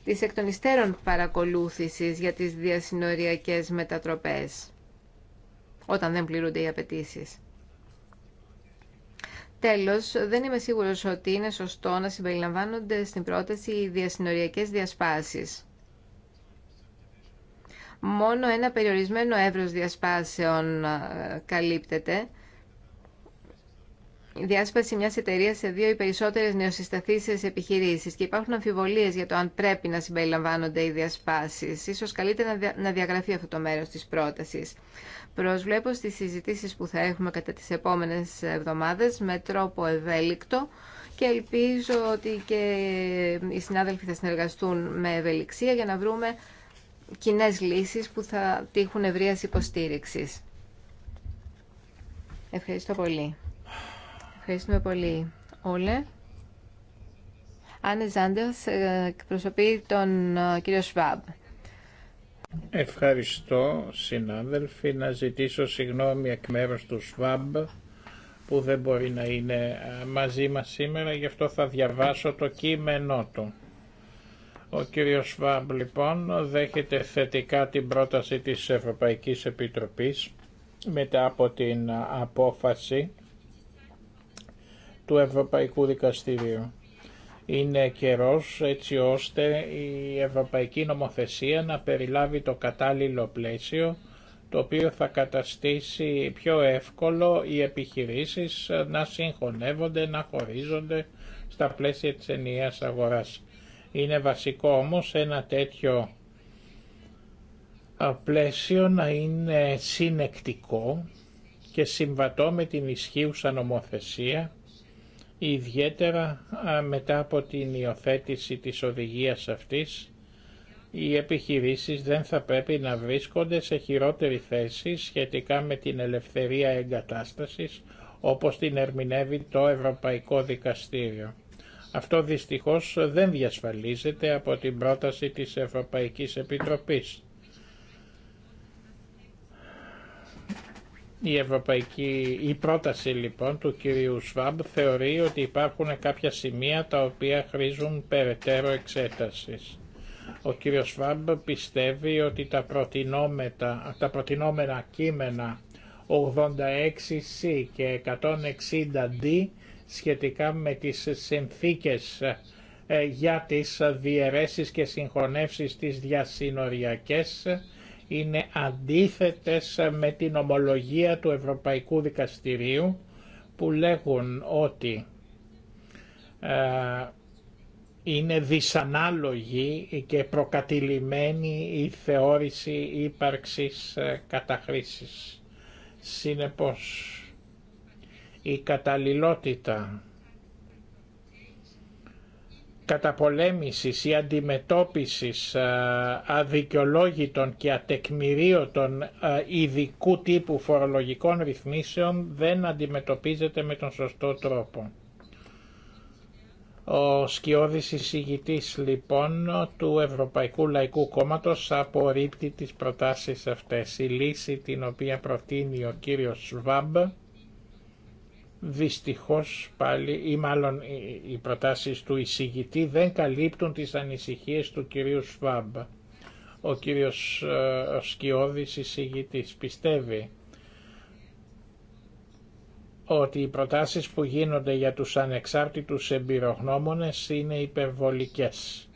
της εκ των υστέρων παρακολούθησης για τις διασυνοριακές μετατροπές όταν δεν πληρούνται οι απαιτήσει. Τέλος, δεν είμαι σίγουρος ότι είναι σωστό να συμπεριλαμβάνονται στην πρόταση οι διασυνοριακές διασπάσεις μόνο ένα περιορισμένο εύρος διασπάσεων ε, καλύπτεται. Η διάσπαση μιας εταιρείας σε δύο ή περισσότερες νεοσυσταθήσεις επιχειρήσεις και υπάρχουν αμφιβολίες για το αν πρέπει να συμπεριλαμβάνονται οι διασπάσεις. Ίσως καλύτερα να διαγραφεί αυτό το μέρος της πρότασης. Προσβλέπω στις συζητήσεις που θα έχουμε κατά τις επόμενες εβδομάδες με τρόπο ευέλικτο και ελπίζω ότι και οι συνάδελφοι θα συνεργαστούν με ευελιξία για να βρούμε κοινέ λύσεις που θα τύχουν ευρεία υποστήριξη Ευχαριστώ πολύ. Ευχαριστούμε πολύ όλε. Άννε Ζάντερς ε, εκπροσωπεί τον ε, κύριο Σβάμπ. Ευχαριστώ συνάδελφοι να ζητήσω συγγνώμη εκ μέρους του ΣΒΑΜΠ που δεν μπορεί να είναι ε, μαζί μας σήμερα γι' αυτό θα διαβάσω το κείμενό του. Ο κύριος Σβάμπ λοιπόν δέχεται θετικά την πρόταση της Ευρωπαϊκής Επιτροπής μετά από την απόφαση του Ευρωπαϊκού Δικαστηρίου. Είναι καιρός έτσι ώστε η Ευρωπαϊκή Νομοθεσία να περιλάβει το κατάλληλο πλαίσιο το οποίο θα καταστήσει πιο εύκολο οι επιχειρήσεις να συγχωνεύονται, να χωρίζονται στα πλαίσια της ενιαίας αγοράς. Είναι βασικό όμως ένα τέτοιο πλαίσιο να είναι συνεκτικό και συμβατό με την ισχύουσα νομοθεσία, ιδιαίτερα μετά από την υιοθέτηση της οδηγίας αυτής, οι επιχειρήσεις δεν θα πρέπει να βρίσκονται σε χειρότερη θέση σχετικά με την ελευθερία εγκατάστασης όπως την ερμηνεύει το Ευρωπαϊκό Δικαστήριο. Αυτό δυστυχώς δεν διασφαλίζεται από την πρόταση της Ευρωπαϊκής Επιτροπής. Η, Ευρωπαϊκή, η πρόταση λοιπόν του κυρίου Σβάμπ θεωρεί ότι υπάρχουν κάποια σημεία τα οποία χρήζουν περαιτέρω εξέτασης. Ο κύριος Σβάμπ πιστεύει ότι τα, τα προτινόμενα κείμενα 86C και 160D σχετικά με τις συνθήκες ε, για τις διαιρέσεις και συγχωνεύσεις τις διασυνοριακές είναι αντίθετες με την ομολογία του Ευρωπαϊκού Δικαστηρίου που λέγουν ότι ε, είναι δυσανάλογη και προκατηλημένη η θεώρηση ύπαρξης ε, καταχρήσης. Συνεπώς, η καταλληλότητα καταπολέμησης ή αντιμετώπισης αδικαιολόγητων και ατεκμηρίωτων ειδικού τύπου φορολογικών ρυθμίσεων δεν αντιμετωπίζεται με τον σωστό τρόπο. Ο σκιώδης εισηγητής λοιπόν του Ευρωπαϊκού Λαϊκού Κόμματος απορρίπτει τις προτάσεις αυτές. Η λύση την οποία προτείνει ο κύριος Σβάμπ δυστυχώς πάλι ή μάλλον οι προτάσεις του εισηγητή δεν καλύπτουν τις ανησυχίες του κυρίου Σφαμπ. Ο κύριος ε, ο Σκιώδης πιστεύει ότι οι προτάσεις που γίνονται για τους ανεξάρτητους εμπειρογνώμονες είναι υπερβολικές.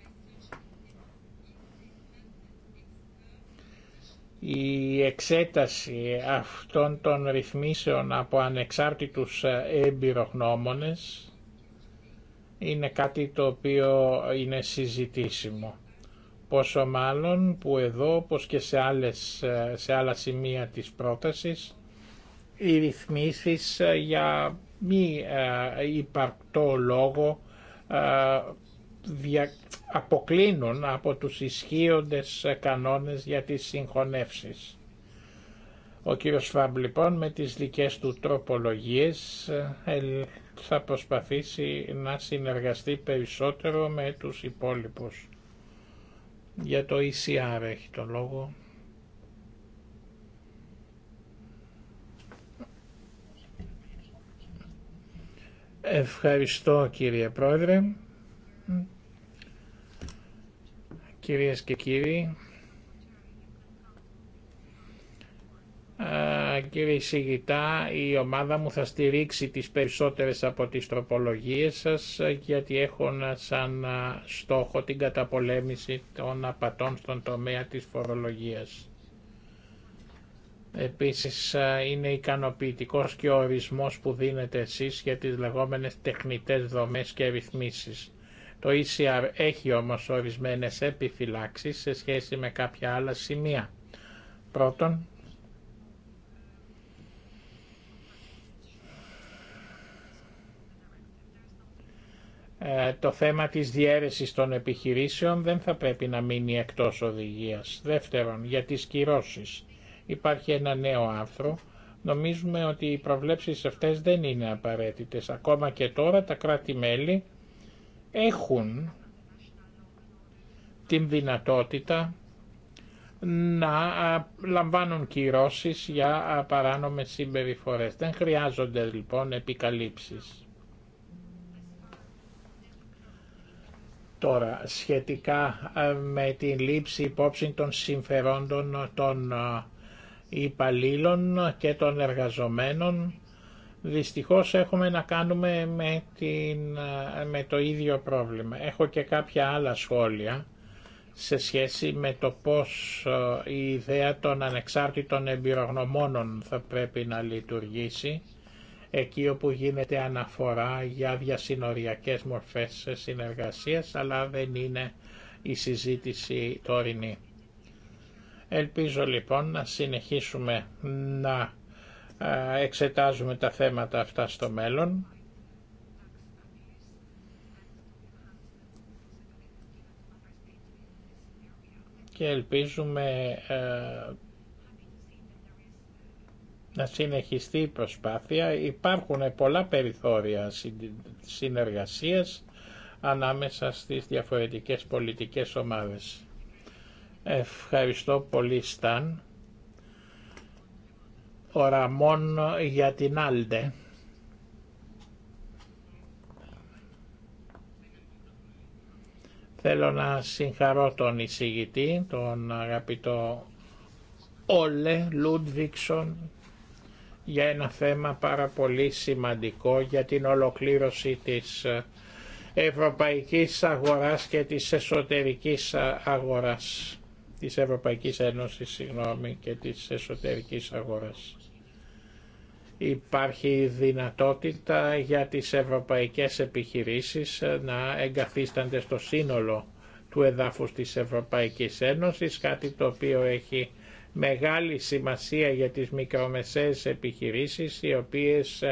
η εξέταση αυτών των ρυθμίσεων από ανεξάρτητους ε, εμπειρογνώμονες είναι κάτι το οποίο είναι συζητήσιμο. Πόσο μάλλον που εδώ, όπως και σε, άλλες, ε, σε άλλα σημεία της πρότασης, οι ρυθμίσεις ε, για μη υπαρκτό λόγο αποκλίνουν από τους ισχύοντες κανόνες για τις συγχωνεύσεις. Ο κύριος Φαμπ λοιπόν με τις δικές του τροπολογίες ε, θα προσπαθήσει να συνεργαστεί περισσότερο με τους υπόλοιπους. Για το ECR έχει το λόγο. Ευχαριστώ κύριε Πρόεδρε. Κυρίες και κύριοι, κύριε Σιγητά, η ομάδα μου θα στηρίξει τις περισσότερες από τις τροπολογίες σας γιατί έχουν σαν στόχο την καταπολέμηση των απατών στον τομέα της φορολογίας. Επίσης είναι ικανοποιητικός και ο ορισμός που δίνετε εσείς για τις λεγόμενες τεχνητές δομές και ρυθμίσεις το ECR έχει όμως ορισμένες επιφυλάξεις σε σχέση με κάποια άλλα σημεία. Πρώτον, ε, το θέμα της διαίρεσης των επιχειρήσεων δεν θα πρέπει να μείνει εκτός οδηγίας. Δεύτερον, για τις κυρώσεις. Υπάρχει ένα νέο άρθρο. Νομίζουμε ότι οι προβλέψεις αυτές δεν είναι απαραίτητες. Ακόμα και τώρα τα κράτη-μέλη έχουν την δυνατότητα να λαμβάνουν κυρώσεις για παράνομες συμπεριφορές. Δεν χρειάζονται λοιπόν επικαλύψεις. Τώρα, σχετικά με την λήψη υπόψη των συμφερόντων των υπαλλήλων και των εργαζομένων, Δυστυχώς έχουμε να κάνουμε με, το ίδιο πρόβλημα. Έχω και κάποια άλλα σχόλια σε σχέση με το πώς ε, η ιδέα των ανεξάρτητων εμπειρογνωμόνων θα πρέπει να λειτουργήσει εκεί όπου γίνεται αναφορά για διασυνοριακές μορφές συνεργασίας, αλλά δεν είναι η συζήτηση τωρινή. Ελπίζω λοιπόν να συνεχίσουμε να εξετάζουμε τα θέματα αυτά στο μέλλον. Και ελπίζουμε ε, να συνεχιστεί η προσπάθεια. Υπάρχουν πολλά περιθώρια συνεργασίας ανάμεσα στις διαφορετικές πολιτικές ομάδες. Ευχαριστώ πολύ Σταν ο για την Άλντε. Θέλω να συγχαρώ τον εισηγητή, τον αγαπητό Όλε Λούντβικσον για ένα θέμα πάρα πολύ σημαντικό για την ολοκλήρωση της ευρωπαϊκής αγοράς και της εσωτερικής αγοράς της Ευρωπαϊκής Ένωσης συγγνώμη, και της εσωτερικής αγοράς υπάρχει δυνατότητα για τις ευρωπαϊκές επιχειρήσεις να εγκαθίστανται στο σύνολο του εδάφους της Ευρωπαϊκής Ένωσης, κάτι το οποίο έχει μεγάλη σημασία για τις μικρομεσαίες επιχειρήσεις οι οποίες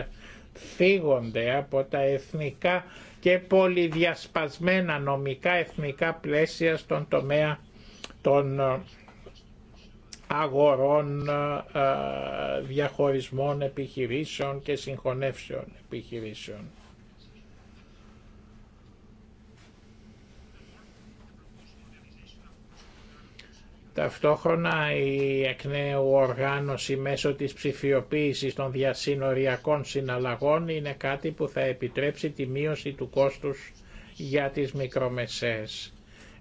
φύγονται από τα εθνικά και πολυδιασπασμένα νομικά εθνικά πλαίσια στον τομέα των αγορών, ε, ε, διαχωρισμών επιχειρήσεων και συγχωνεύσεων επιχειρήσεων. Ταυτόχρονα η εκ νέου οργάνωση μέσω της ψηφιοποίησης των διασύνοριακών συναλλαγών είναι κάτι που θα επιτρέψει τη μείωση του κόστους για τις μικρομεσαίες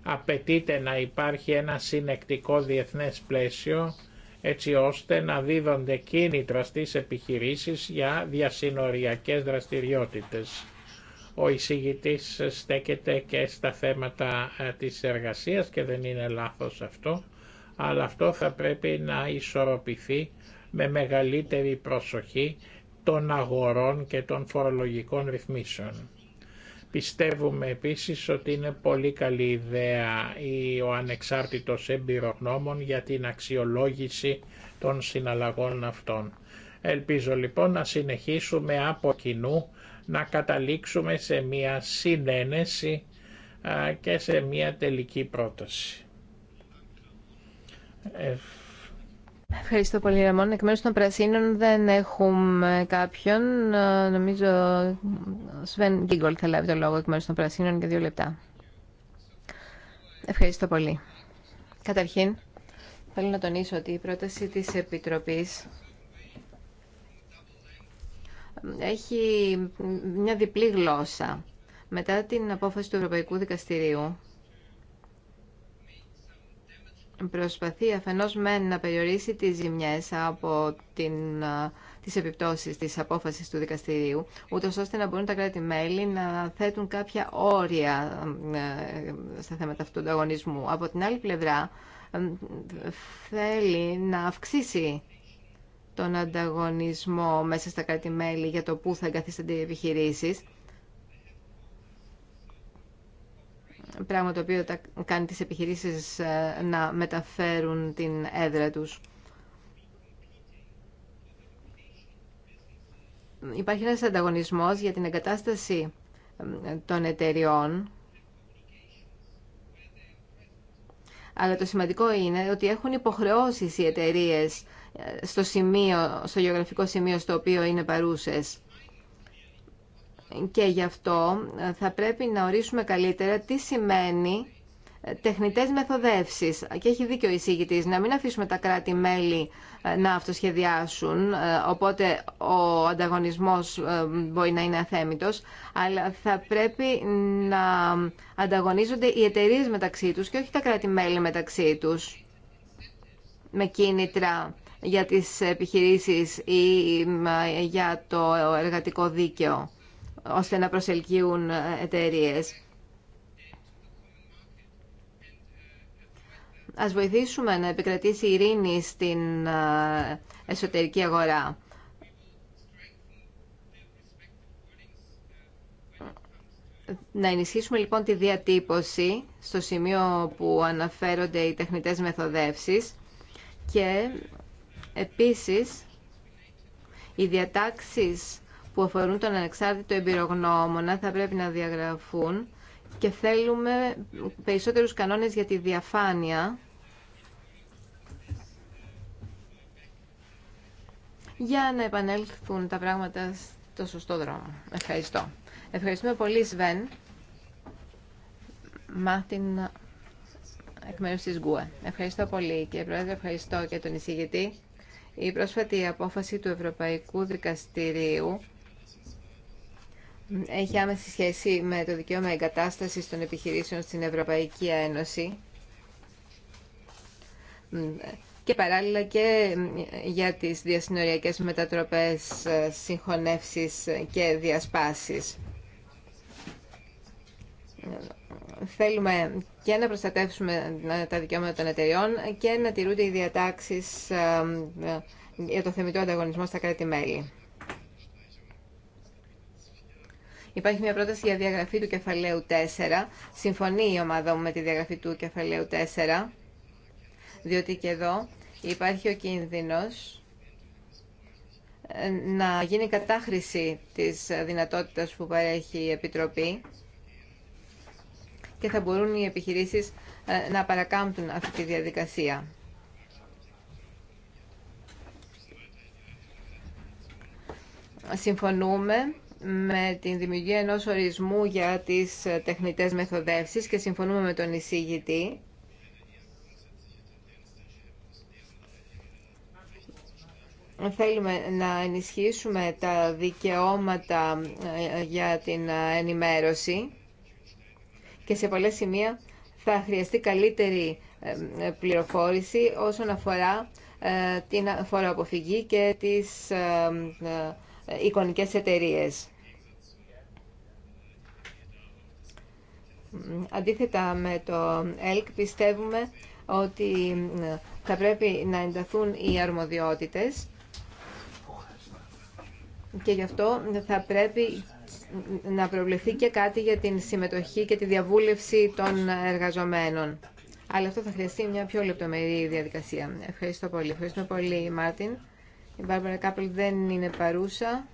απαιτείται να υπάρχει ένα συνεκτικό διεθνές πλαίσιο έτσι ώστε να δίδονται κίνητρα στις επιχειρήσεις για διασυνοριακές δραστηριότητες. Ο εισηγητής στέκεται και στα θέματα ε, της εργασίας και δεν είναι λάθος αυτό, αλλά αυτό θα πρέπει να ισορροπηθεί με μεγαλύτερη προσοχή των αγορών και των φορολογικών ρυθμίσεων. Πιστεύουμε επίσης ότι είναι πολύ καλή ιδέα ή ο ανεξάρτητος εμπειρογνώμων για την αξιολόγηση των συναλλαγών αυτών. Ελπίζω λοιπόν να συνεχίσουμε από κοινού να καταλήξουμε σε μια συνένεση και σε μια τελική πρόταση. Ευχαριστώ πολύ, Ραμόν. Εκ μέρου των Πρασίνων δεν έχουμε κάποιον. Ε, νομίζω ο Σβέν Γκίγκολ θα λάβει το λόγο εκ μέρου των Πρασίνων για δύο λεπτά. Ευχαριστώ πολύ. Καταρχήν, θέλω να τονίσω ότι η πρόταση της Επιτροπής έχει μια διπλή γλώσσα. Μετά την απόφαση του Ευρωπαϊκού Δικαστηρίου, προσπαθεί αφενός μεν να περιορίσει τις ζημιές από την, τις επιπτώσεις της απόφασης του δικαστηρίου, ούτως ώστε να μπορούν τα κράτη-μέλη να θέτουν κάποια όρια ε, στα θέματα αυτού του ανταγωνισμού. Από την άλλη πλευρά, θέλει να αυξήσει τον ανταγωνισμό μέσα στα κράτη-μέλη για το πού θα εγκαθίστανται οι επιχειρήσεις, πράγμα το οποίο τα κάνει τις επιχειρήσεις ε, να μεταφέρουν την έδρα τους. Υπάρχει ένας ανταγωνισμός για την εγκατάσταση ε, των εταιριών αλλά το σημαντικό είναι ότι έχουν υποχρεώσεις οι εταιρείες ε, στο, σημείο, στο γεωγραφικό σημείο στο οποίο είναι παρούσες. Και γι' αυτό ε, θα πρέπει να ορίσουμε καλύτερα τι σημαίνει ε, τεχνητές μεθοδεύσεις. Και έχει δίκιο η εισηγητής, να μην αφήσουμε τα κράτη-μέλη ε, να αυτοσχεδιάσουν, οπότε ο ανταγωνισμός μπορεί να είναι αθέμητος, αλλά θα πρέπει να ανταγωνίζονται οι εταιρείε μεταξύ τους και όχι τα κράτη-μέλη μεταξύ τους με κίνητρα για τις επιχειρήσεις ή για το εργατικό δίκαιο ώστε να προσελκύουν εταιρείε. Ας βοηθήσουμε να επικρατήσει η ειρήνη στην εσωτερική αγορά. Να ενισχύσουμε λοιπόν τη διατύπωση στο σημείο που αναφέρονται οι τεχνητές μεθοδεύσεις και επίσης οι διατάξεις που αφορούν τον ανεξάρτητο εμπειρογνώμονα θα πρέπει να διαγραφούν και θέλουμε περισσότερους κανόνες για τη διαφάνεια για να επανέλθουν τα πράγματα στο σωστό δρόμο. Ευχαριστώ. Ευχαριστούμε πολύ, Σβέν. Μάρτιν, εκ μέρους της Ευχαριστώ πολύ και πρόεδρε, ευχαριστώ και τον εισηγητή. Η πρόσφατη απόφαση του Ευρωπαϊκού Δικαστηρίου έχει άμεση σχέση με το δικαίωμα εγκατάστασης των επιχειρήσεων στην Ευρωπαϊκή Ένωση και παράλληλα και για τις διασυνοριακές μετατροπές, συγχωνεύσεις και διασπάσεις. Θέλουμε και να προστατεύσουμε τα δικαιώματα των εταιριών και να τηρούνται οι διατάξεις ε, ε, για το θεμητό ανταγωνισμό στα κράτη-μέλη. Υπάρχει μια πρόταση για διαγραφή του κεφαλαίου 4. Συμφωνεί η ομάδα μου με τη διαγραφή του κεφαλαίου 4, διότι και εδώ υπάρχει ο κίνδυνος ε, να γίνει κατάχρηση της δυνατότητας που παρέχει η Επιτροπή και θα μπορούν οι επιχειρήσεις ε, να παρακάμπτουν αυτή τη διαδικασία. Συμφωνούμε με την δημιουργία ενός ορισμού για τις τεχνητές μεθοδεύσεις και συμφωνούμε με τον εισηγητή. Θέλουμε να ενισχύσουμε τα δικαιώματα ε, για την ενημέρωση και σε πολλές σημεία θα χρειαστεί καλύτερη ε, πληροφόρηση όσον αφορά ε, την φοροαποφυγή και τις ε, εικονικές εταιρείες. Αντίθετα με το ΕΛΚ πιστεύουμε ότι ε, θα πρέπει να ενταθούν οι αρμοδιότητες και γι' αυτό θα πρέπει να προβληθεί και κάτι για την συμμετοχή και τη διαβούλευση των εργαζομένων. Αλλά αυτό θα χρειαστεί μια πιο λεπτομερή διαδικασία. Ευχαριστώ πολύ. Ευχαριστούμε πολύ, Μάρτιν. Η Μπάρμπαρα Κάπελ δεν είναι παρούσα.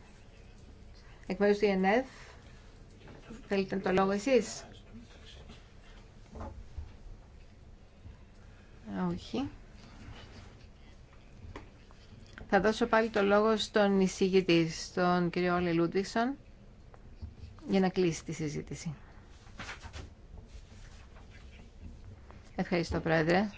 Εκ μέρους του θέλετε το λόγο εσείς. Όχι. Θα δώσω πάλι το λόγο στον εισηγητή, στον κύριο Όλε Λούντιξον, για να κλείσει τη συζήτηση. Ευχαριστώ, Πρόεδρε.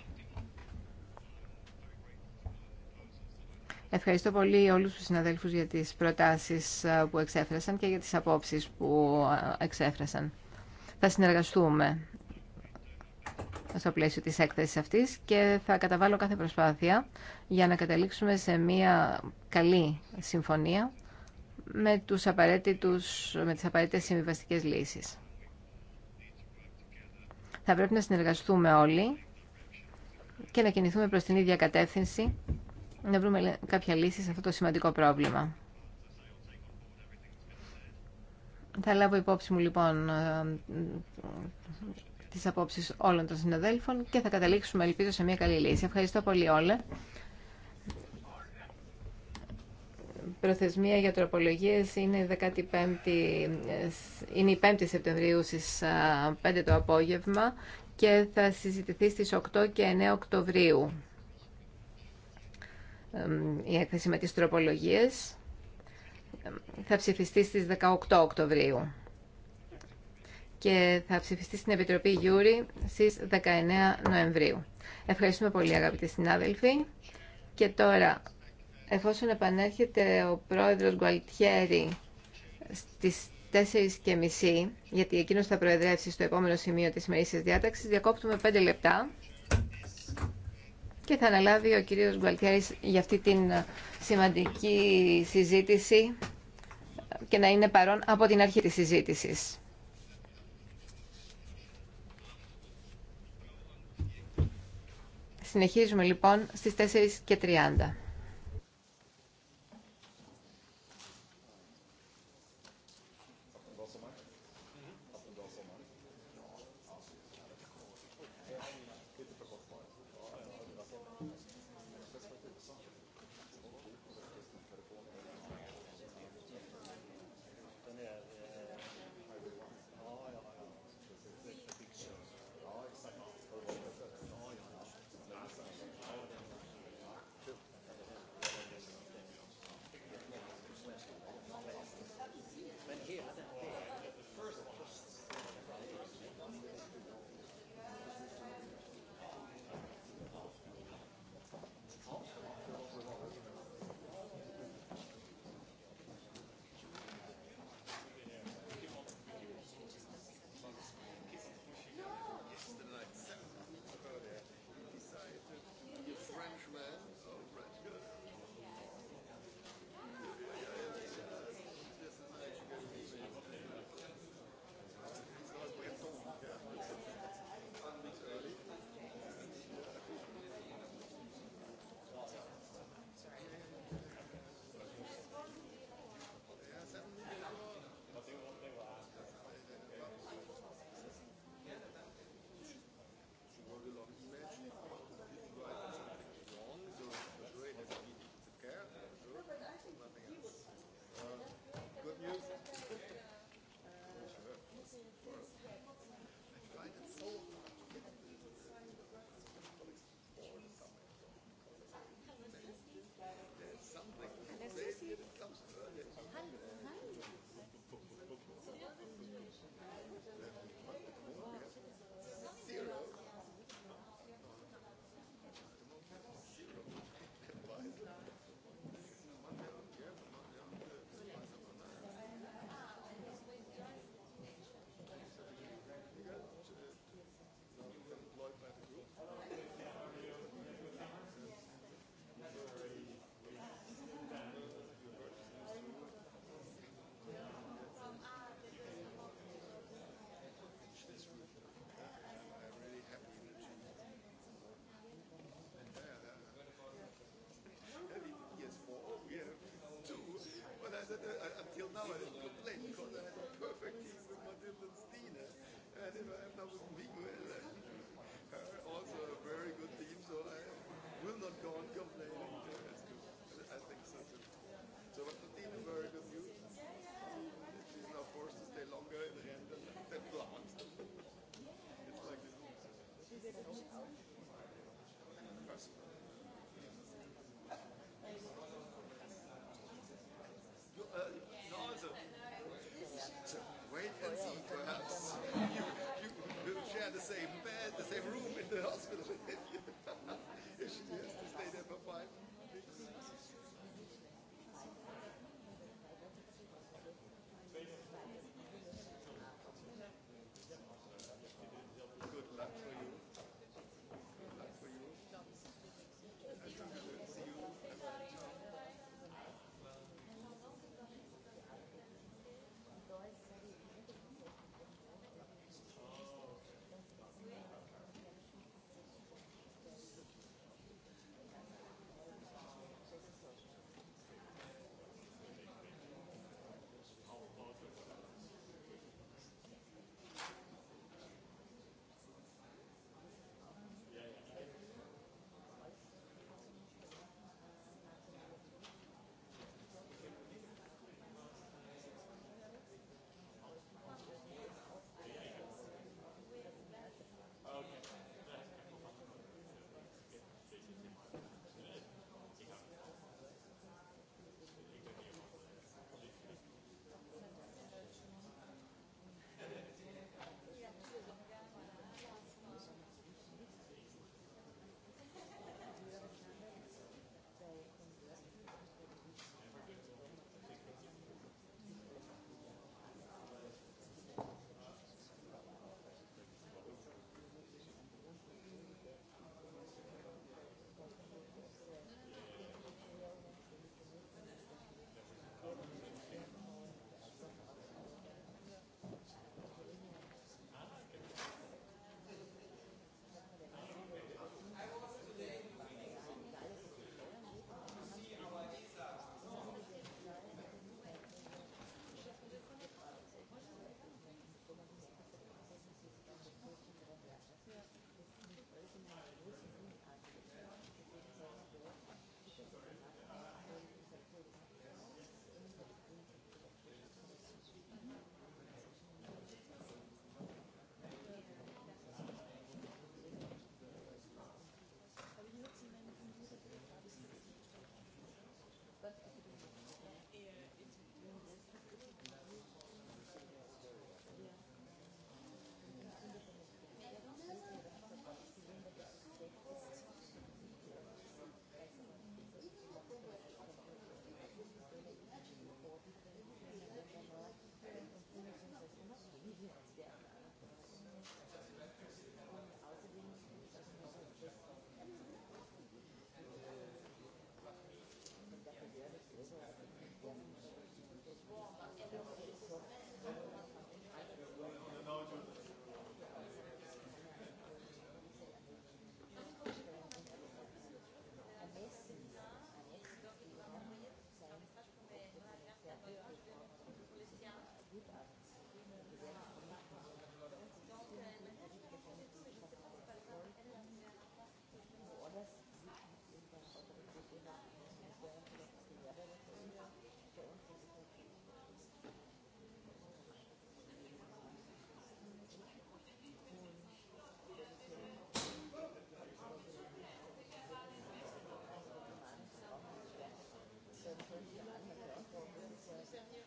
Ευχαριστώ πολύ όλους τους συναδέλφους για τις προτάσεις ε, που εξέφρασαν και για τις απόψεις που ε, εξέφρασαν. Θα συνεργαστούμε στο πλαίσιο της έκθεσης αυτής και θα καταβάλω κάθε προσπάθεια για να καταλήξουμε σε μια καλή συμφωνία με, τους απαραίτητους, με τις απαραίτητες συμβιβαστικές λύσεις. Θα πρέπει να συνεργαστούμε όλοι και να κινηθούμε προς την ίδια κατεύθυνση να βρούμε κάποια λύση σε αυτό το σημαντικό πρόβλημα. Θα λάβω υπόψη μου λοιπόν ε, ε, τις απόψεις όλων των συναδέλφων και θα καταλήξουμε ελπίζω σε μια καλή λύση. Ευχαριστώ πολύ όλα. Προθεσμία για τροπολογίες είναι, 15η, ε, είναι η 5η Σεπτεμβρίου στις 5 το απόγευμα και θα συζητηθεί στις 8 και 9 Οκτωβρίου η έκθεση με τις τροπολογίες θα ψηφιστεί στις 18 Οκτωβρίου και θα ψηφιστεί στην Επιτροπή Γιούρη στις 19 Νοεμβρίου. Ευχαριστούμε πολύ αγαπητοί συνάδελφοι και τώρα εφόσον επανέρχεται ο πρόεδρος Γκουαλτιέρη στις μισή, γιατί εκείνος θα προεδρεύσει στο επόμενο σημείο της ημερήσιας διάταξης διακόπτουμε 5 λεπτά και θα αναλάβει ο κύριος Γκουαλτιάρης για αυτή την ε, σημαντική συζήτηση και να είναι παρόν από την αρχή της συζήτησης. Συνεχίζουμε λοιπόν στις 4 και 30. I did Erna was also a very good team, so I will not go on complaining. That's good. I think so too. So but the team is very good news. She's now forced to stay longer in end than planned. it's like this. dernière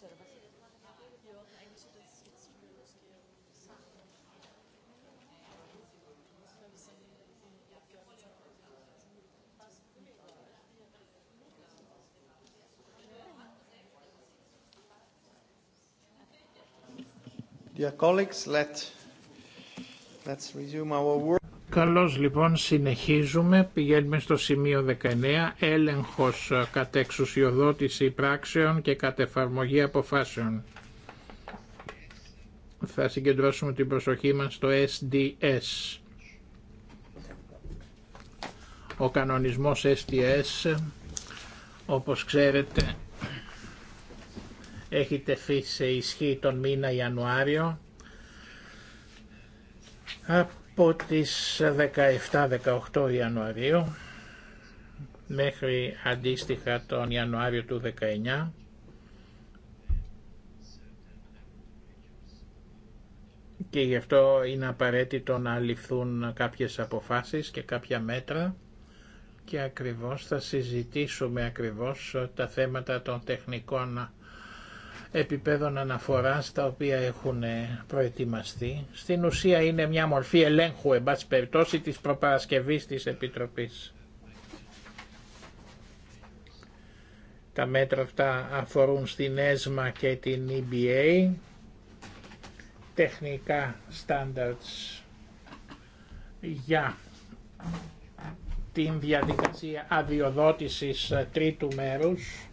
Gracias. Καλώς λοιπόν συνεχίζουμε, πηγαίνουμε στο σημείο 19, έλεγχος ε, κατ' εξουσιοδότηση πράξεων και κατ' εφαρμογή αποφάσεων. Θα συγκεντρώσουμε την προσοχή μας στο SDS. Ο κανονισμός SDS, όπως ξέρετε, έχει τεθεί σε ισχύ τον μήνα Ιανουάριο από τις 17-18 Ιανουαρίου μέχρι αντίστοιχα τον Ιανουάριο του 19 και γι' αυτό είναι απαραίτητο να ληφθούν κάποιες αποφάσεις και κάποια μέτρα και ακριβώς θα συζητήσουμε ακριβώς τα θέματα των τεχνικών επιπέδων αναφοράς τα οποία έχουν προετοιμαστεί. Στην ουσία είναι μια μορφή ελέγχου, εν πάση περιπτώσει, της προπαρασκευής της Επιτροπής. Τα μέτρα αυτά αφορούν στην ΕΣΜΑ και την EBA, τεχνικά standards για την διαδικασία αδειοδότησης τρίτου μέρους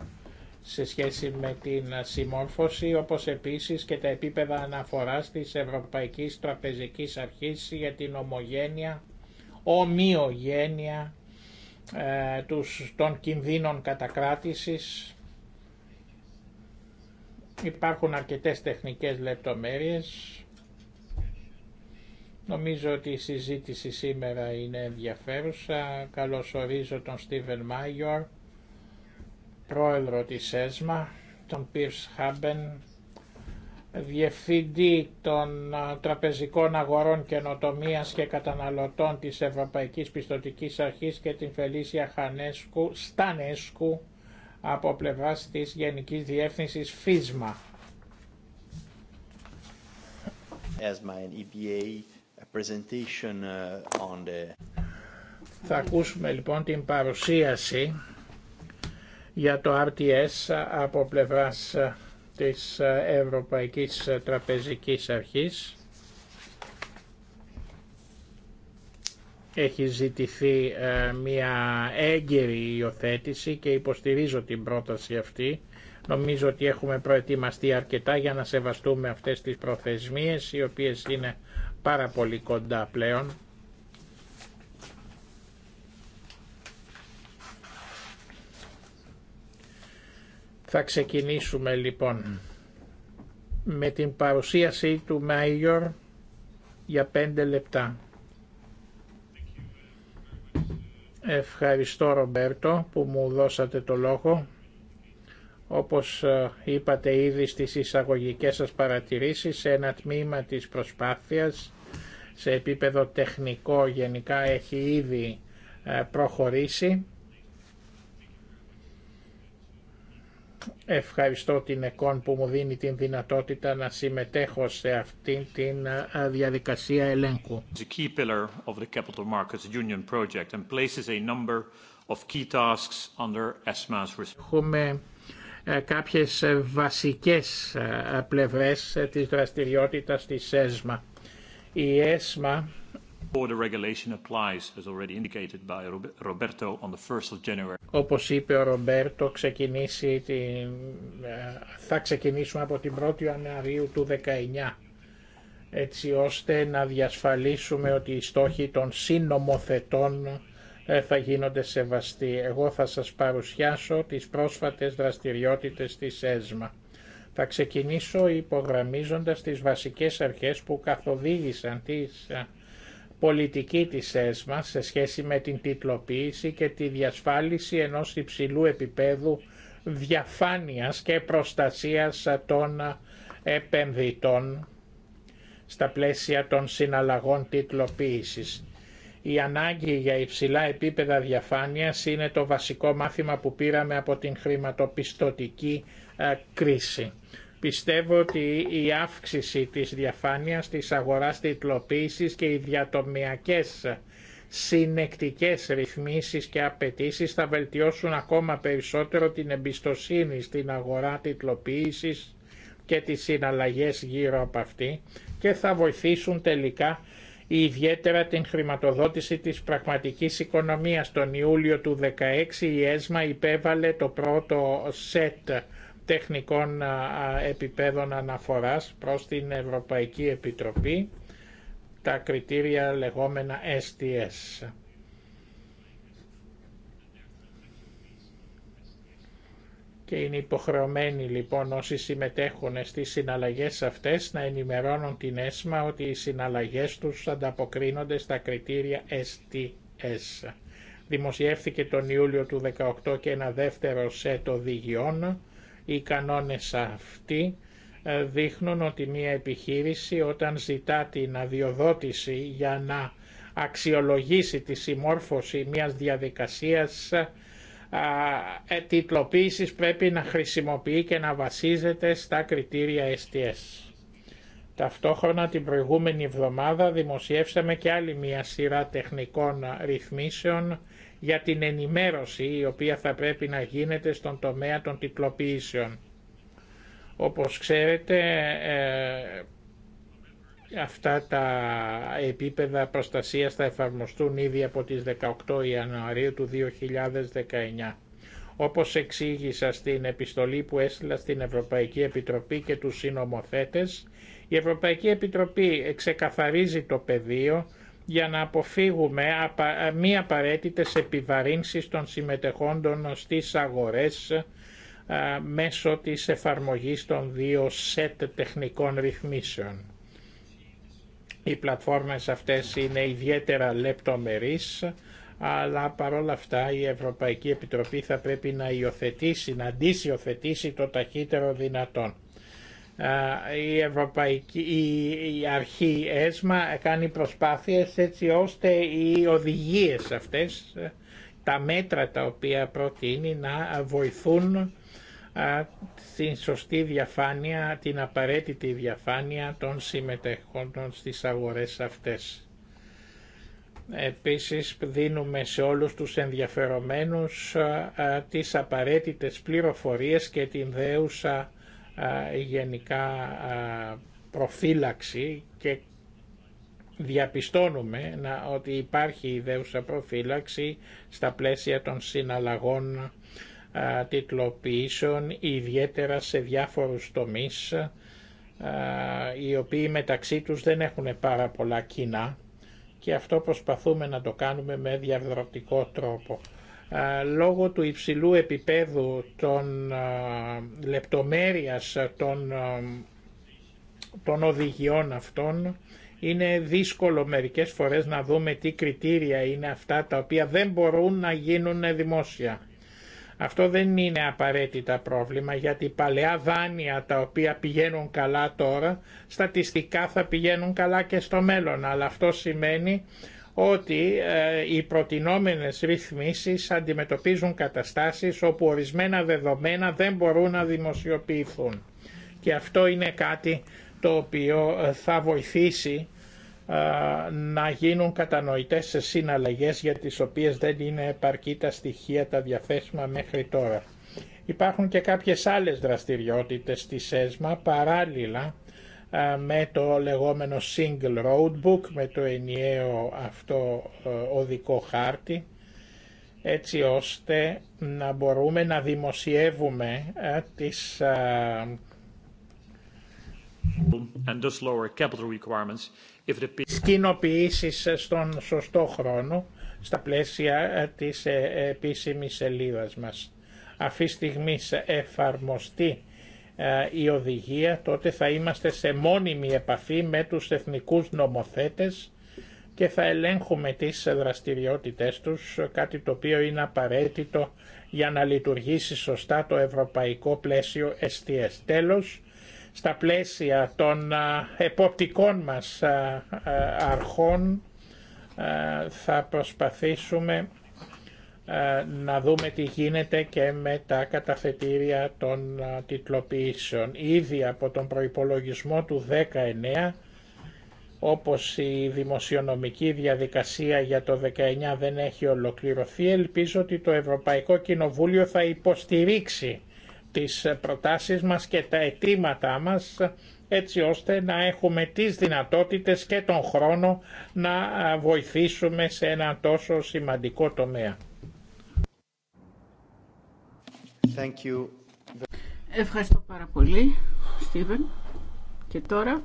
σε σχέση με την συμμόρφωση, όπως επίσης και τα επίπεδα αναφοράς της Ευρωπαϊκής Τραπεζικής Αρχής για την ομογένεια, ομοιογένεια ε, τους, των κινδύνων κατακράτησης. Υπάρχουν αρκετές τεχνικές λεπτομέρειες. Νομίζω ότι η συζήτηση σήμερα είναι ενδιαφέρουσα. Καλωσορίζω τον Στίβεν Μάγιορ πρόεδρο της ΕΣΜΑ, τον Πίρς Χάμπεν, διευθυντή των τραπεζικών αγορών καινοτομίας και καταναλωτών της Ευρωπαϊκής Πιστοτικής Αρχής και την Φελίσια Χανέσκου, Στανέσκου από πλευράς της Γενικής Διεύθυνσης φύσμα. E uh, Θα ακούσουμε λοιπόν την παρουσίαση για το RTS από πλευράς ε, της ε, Ευρωπαϊκής ε, Τραπεζικής Αρχής. Έχει ζητηθεί μια έγκαιρη υιοθέτηση και υποστηρίζω την πρόταση αυτή. Νομίζω ότι έχουμε προετοιμαστεί αρκετά για να σεβαστούμε αυτές τις προθεσμίες οι οποίες είναι πάρα πολύ κοντά πλέον. Θα ξεκινήσουμε λοιπόν με την παρουσίαση του Μάιγιορ για πέντε λεπτά. Ευχαριστώ Ρομπέρτο που μου δώσατε το λόγο. Όπως ε, είπατε ήδη στις εισαγωγικές σας παρατηρήσεις, σε ένα τμήμα της προσπάθειας σε επίπεδο τεχνικό γενικά έχει ήδη ε, προχωρήσει. Ευχαριστώ την ΕΚΟΝ που μου δίνει την δυνατότητα να συμμετέχω σε αυτή την διαδικασία ελέγχου. Έχουμε ε, κάποιες βασικές ε, πλευρές ε, της δραστηριότητας της ΕΣΜΑ. Η ΕΣΜΑ όπως είπε ο Ρομπέρτο, ε, θα ξεκινήσουμε από την 1η Ιανουαρίου του 19 έτσι ώστε να διασφαλίσουμε ότι οι στόχοι των συνομοθετών ε, θα γίνονται σεβαστοί. Εγώ θα σας παρουσιάσω τις πρόσφατες δραστηριότητες της ΕΣΜΑ. Θα ξεκινήσω υπογραμμίζοντας τις βασικές αρχές που καθοδήγησαν τις ε, πολιτική της ΕΣΜΑ σε σχέση με την τιτλοποίηση και τη διασφάλιση ενός υψηλού επίπεδου διαφάνειας και προστασίας των επενδυτών στα πλαίσια των συναλλαγών τιτλοποίησης. Η ανάγκη για υψηλά επίπεδα διαφάνειας είναι το βασικό μάθημα που πήραμε από την χρηματοπιστωτική ε, κρίση. Πιστεύω ότι η αύξηση της διαφάνειας, της αγοράς τιτλοποίησης και οι διατομιακές συνεκτικές ρυθμίσεις και απαιτήσει θα βελτιώσουν ακόμα περισσότερο την εμπιστοσύνη στην αγορά τιτλοποίησης και τις συναλλαγές γύρω από αυτή και θα βοηθήσουν τελικά ιδιαίτερα την χρηματοδότηση της πραγματικής οικονομίας. Τον Ιούλιο του 2016 η ΕΣΜΑ υπέβαλε το πρώτο σετ τεχνικών επιπέδων αναφοράς προς την Ευρωπαϊκή Επιτροπή, τα κριτήρια λεγόμενα STS. και είναι υποχρεωμένοι λοιπόν όσοι συμμετέχουν στις συναλλαγές αυτές να ενημερώνουν την ΕΣΜΑ ότι οι συναλλαγές τους ανταποκρίνονται στα κριτήρια STS. Δημοσιεύθηκε τον Ιούλιο του 2018 και ένα δεύτερο σετ οδηγιών οι κανόνες αυτοί ε, δείχνουν ότι μια επιχείρηση όταν ζητά την αδειοδότηση για να αξιολογήσει τη συμμόρφωση μιας διαδικασίας ε, τιτλοποίησης πρέπει να χρησιμοποιεί και να βασίζεται στα κριτήρια STS. Ταυτόχρονα την προηγούμενη εβδομάδα δημοσιεύσαμε και άλλη μία σειρά τεχνικών ρυθμίσεων για την ενημέρωση η οποία θα πρέπει να γίνεται στον τομέα των τυπλοποιήσεων. Όπως ξέρετε, ε, αυτά τα επίπεδα προστασίας θα εφαρμοστούν ήδη από τις 18 Ιανουαρίου του 2019. Όπως εξήγησα στην επιστολή που έστειλα στην Ευρωπαϊκή Επιτροπή και τους συνομοθέτες, η Ευρωπαϊκή Επιτροπή ξεκαθαρίζει το πεδίο για να αποφύγουμε ε, μη απαραίτητες επιβαρύνσεις των συμμετεχόντων στις αγορές ε, μέσω της εφαρμογής των δύο σετ τεχνικών ρυθμίσεων. Οι πλατφόρμες αυτές είναι ιδιαίτερα λεπτομερείς, αλλά παρόλα αυτά η Ευρωπαϊκή Επιτροπή θα πρέπει να υιοθετήσει, να αντισυιοθετήσει το ταχύτερο δυνατόν η, Ευρωπαϊκή, η, αρχή ΕΣΜΑ κάνει προσπάθειες έτσι ώστε οι οδηγίες αυτές, τα μέτρα τα οποία προτείνει να βοηθούν στην σωστή διαφάνεια, την απαραίτητη διαφάνεια των συμμετεχόντων στις αγορές αυτές. Επίσης δίνουμε σε όλους τους ενδιαφερομένους τις απαραίτητες πληροφορίες και την δέουσα γενικά προφύλαξη και διαπιστώνουμε να, ότι υπάρχει ιδέουσα προφύλαξη στα πλαίσια των συναλλαγών τιτλοποιήσεων ιδιαίτερα σε διάφορους τομείς οι οποίοι μεταξύ τους δεν έχουν πάρα πολλά κοινά και αυτό προσπαθούμε να το κάνουμε με διαδροτικό τρόπο λόγω του υψηλού επίπεδου των λεπτομέρειας των, των οδηγιών αυτών είναι δύσκολο μερικές φορές να δούμε τι κριτήρια είναι αυτά τα οποία δεν μπορούν να γίνουν δημόσια. Αυτό δεν είναι απαραίτητα πρόβλημα γιατί παλαιά δάνεια τα οποία πηγαίνουν καλά τώρα στατιστικά θα πηγαίνουν καλά και στο μέλλον αλλά αυτό σημαίνει ότι ε, οι προτινόμενες ρυθμίσεις αντιμετωπίζουν καταστάσεις όπου ορισμένα δεδομένα δεν μπορούν να δημοσιοποιηθούν. Και αυτό είναι κάτι το οποίο ε, θα βοηθήσει ε, να γίνουν κατανοητές σε συναλλαγές για τις οποίες δεν είναι επαρκή τα στοιχεία τα διαθέσιμα μέχρι τώρα. Υπάρχουν και κάποιες άλλες δραστηριότητες στη ΣΕΣΜΑ παράλληλα με το λεγόμενο Single Roadbook, με το ενιαίο αυτό ε, οδικό χάρτη, έτσι ώστε να μπορούμε να δημοσιεύουμε τις σκηνοποιήσεις στον σωστό χρόνο στα πλαίσια ε, της ε, επίσημης σελίδας μας. Αυτή τη στιγμή εφαρμοστεί ε, η οδηγία τότε θα είμαστε σε μόνιμη επαφή με τους εθνικούς νομοθέτες και θα ελέγχουμε τις δραστηριότητες τους, κάτι το οποίο είναι απαραίτητο για να λειτουργήσει σωστά το ευρωπαϊκό πλαίσιο STS. Τέλος, στα πλαίσια των ε, εποπτικών μας ε, αρχών θα προσπαθήσουμε ε, να δούμε τι γίνεται και με τα καταθετήρια των ε, τιτλοποιήσεων. Ήδη από τον προϋπολογισμό του 19 όπως η δημοσιονομική διαδικασία για το 19 δεν έχει ολοκληρωθεί, ελπίζω ότι το Ευρωπαϊκό Κοινοβούλιο θα υποστηρίξει τις προτάσεις μας και τα αιτήματά μας έτσι ώστε να έχουμε τις δυνατότητες και τον χρόνο να ε, βοηθήσουμε σε ένα τόσο σημαντικό τομέα. Ευχαριστώ πάρα πολύ, Στίβεν. Και τώρα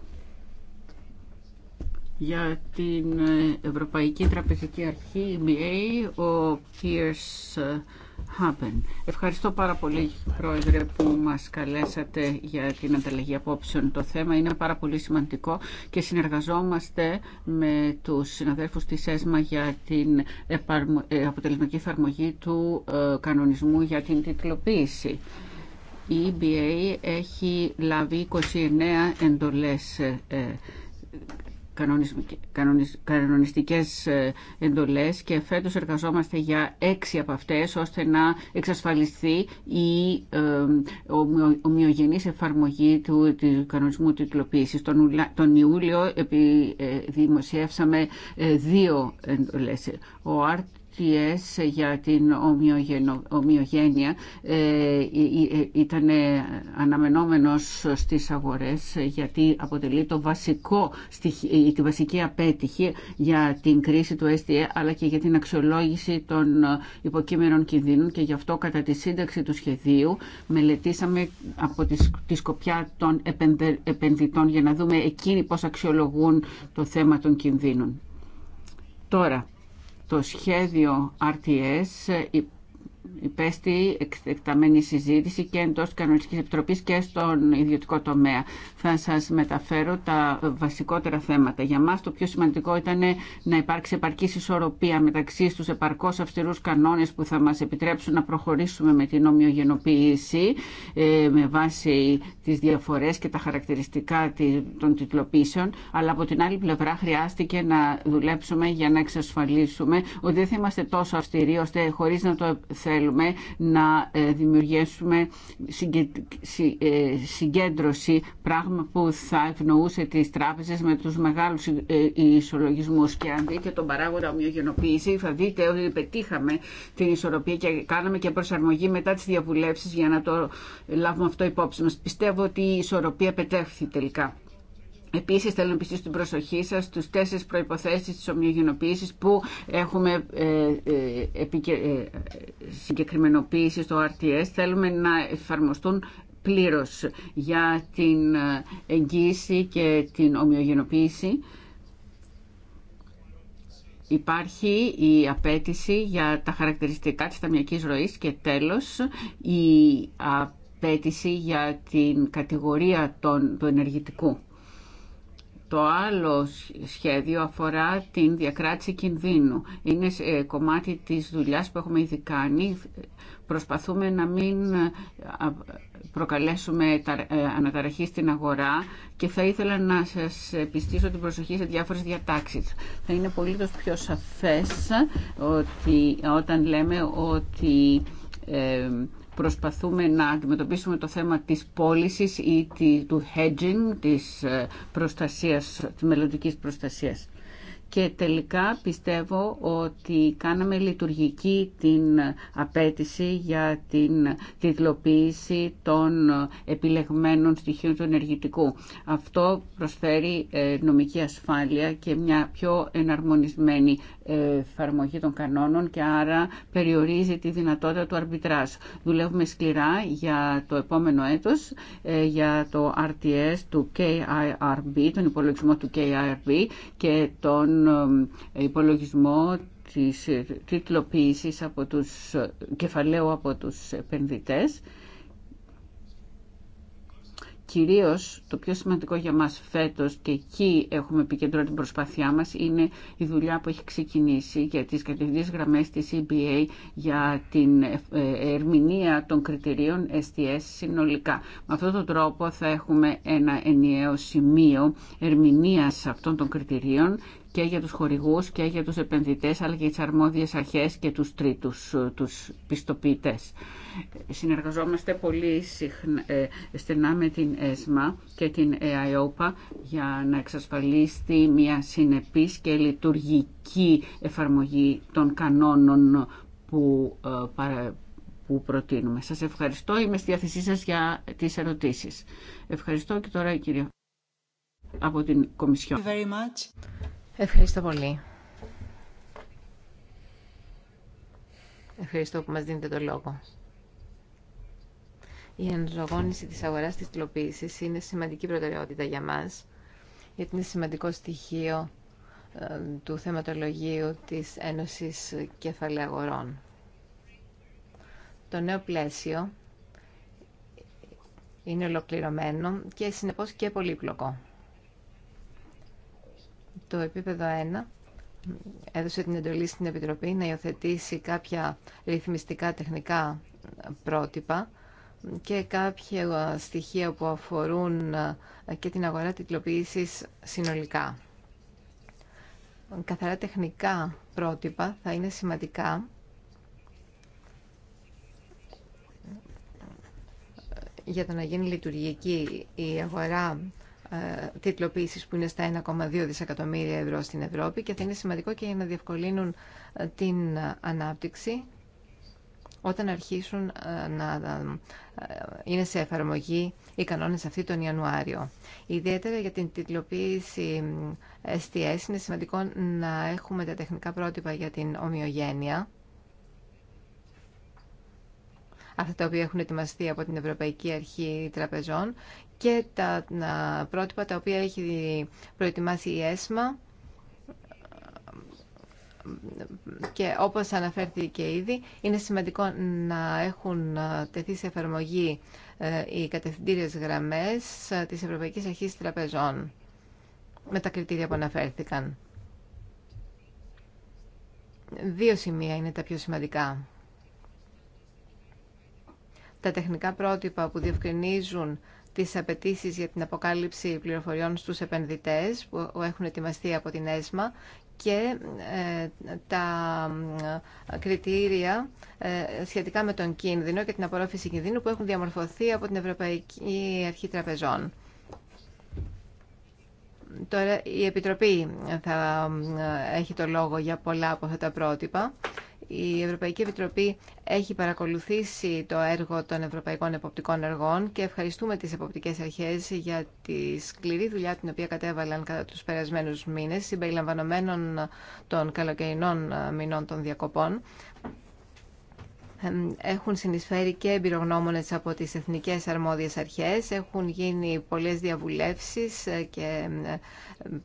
για την Ευρωπαϊκή Τραπεζική Αρχή, EBA, ο Pierce happen. Ευχαριστώ πάρα πολύ, Πρόεδρε, που μας καλέσατε για την ανταλλαγή απόψεων. Το θέμα είναι πάρα πολύ σημαντικό και συνεργαζόμαστε με τους συναδέλφους της ΕΣΜΑ για την ε, αποτελεσματική εφαρμογή του ε, κανονισμού για την τιτλοποίηση. Η EBA έχει λάβει 29 εντολές ε, κανονιστικές ε, εντολές και φέτος εργαζόμαστε για έξι από αυτές ώστε να εξασφαλιστεί η ε, ομοιογενής εφαρμογή του, κανονισμού τυκλοποίησης. Τον, Ιούλιο ε, δημοσιεύσαμε δύο εντολές. Ο για την ομοιογένεια ε, ε, ε, ήταν αναμενόμενος στις αγορές γιατί αποτελεί το βασικό, τη βασική απέτυχη για την κρίση του STE αλλά και για την αξιολόγηση των υποκείμενων κινδύνων και γι' αυτό κατά τη σύνταξη του σχεδίου μελετήσαμε από τη, τη σκοπιά των επενδυτών για να δούμε εκείνοι πώς αξιολογούν το θέμα των κινδύνων. Τώρα, το σχέδιο RTS υπέστη εκταμένη συζήτηση και τη Κανονιστική επιτροπή και στον ιδιωτικό τομέα. Θα σα μεταφέρω τα βασικότερα θέματα. Για μας το πιο σημαντικό ήταν να υπάρξει επαρκή ισορροπία μεταξύ στου επαρκώ αυστηρού κανόνε που θα μα επιτρέψουν να προχωρήσουμε με την ομοιογενοποίηση ε, με βάση τι διαφορέ και τα χαρακτηριστικά των τυπλοποίησεων, αλλά από την άλλη πλευρά χρειάστηκε να δουλέψουμε για να εξασφαλίσουμε ότι δεν θα είμαστε τόσο αυστηροί ώστε χωρί να το θέλουμε θέλουμε να ε, δημιουργήσουμε ε, συγκέντρωση, πράγμα που θα ευνοούσε τις τράπεζες με τους μεγάλους ε, ισολογισμούς. Και αν δείτε τον παράγοντα ομοιογενοποίηση θα δείτε ότι πετύχαμε την ισορροπία και κάναμε και προσαρμογή μετά τις διαβουλεύσεις για να το λάβουμε αυτό υπόψη μας. Πιστεύω ότι η ισορροπία πετέχθη τελικά. Επίσης θέλω να πιστήσω την προσοχή σας στους τέσσερις προϋποθέσεις της ομοιογενοποίησης που έχουμε ε, ε, ε, συγκεκριμενοποίηση στο RTS. Θέλουμε να εφαρμοστούν πλήρως για την εγγύηση και την ομοιογενοποίηση. Υπάρχει η απέτηση για τα χαρακτηριστικά της ταμιακής ροής και τέλος η απέτηση για την κατηγορία των, του ενεργητικού. Το άλλο σχέδιο αφορά την διακράτηση κινδύνου. Είναι κομμάτι της δουλειάς που έχουμε ήδη κάνει. Προσπαθούμε να μην ε, προκαλέσουμε ε, αναταραχή στην αγορά και θα ήθελα να σας πιστήσω την προσοχή σε διάφορες διατάξεις. Θα είναι πολύ πιο σαφές ότι όταν λέμε ότι ε, προσπαθούμε να αντιμετωπίσουμε το θέμα της πώληση ή του hedging, της ε, προστασίας, της μελλοντικής προστασίας και τελικά πιστεύω ότι κάναμε λειτουργική την απέτηση για την τιτλοποίηση των επιλεγμένων στοιχείων του ενεργητικού. Αυτό προσφέρει ε, νομική ασφάλεια και μια πιο εναρμονισμένη ε, εφαρμογή των κανόνων και άρα περιορίζει τη δυνατότητα του αρμπιτράς. Δουλεύουμε σκληρά για το επόμενο έτος ε, για το RTS του KIRB, τον υπολογισμό του KIRB και τον τον υπολογισμό της τίτλοποίησης από τους κεφαλαίου από τους επενδυτές. Κυρίως το πιο σημαντικό για μας φέτος και εκεί έχουμε επικεντρώσει την προσπάθειά μας είναι η δουλειά που έχει ξεκινήσει για τις κατευθυντές γραμμές της EBA για την ε, ε, ερμηνεία των κριτηρίων STS συνολικά. Με αυτόν τον τρόπο θα έχουμε ένα ενιαίο σημείο ερμηνείας αυτών των κριτηρίων και για τους χορηγούς και για τους επενδυτές αλλά και τις αρμόδιες αρχές και τους τρίτους, ε, τους πιστοποιητές. Συνεργαζόμαστε πολύ συχνά, ε, στενά με την ΕΣΜΑ και την ΕΑΙΟΠΑ για να εξασφαλίσει μια συνεπής και λειτουργική εφαρμογή των κανόνων που, ε, που προτείνουμε. Σας ευχαριστώ. Είμαι στη διάθεσή σας για τις ερωτήσεις. Ευχαριστώ και τώρα η κυρία από την Κομισιόν. Ευχαριστώ πολύ. Ευχαριστώ που μας δίνετε το λόγο. Η ενζωγόνηση της αγοράς της τυλοποίησης είναι σημαντική προτεραιότητα για μας, γιατί είναι σημαντικό στοιχείο ε, του θεματολογίου της Ένωσης Κεφαλαίου Αγορών. Το νέο πλαίσιο είναι ολοκληρωμένο και συνεπώς και πολύπλοκο. Το επίπεδο 1 έδωσε την εντολή στην Επιτροπή να υιοθετήσει κάποια ρυθμιστικά τεχνικά πρότυπα και κάποια στοιχεία που αφορούν ε, και την αγορά τυπλοποίησης συνολικά. Καθαρά τεχνικά πρότυπα θα είναι σημαντικά ε, για το να γίνει λειτουργική η αγορά ε, τίτλοποίησης που είναι στα 1,2 δισεκατομμύρια ευρώ στην Ευρώπη και θα είναι σημαντικό και να διευκολύνουν ε, την ανάπτυξη όταν αρχίσουν ε, να είναι σε εφαρμογή οι κανόνες αυτή τον Ιανουάριο. Ιδιαίτερα για την τιτλοποίηση STS είναι σημαντικό να έχουμε τα τεχνικά πρότυπα για την ομοιογένεια. Αυτά τα οποία έχουν ετοιμαστεί από την Ευρωπαϊκή Αρχή Τραπεζών και τα πρότυπα τα οποία έχει προετοιμάσει η ΕΣΜΑ και όπως αναφέρθηκε ήδη, είναι σημαντικό να έχουν ε, τεθεί σε εφαρμογή ε, οι κατευθυντήριες γραμμές ε, της Ευρωπαϊκής Αρχής Τραπεζών με τα κριτήρια που αναφέρθηκαν. Δύο σημεία είναι τα πιο σημαντικά. Τα τεχνικά πρότυπα που διευκρινίζουν τις απαιτήσει για την αποκάλυψη πληροφοριών στους επενδυτές που έχουν ετοιμαστεί από την ΕΣΜΑ και ε, τα ε, κριτήρια ε, σχετικά με τον κίνδυνο και την απορρόφηση κινδύνου που έχουν διαμορφωθεί από την Ευρωπαϊκή Αρχή Τραπεζών. Τώρα η Επιτροπή θα έχει το λόγο για πολλά από αυτά τα πρότυπα η Ευρωπαϊκή Επιτροπή έχει παρακολουθήσει το έργο των Ευρωπαϊκών Εποπτικών Εργών και ευχαριστούμε τις εποπτικές αρχές για τη σκληρή δουλειά την οποία κατέβαλαν κατά τους περασμένους μήνες, συμπεριλαμβανομένων των καλοκαιρινών μηνών των διακοπών. Έχουν συνεισφέρει και εμπειρογνώμονες από τις εθνικές αρμόδιες αρχές, έχουν γίνει πολλές διαβουλεύσεις ε, και ε,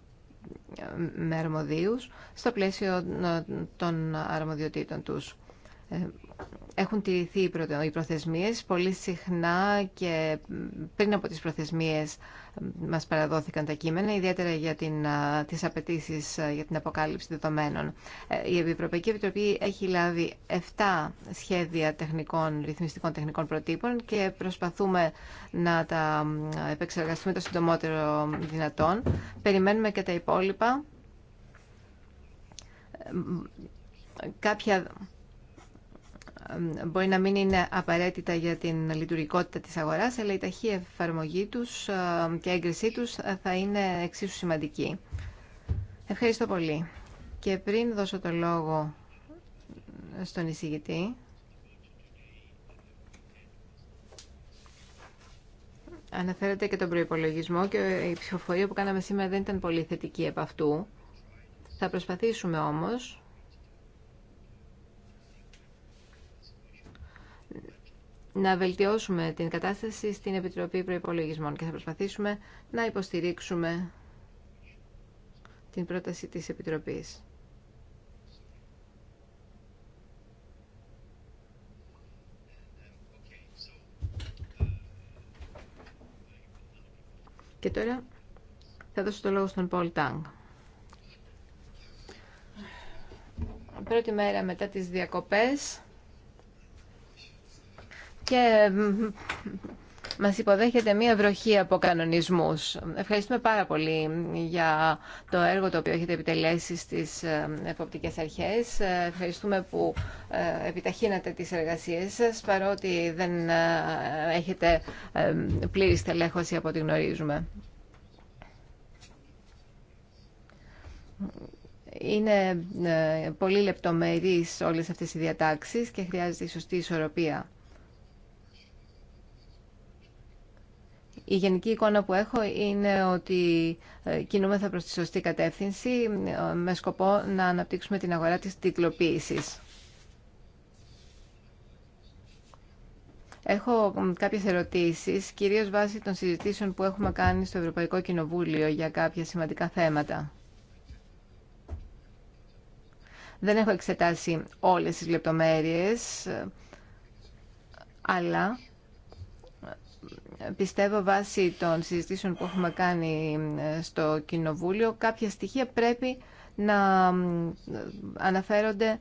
με αρμοδίους στο πλαίσιο ε, των αρμοδιοτήτων τους. Ε, έχουν τηρηθεί οι προθεσμίες. Πολύ συχνά και πριν από τις προθεσμίες μας παραδόθηκαν τα κείμενα, ιδιαίτερα για την, τις απαιτήσει για την αποκάλυψη δεδομένων. Ε, η Ευρωπαϊκή Επιτροπή έχει λάβει 7 σχέδια τεχνικών, ρυθμιστικών τεχνικών προτύπων και προσπαθούμε να τα επεξεργαστούμε το συντομότερο δυνατόν. Περιμένουμε και τα υπόλοιπα. Ε, κάποια μπορεί να μην είναι απαραίτητα για την λειτουργικότητα της αγοράς, αλλά η ταχύ εφαρμογή τους ε, και έγκρισή τους ε, θα είναι εξίσου σημαντική. Ευχαριστώ πολύ. Και πριν δώσω το λόγο στον εισηγητή, αναφέρεται και τον προϋπολογισμό και η ψηφοφορία που κάναμε σήμερα δεν ήταν πολύ θετική επ' αυτού. Θα προσπαθήσουμε όμως να βελτιώσουμε την κατάσταση στην Επιτροπή Προϋπολογισμών και θα προσπαθήσουμε να υποστηρίξουμε την πρόταση της Επιτροπής. Και τώρα θα δώσω το λόγο στον Πολ Τάγκ. Πρώτη μέρα μετά τις διακοπές και μας υποδέχεται μία βροχή από κανονισμούς. Ευχαριστούμε πάρα πολύ για το έργο το οποίο έχετε επιτελέσει στις ε, εποπτικές αρχές. Ε, ευχαριστούμε που ε, επιταχύνατε τις εργασίες σας, παρότι δεν έχετε πλήρη στελέχωση από ό,τι γνωρίζουμε. Είναι πολύ λεπτομερείς όλες αυτές οι διατάξεις και χρειάζεται η σωστή ισορροπία. Η γενική εικόνα που έχω είναι ότι ε, κινούμεθα προς τη σωστή κατεύθυνση ε, με σκοπό να αναπτύξουμε την αγορά της τυκλοποίησης. Έχω κάποιες ερωτήσεις, κυρίως βάσει των συζητήσεων που έχουμε κάνει στο Ευρωπαϊκό Κοινοβούλιο για κάποια σημαντικά θέματα. Δεν έχω εξετάσει όλες τις λεπτομέρειες, ε, αλλά πιστεύω βάσει των συζητήσεων που έχουμε κάνει ε, στο Κοινοβούλιο κάποια στοιχεία πρέπει να αναφέρονται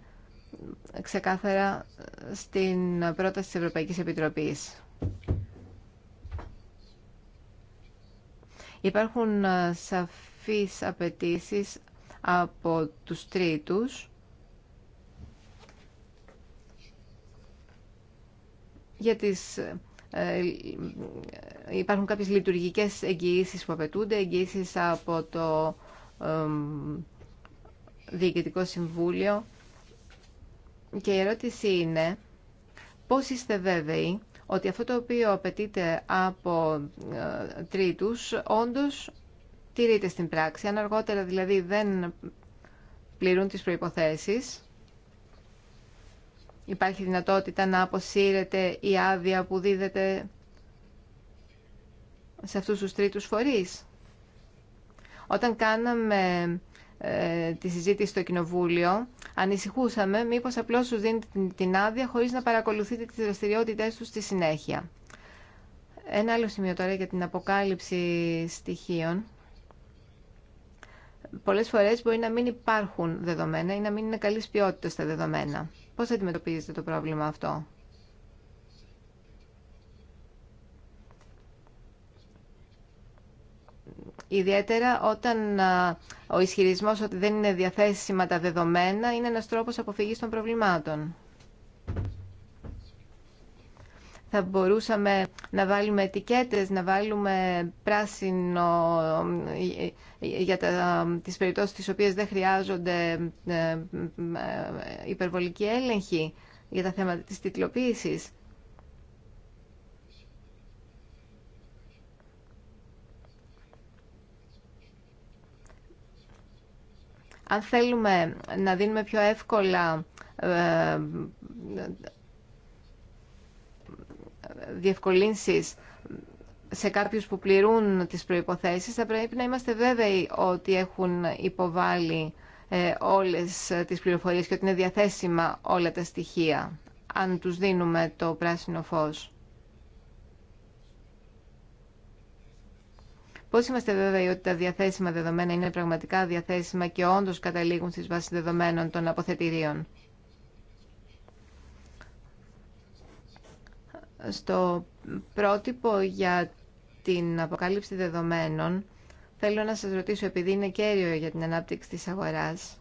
ξεκάθαρα στην πρόταση της Ευρωπαϊκής Επιτροπής. Υπάρχουν ε, σαφείς απαιτήσει από τους τρίτους για τις ε, υπάρχουν κάποιες λειτουργικές εγγυήσεις που απαιτούνται, εγγυήσεις από το Διοικητικό Συμβούλιο. Και η ερώτηση είναι πώς είστε βέβαιοι ότι αυτό το οποίο απαιτείται από ε, τρίτους όντως τηρείται στην πράξη. Αν αργότερα δηλαδή δεν πληρούν τις προϋποθέσεις, Υπάρχει δυνατότητα να αποσύρεται η άδεια που δίδεται σε αυτούς τους τρίτους φορείς. Όταν κάναμε ε, τη συζήτηση στο Κοινοβούλιο, ανησυχούσαμε μήπως απλώς τους δίνετε την άδεια χωρίς να παρακολουθείτε τις δραστηριότητές τους στη συνέχεια. Ένα άλλο σημείο τώρα για την αποκάλυψη στοιχείων. Πολλές φορές μπορεί να μην υπάρχουν δεδομένα ή να μην είναι καλής ποιότητας τα δεδομένα. Πώς αντιμετωπίζετε το πρόβλημα αυτό. Ιδιαίτερα όταν ο ισχυρισμός ότι δεν είναι διαθέσιμα τα δεδομένα είναι ένας τρόπος αποφυγής των προβλημάτων θα μπορούσαμε να βάλουμε ετικέτες, να βάλουμε πράσινο ε, ε, για τα, τις περιπτώσεις τις οποίες δεν χρειάζονται ε, υπερβολική έλεγχη για τα θέματα της τιτλοποίησης. Αν θέλουμε να δίνουμε πιο εύκολα διευκολύνσεις σε κάποιους που πληρούν τις προϋποθέσεις, θα πρέπει να είμαστε βέβαιοι ότι έχουν υποβάλει ε, όλες τις πληροφορίες και ότι είναι διαθέσιμα όλα τα στοιχεία, αν τους δίνουμε το πράσινο φως. Πώς είμαστε βέβαιοι ότι τα διαθέσιμα δεδομένα είναι πραγματικά διαθέσιμα και όντως καταλήγουν στις βάσεις δεδομένων των αποθετηρίων. Στο πρότυπο για την αποκάλυψη δεδομένων, θέλω να σας ρωτήσω, επειδή είναι κέριο για την ανάπτυξη της αγοράς,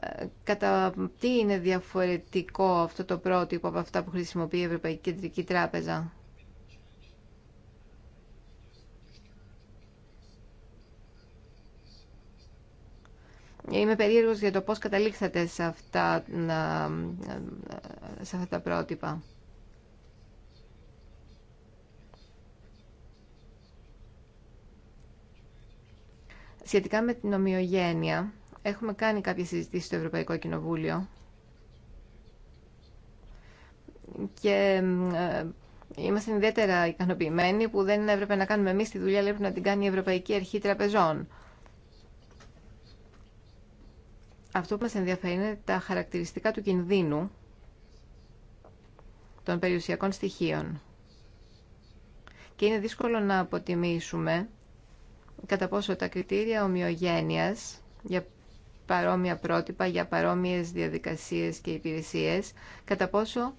ε, κατά τι είναι διαφορετικό αυτό το πρότυπο από αυτά που χρησιμοποιεί η Ευρωπαϊκή Κεντρική Τράπεζα. Είμαι περίεργος για το πώς καταλήξατε αυτά, σε αυτά τα πρότυπα. Σχετικά με την ομοιογένεια, έχουμε κάνει κάποιες συζητήσεις στο Ευρωπαϊκό Κοινοβούλιο και ε, είμαστε ιδιαίτερα ικανοποιημένοι που δεν έπρεπε να κάνουμε εμείς τη δουλειά, έπρεπε να την κάνει η Ευρωπαϊκή Αρχή Τραπεζών. Αυτό που μας ενδιαφέρει είναι τα χαρακτηριστικά του κινδύνου των περιουσιακών στοιχείων. Και είναι δύσκολο να αποτιμήσουμε κατά πόσο τα κριτήρια ομοιογένειας για παρόμοια πρότυπα, για παρόμοιες διαδικασίες και υπηρεσίες, κατά πόσο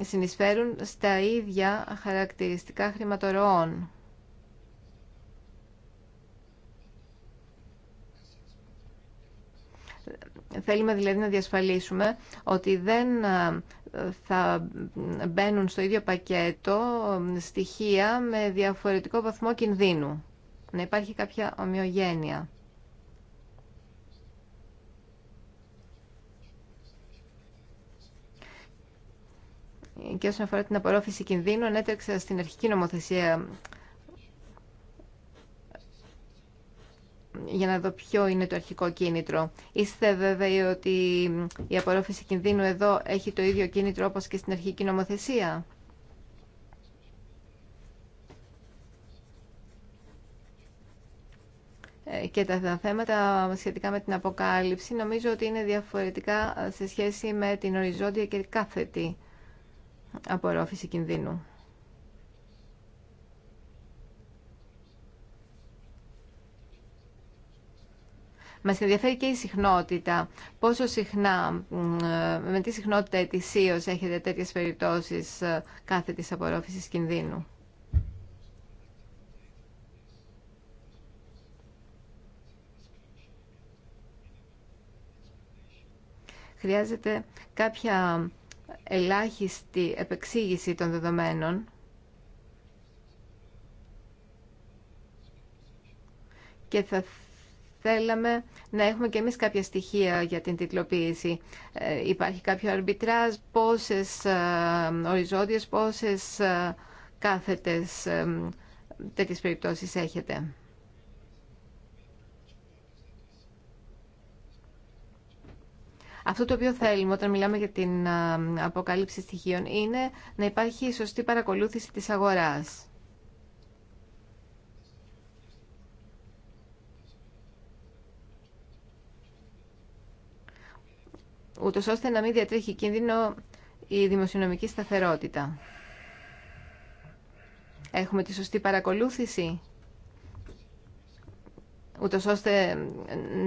συνεισφέρουν στα ίδια χαρακτηριστικά χρηματορροών. Θέλουμε δηλαδή να διασφαλίσουμε ότι δεν θα μπαίνουν στο ίδιο πακέτο στοιχεία με διαφορετικό βαθμό κινδύνου. Να υπάρχει κάποια ομοιογένεια. Και όσον αφορά την απορρόφηση κινδύνου, ανέτρεξα στην αρχική νομοθεσία για να δω ποιο είναι το αρχικό κίνητρο. Είστε βέβαιοι ότι η απορρόφηση κινδύνου εδώ έχει το ίδιο κίνητρο όπως και στην αρχική νομοθεσία. Ε, και τα θέματα σχετικά με την αποκάλυψη νομίζω ότι είναι διαφορετικά ε, σε σχέση με την οριζόντια και κάθετη απορρόφηση κινδύνου. Μας ενδιαφέρει και η συχνότητα. Πόσο συχνά, με τι συχνότητα ετησίως έχετε τέτοιες περιπτώσεις ε, κάθε της απορρόφησης κινδύνου. Χρειάζεται κάποια ελάχιστη επεξήγηση των δεδομένων και θα θέλαμε να έχουμε και εμείς κάποια στοιχεία για την τιτλοποίηση. Ε, υπάρχει κάποιο αρμπιτράζ, πόσες ε, οριζόντιες, πόσες ε, κάθετες τέτοιες περιπτώσεις έχετε. Αυτό το οποίο θέλουμε όταν μιλάμε για την αποκάλυψη στοιχείων είναι να υπάρχει σωστή παρακολούθηση της αγοράς. ούτως ώστε να μην διατρέχει κίνδυνο η δημοσιονομική σταθερότητα. Έχουμε τη σωστή παρακολούθηση, ούτως ώστε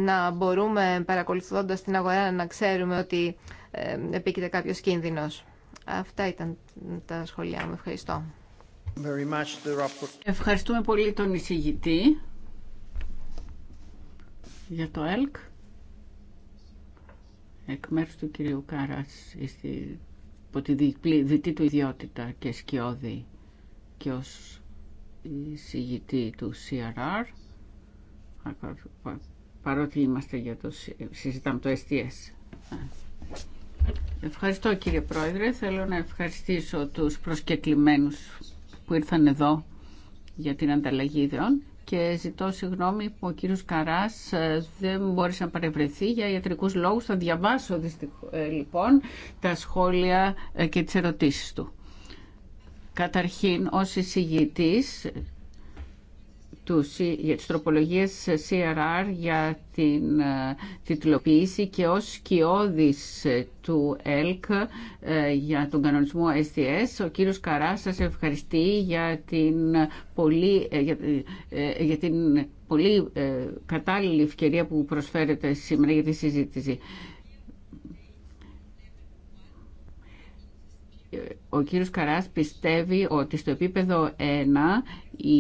να μπορούμε παρακολουθώντας την αγορά να ξέρουμε ότι ε, επίκειται κάποιος κίνδυνος. Αυτά ήταν τα σχόλιά μου. Ευχαριστώ. Ευχαριστούμε πολύ τον εισηγητή για το ΕΛΚ εκ μέρους του κυρίου Κάρας στη, από τη διτή του ιδιότητα και σκιώδη και ως συγητή του CRR παρότι είμαστε για το συζητάμε το STS. Ευχαριστώ κύριε Πρόεδρε. Θέλω να ευχαριστήσω τους προσκεκλημένους που ήρθαν εδώ για την ανταλλαγή ιδεών και ζητώ συγγνώμη που ο κύριος Καράς ε, δεν μπόρεσε να παρευρεθεί για ιατρικούς λόγους. Θα διαβάσω ε, λοιπόν τα σχόλια ε, και τις ερωτήσεις του. Καταρχήν, ως εισηγητής του, για τις τροπολογίες CRR για την ε, τιτλοποίηση και ως σκιώδης ε, του ΕΛΚ ε, για τον κανονισμό STS. Ο κύριος Καρά σας ευχαριστεί για την πολύ, για, για την πολύ κατάλληλη ευκαιρία που προσφέρετε σήμερα για τη συζήτηση. ο κύριος Καράς πιστεύει ότι στο επίπεδο 1 η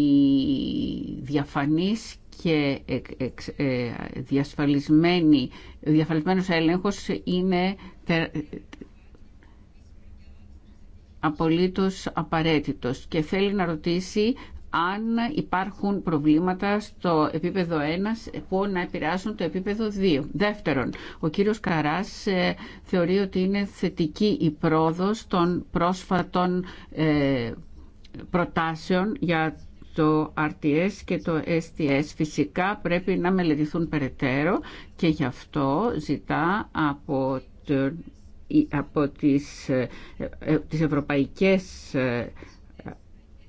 διαφανής και ε, διασφαλισμένη, διασφαλισμένος έλεγχος είναι απολύτως απαραίτητος και θέλει να ρωτήσει αν υπάρχουν προβλήματα στο επίπεδο 1 που να επηρεάσουν το επίπεδο 2. Δεύτερον, ο κύριος Καράς ε, θεωρεί ότι είναι θετική η πρόοδος των πρόσφατων ε, προτάσεων για το RTS και το STS φυσικά πρέπει να μελετηθούν περαιτέρω και γι' αυτό ζητά από, το, από τις, ε, τις ευρωπαϊκές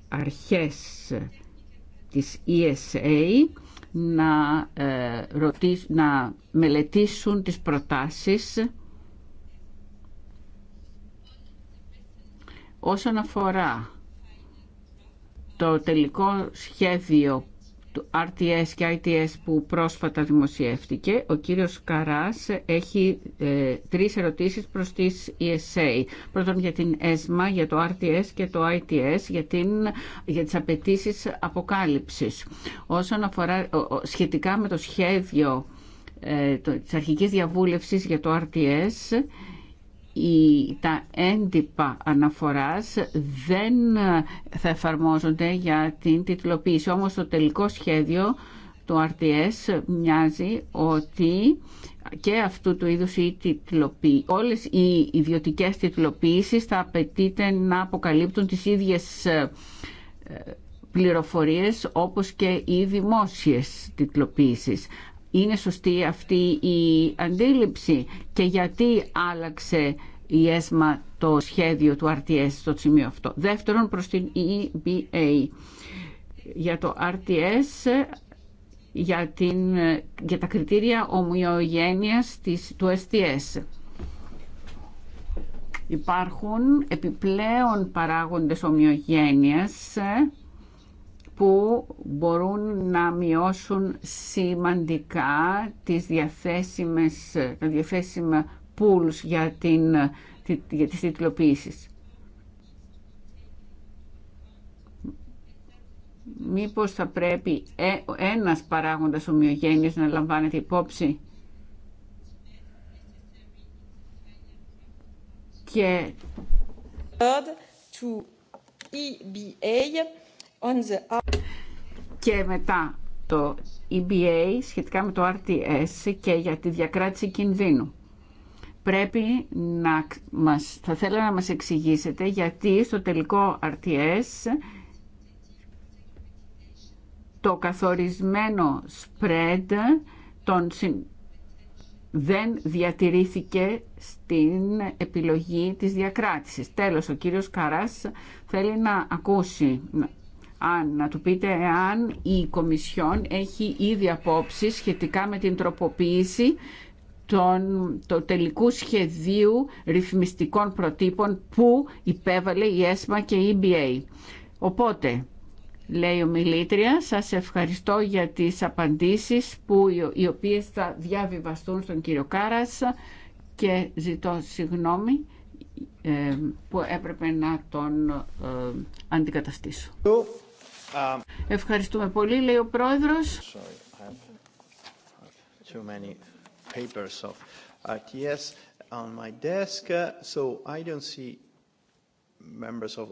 αρχές της ESA να, ε, να μελετήσουν τις προτάσεις όσον αφορά το τελικό σχέδιο του RTS και ITS που πρόσφατα δημοσιεύτηκε. Ο κύριος Καράς έχει ε, τρεις ερωτήσεις προς τις ESA. Πρώτον για την ΕΣΜΑ, για το RTS και το ITS, για, την, για τις απαιτήσει αποκάλυψης. Όσον αφορά σχετικά με το σχέδιο ε, το, της αρχικής διαβούλευσης για το RTS, η, τα έντυπα αναφοράς δεν ε, θα εφαρμόζονται για την τιτλοποίηση. Όμως το τελικό σχέδιο του RTS μοιάζει ότι και αυτού του είδους η τιτλοποίη, όλες οι ιδιωτικές τιτλοποίησεις θα απαιτείται να αποκαλύπτουν τις ίδιες ε, ε, πληροφορίες όπως και οι δημόσιες τιτλοποίησεις. Είναι σωστή αυτή η αντίληψη και γιατί άλλαξε η ΕΣΜΑ το σχέδιο του RTS στο σημείο αυτό. Δεύτερον προς την EBA. Για το RTS για, την, για τα κριτήρια ομοιογένειας της, του STS. Υπάρχουν επιπλέον παράγοντες ομοιογένειας ε, που μπορούν να μειώσουν σημαντικά τις διαθέσιμες, τα διαθέσιμα πουλς για, την, για τις τιτλοποίησεις. Μήπως θα πρέπει ε, ένας παράγοντας ομοιογένειας να λαμβάνεται υπόψη και... E και μετά το EBA σχετικά με το RTS και για τη διακράτηση κινδύνου. Πρέπει να μας, θα θέλω να μας εξηγήσετε γιατί στο τελικό RTS το καθορισμένο spread των, δεν διατηρήθηκε στην επιλογή της διακράτησης. Τέλος, ο κύριος Καράς θέλει να ακούσει αν, να του πείτε εάν η Κομισιόν έχει ήδη απόψει σχετικά με την τροποποίηση των, το τελικού σχεδίου ρυθμιστικών προτύπων που υπέβαλε η ΕΣΜΑ και η EBA. Οπότε, λέει ο Μιλήτρια, σας ευχαριστώ για τις απαντήσεις που, οι οποίες θα διαβιβαστούν στον κύριο Κάρας και ζητώ συγγνώμη ε, που έπρεπε να τον ε, αντικαταστήσω. Ευχαριστούμε πολύ, λέει ο πρόεδρος.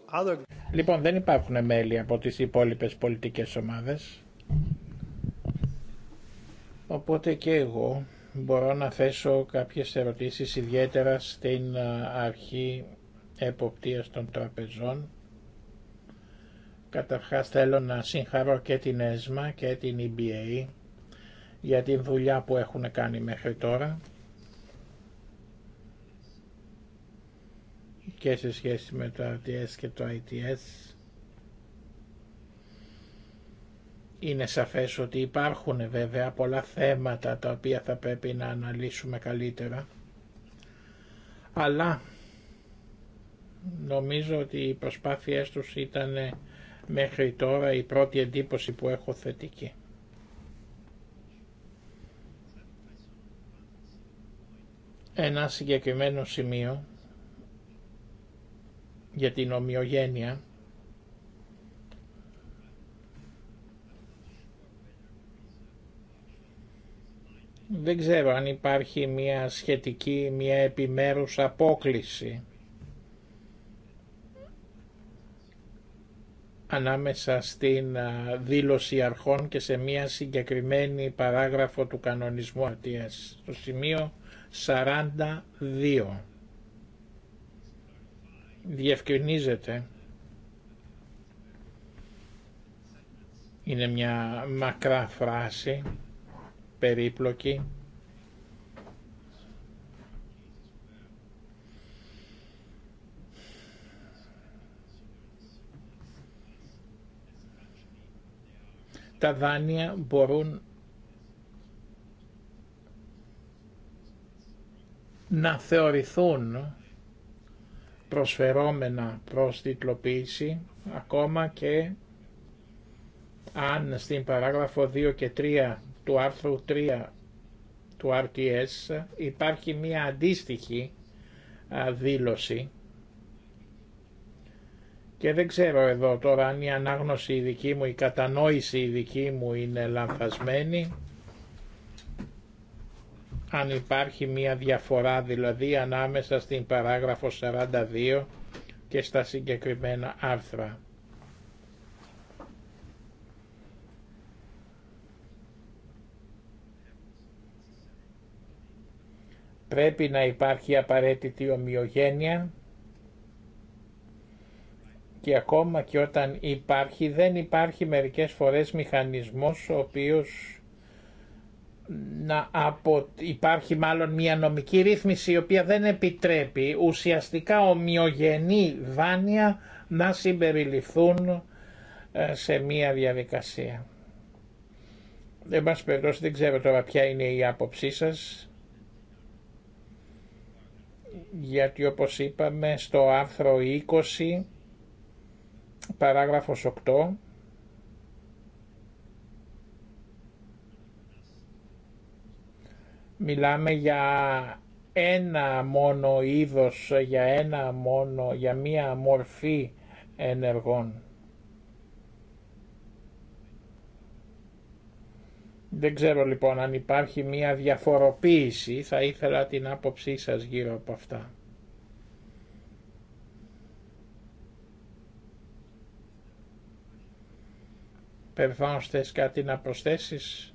Uh, λοιπόν, δεν υπάρχουν μέλη από τις υπόλοιπες πολιτικές ομάδες. Οπότε και εγώ μπορώ να θέσω κάποιες ερωτήσεις ιδιαίτερα στην uh, αρχή εποπτείας των τραπεζών Καταρχάς θέλω να συγχαρώ και την ΕΣΜΑ και την EBA για την δουλειά που έχουν κάνει μέχρι τώρα και σε σχέση με το RTS και το ITS. Είναι σαφές ότι υπάρχουν βέβαια πολλά θέματα τα οποία θα πρέπει να αναλύσουμε καλύτερα, αλλά νομίζω ότι οι προσπάθειές τους ήταν Μέχρι τώρα η πρώτη εντύπωση που έχω θετική. Ένα συγκεκριμένο σημείο για την ομοιογένεια δεν ξέρω αν υπάρχει μια σχετική, μια επιμέρους απόκληση ανάμεσα στην δήλωση αρχών και σε μια συγκεκριμένη παράγραφο του κανονισμού αρτίας, στο σημείο 42. Διευκρινίζεται είναι μια μακρά φράση, περίπλοκη, τα δάνεια μπορούν να θεωρηθούν προσφερόμενα προς τιτλοποίηση ακόμα και αν στην παράγραφο 2 και 3 του άρθρου 3 του RTS υπάρχει μία αντίστοιχη δήλωση και δεν ξέρω εδώ τώρα αν η ανάγνωση η δική μου, η κατανόηση η δική μου είναι λανθασμένη. Αν υπάρχει μία διαφορά δηλαδή ανάμεσα στην παράγραφο 42 και στα συγκεκριμένα άρθρα. Πρέπει να υπάρχει απαραίτητη ομοιογένεια και ακόμα και όταν υπάρχει δεν υπάρχει μερικές φορές μηχανισμός ο οποίος να απο... υπάρχει μάλλον μια νομική ρύθμιση η οποία δεν επιτρέπει ουσιαστικά ομοιογενή δάνεια να συμπεριληφθούν ε, σε μια διαδικασία. Δεν πάση περιπτώσει δεν ξέρω τώρα ποια είναι η άποψή σας γιατί όπως είπαμε στο άρθρο 20 Παράγραφος 8. Μιλάμε για ένα μόνο είδος, για ένα μόνο, για μία μορφή ενεργών. Δεν ξέρω λοιπόν αν υπάρχει μία διαφοροποίηση, θα ήθελα την άποψή σας γύρω από αυτά. Περβάνς θες κάτι να προσθέσεις.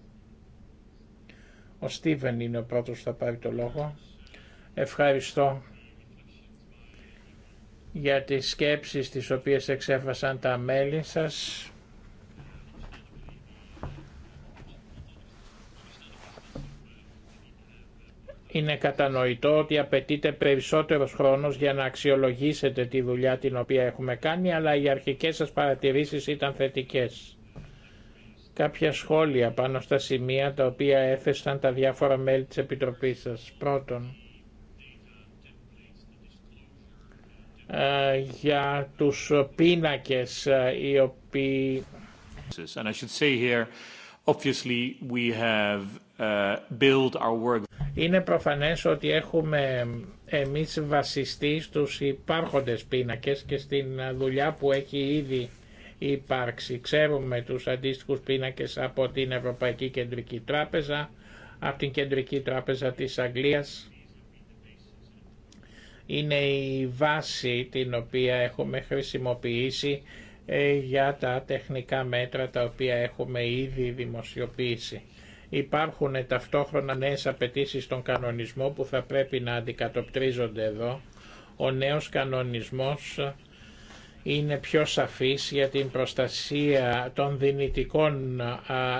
Ο Στίβεν είναι ο πρώτος που θα πάρει το λόγο. Ευχαριστώ για τις σκέψεις τις οποίες εξέφασαν τα μέλη σας. Είναι κατανοητό ότι απαιτείται περισσότερος χρόνος για να αξιολογήσετε τη δουλειά την οποία έχουμε κάνει, αλλά οι αρχικές σας παρατηρήσεις ήταν θετικές κάποια σχόλια πάνω στα σημεία τα οποία έθεσαν τα διάφορα μέλη της Επιτροπής σας. Πρώτον, ε, για τους πίνακες ε, οι οποίοι... And I should say here, obviously we have uh, built our work. Είναι προφανές ότι έχουμε εμείς βασιστεί στους υπάρχοντες πίνακες και στην δουλειά που έχει ήδη υπάρξει. Ξέρουμε τους αντίστοιχους πίνακες από την Ευρωπαϊκή Κεντρική Τράπεζα, από την Κεντρική Τράπεζα της Αγγλίας. Είναι η βάση την οποία έχουμε χρησιμοποιήσει ε, για τα τεχνικά μέτρα τα οποία έχουμε ήδη δημοσιοποιήσει. Υπάρχουν ταυτόχρονα νέες απαιτήσεις στον κανονισμό που θα πρέπει να αντικατοπτρίζονται εδώ. Ο νέος κανονισμός είναι πιο σαφής για την προστασία των δυνητικών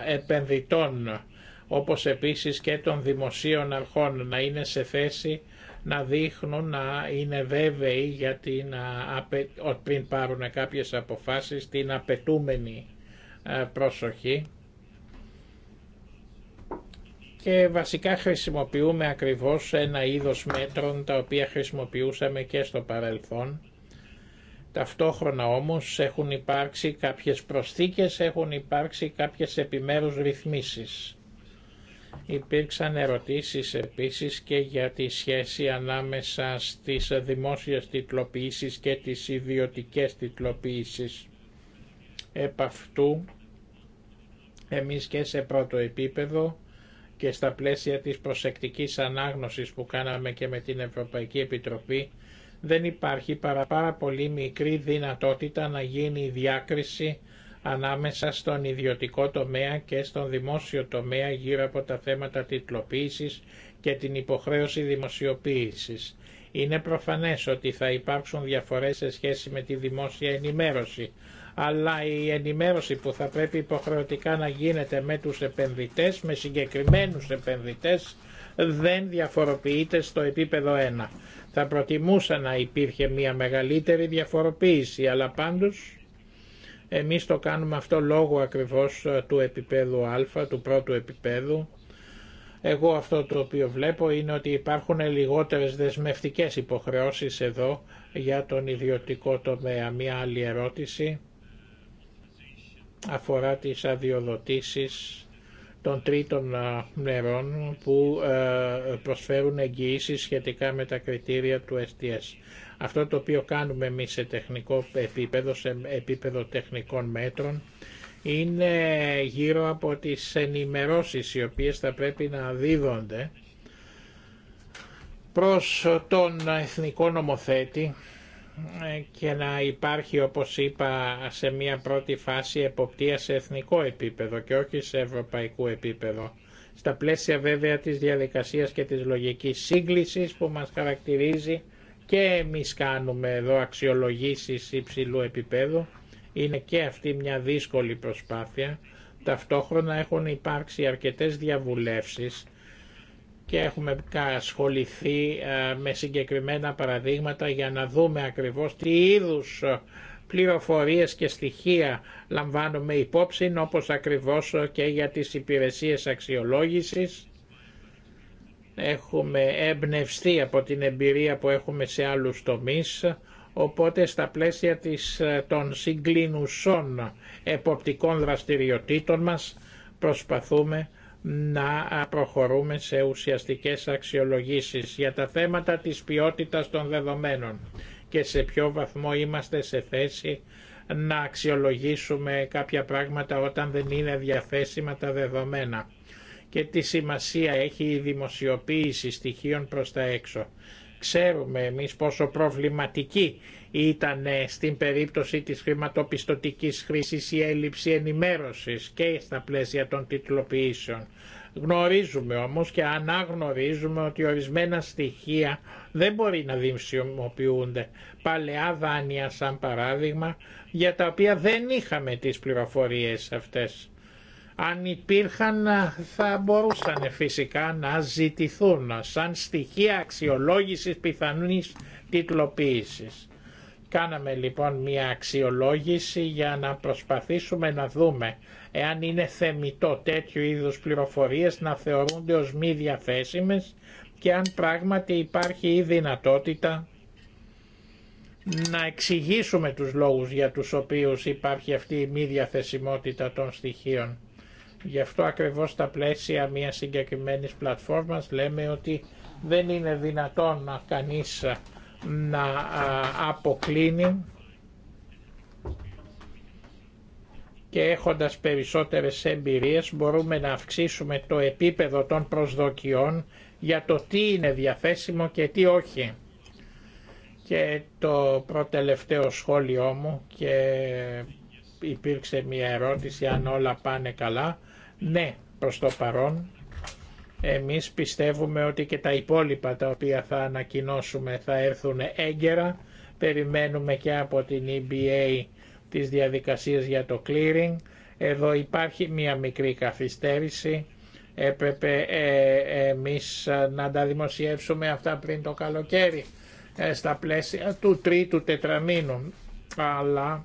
επενδυτών όπως επίσης και των δημοσίων αρχών να είναι σε θέση να δείχνουν να είναι βέβαιοι για την, πριν πάρουν κάποιες αποφάσεις την απαιτούμενη προσοχή και βασικά χρησιμοποιούμε ακριβώς ένα είδος μέτρων τα οποία χρησιμοποιούσαμε και στο παρελθόν Ταυτόχρονα όμως έχουν υπάρξει κάποιες προσθήκες, έχουν υπάρξει κάποιες επιμέρους ρυθμίσεις. Υπήρξαν ερωτήσεις επίσης και για τη σχέση ανάμεσα στις δημόσιες τιτλοποιήσεις και τις ιδιωτικές τιτλοποιήσεις. Επ' αυτού, εμείς και σε πρώτο επίπεδο και στα πλαίσια της προσεκτικής ανάγνωσης που κάναμε και με την Ευρωπαϊκή Επιτροπή, δεν υπάρχει παρά πάρα πολύ μικρή δυνατότητα να γίνει η διάκριση ανάμεσα στον ιδιωτικό τομέα και στον δημόσιο τομέα γύρω από τα θέματα τιτλοποίησης και την υποχρέωση δημοσιοποίησης. Είναι προφανές ότι θα υπάρξουν διαφορές σε σχέση με τη δημόσια ενημέρωση, αλλά η ενημέρωση που θα πρέπει υποχρεωτικά να γίνεται με τους επενδυτές, με συγκεκριμένους επενδυτές, δεν διαφοροποιείται στο επίπεδο 1. Θα προτιμούσα να υπήρχε μια μεγαλύτερη διαφοροποίηση, αλλά πάντως εμείς το κάνουμε αυτό λόγω ακριβώς ε, του επίπεδου α, του πρώτου επίπεδου. Εγώ αυτό το οποίο βλέπω είναι ότι υπάρχουν λιγότερες δεσμευτικές υποχρεώσεις εδώ για τον ιδιωτικό τομέα. Μια άλλη ερώτηση αφορά τις αδειοδοτήσεις των τρίτων νερών που ε, προσφέρουν εγγυήσει σχετικά με τα κριτήρια του STS. Αυτό το οποίο κάνουμε εμεί σε τεχνικό επίπεδο, σε επίπεδο τεχνικών μέτρων, είναι γύρω από τις ενημερώσεις οι οποίες θα πρέπει να δίδονται προς τον εθνικό νομοθέτη ε, και να υπάρχει όπως είπα σε μια πρώτη φάση εποπτεία σε εθνικό επίπεδο και όχι σε ευρωπαϊκό επίπεδο. Στα πλαίσια βέβαια της διαδικασίας και της λογικής σύγκλησης που μας χαρακτηρίζει και εμείς κάνουμε εδώ αξιολογήσεις υψηλού επίπεδου. Είναι και αυτή μια δύσκολη προσπάθεια. Ταυτόχρονα έχουν υπάρξει αρκετές διαβουλεύσεις και έχουμε ασχοληθεί ε, με συγκεκριμένα παραδείγματα για να δούμε ακριβώς τι είδους ε, πληροφορίες και στοιχεία λαμβάνουμε υπόψη όπως ακριβώς ε, και για τις υπηρεσίες αξιολόγησης. Έχουμε εμπνευστεί από την εμπειρία που έχουμε σε άλλους τομείς οπότε στα πλαίσια της, των συγκλίνουσών εποπτικών δραστηριοτήτων μας προσπαθούμε να προχωρούμε σε ουσιαστικές αξιολογήσεις για τα θέματα της ποιότητας των δεδομένων και σε ποιο βαθμό είμαστε σε θέση να αξιολογήσουμε κάποια πράγματα όταν δεν είναι διαθέσιμα τα δεδομένα και τι σημασία έχει η δημοσιοποίηση στοιχείων προς τα έξω. Ξέρουμε εμείς πόσο προβληματική ήταν ε, στην περίπτωση της χρηματοπιστωτικής χρήσης η έλλειψη ενημέρωσης και στα πλαίσια των τιτλοποιήσεων. Γνωρίζουμε όμως και αναγνωρίζουμε ότι ορισμένα στοιχεία δεν μπορεί να δημιουργούνται Παλαιά δάνεια σαν παράδειγμα για τα οποία δεν είχαμε τις πληροφορίες αυτές. Αν υπήρχαν ε, θα μπορούσαν φυσικά να ζητηθούν σαν στοιχεία αξιολόγησης πιθανής τιτλοποίησης. Κάναμε λοιπόν μία αξιολόγηση για να προσπαθήσουμε να δούμε εάν είναι θεμητό τέτοιου είδους πληροφορίες να θεωρούνται ως μη διαθέσιμες και αν πράγματι υπάρχει η δυνατότητα να εξηγήσουμε τους λόγους για τους οποίους υπάρχει αυτή η μη διαθεσιμότητα των στοιχείων. Γι' αυτό ακριβώς στα πλαίσια μιας συγκεκριμένης πλατφόρμας λέμε ότι δεν είναι δυνατόν να κανείς να αποκλίνει και έχοντας περισσότερες εμπειρίες μπορούμε να αυξήσουμε το επίπεδο των προσδοκιών για το τι είναι διαθέσιμο και τι όχι. Και το προτελευταίο σχόλιο μου και υπήρξε μια ερώτηση αν όλα πάνε καλά. Ναι, προς το παρόν εμείς πιστεύουμε ότι και τα υπόλοιπα τα οποία θα ανακοινώσουμε θα έρθουν έγκαιρα. Περιμένουμε και από την EBA τις διαδικασίες για το clearing. Εδώ υπάρχει μία μικρή καθυστέρηση. Έπρεπε ε, εμείς να τα δημοσιεύσουμε αυτά πριν το καλοκαίρι ε, στα πλαίσια του τρίτου τετραμήνου. Αλλά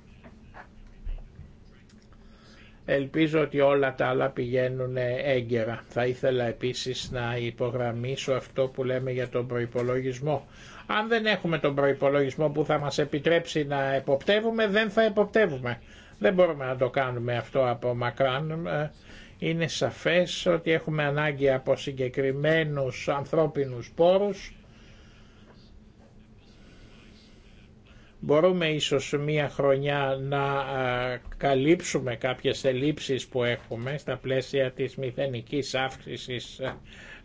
Ελπίζω ότι όλα τα άλλα πηγαίνουν έγκαιρα. Θα ήθελα επίσης να υπογραμμίσω αυτό που λέμε για τον προϋπολογισμό. Αν δεν έχουμε τον προϋπολογισμό που θα μας επιτρέψει να εποπτεύουμε, δεν θα εποπτεύουμε. Δεν μπορούμε να το κάνουμε αυτό από μακράν. Είναι σαφές ότι έχουμε ανάγκη από συγκεκριμένους ανθρώπινους πόρους Μπορούμε ίσως μία χρονιά να καλύψουμε κάποιες ελλείψεις που έχουμε στα πλαίσια της μηδενικής αύξησης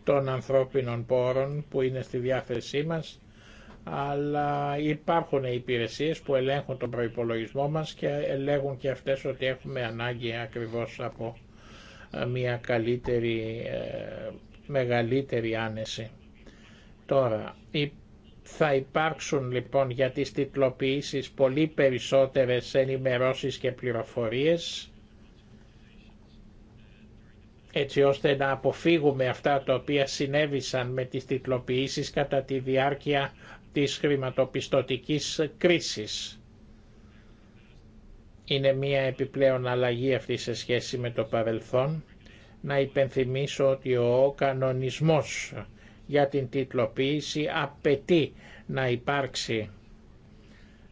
των ανθρώπινων πόρων που είναι στη διάθεσή μας, αλλά υπάρχουν υπηρεσίες που ελέγχουν τον προϋπολογισμό μας και ελέγχουν και αυτές ότι έχουμε ανάγκη ακριβώς από μια καλύτερη, ε, μεγαλύτερη άνεση. Τώρα, θα υπάρξουν λοιπόν για τις τιτλοποιήσεις πολύ περισσότερες ενημερώσεις και πληροφορίες έτσι ώστε να αποφύγουμε αυτά τα οποία συνέβησαν με τις τιτλοποιήσεις κατά τη διάρκεια της χρηματοπιστωτικής κρίσης. Είναι μία επιπλέον αλλαγή αυτή σε σχέση με το παρελθόν. Να υπενθυμίσω ότι ο κανονισμός για την τιτλοποίηση απαιτεί να υπάρξει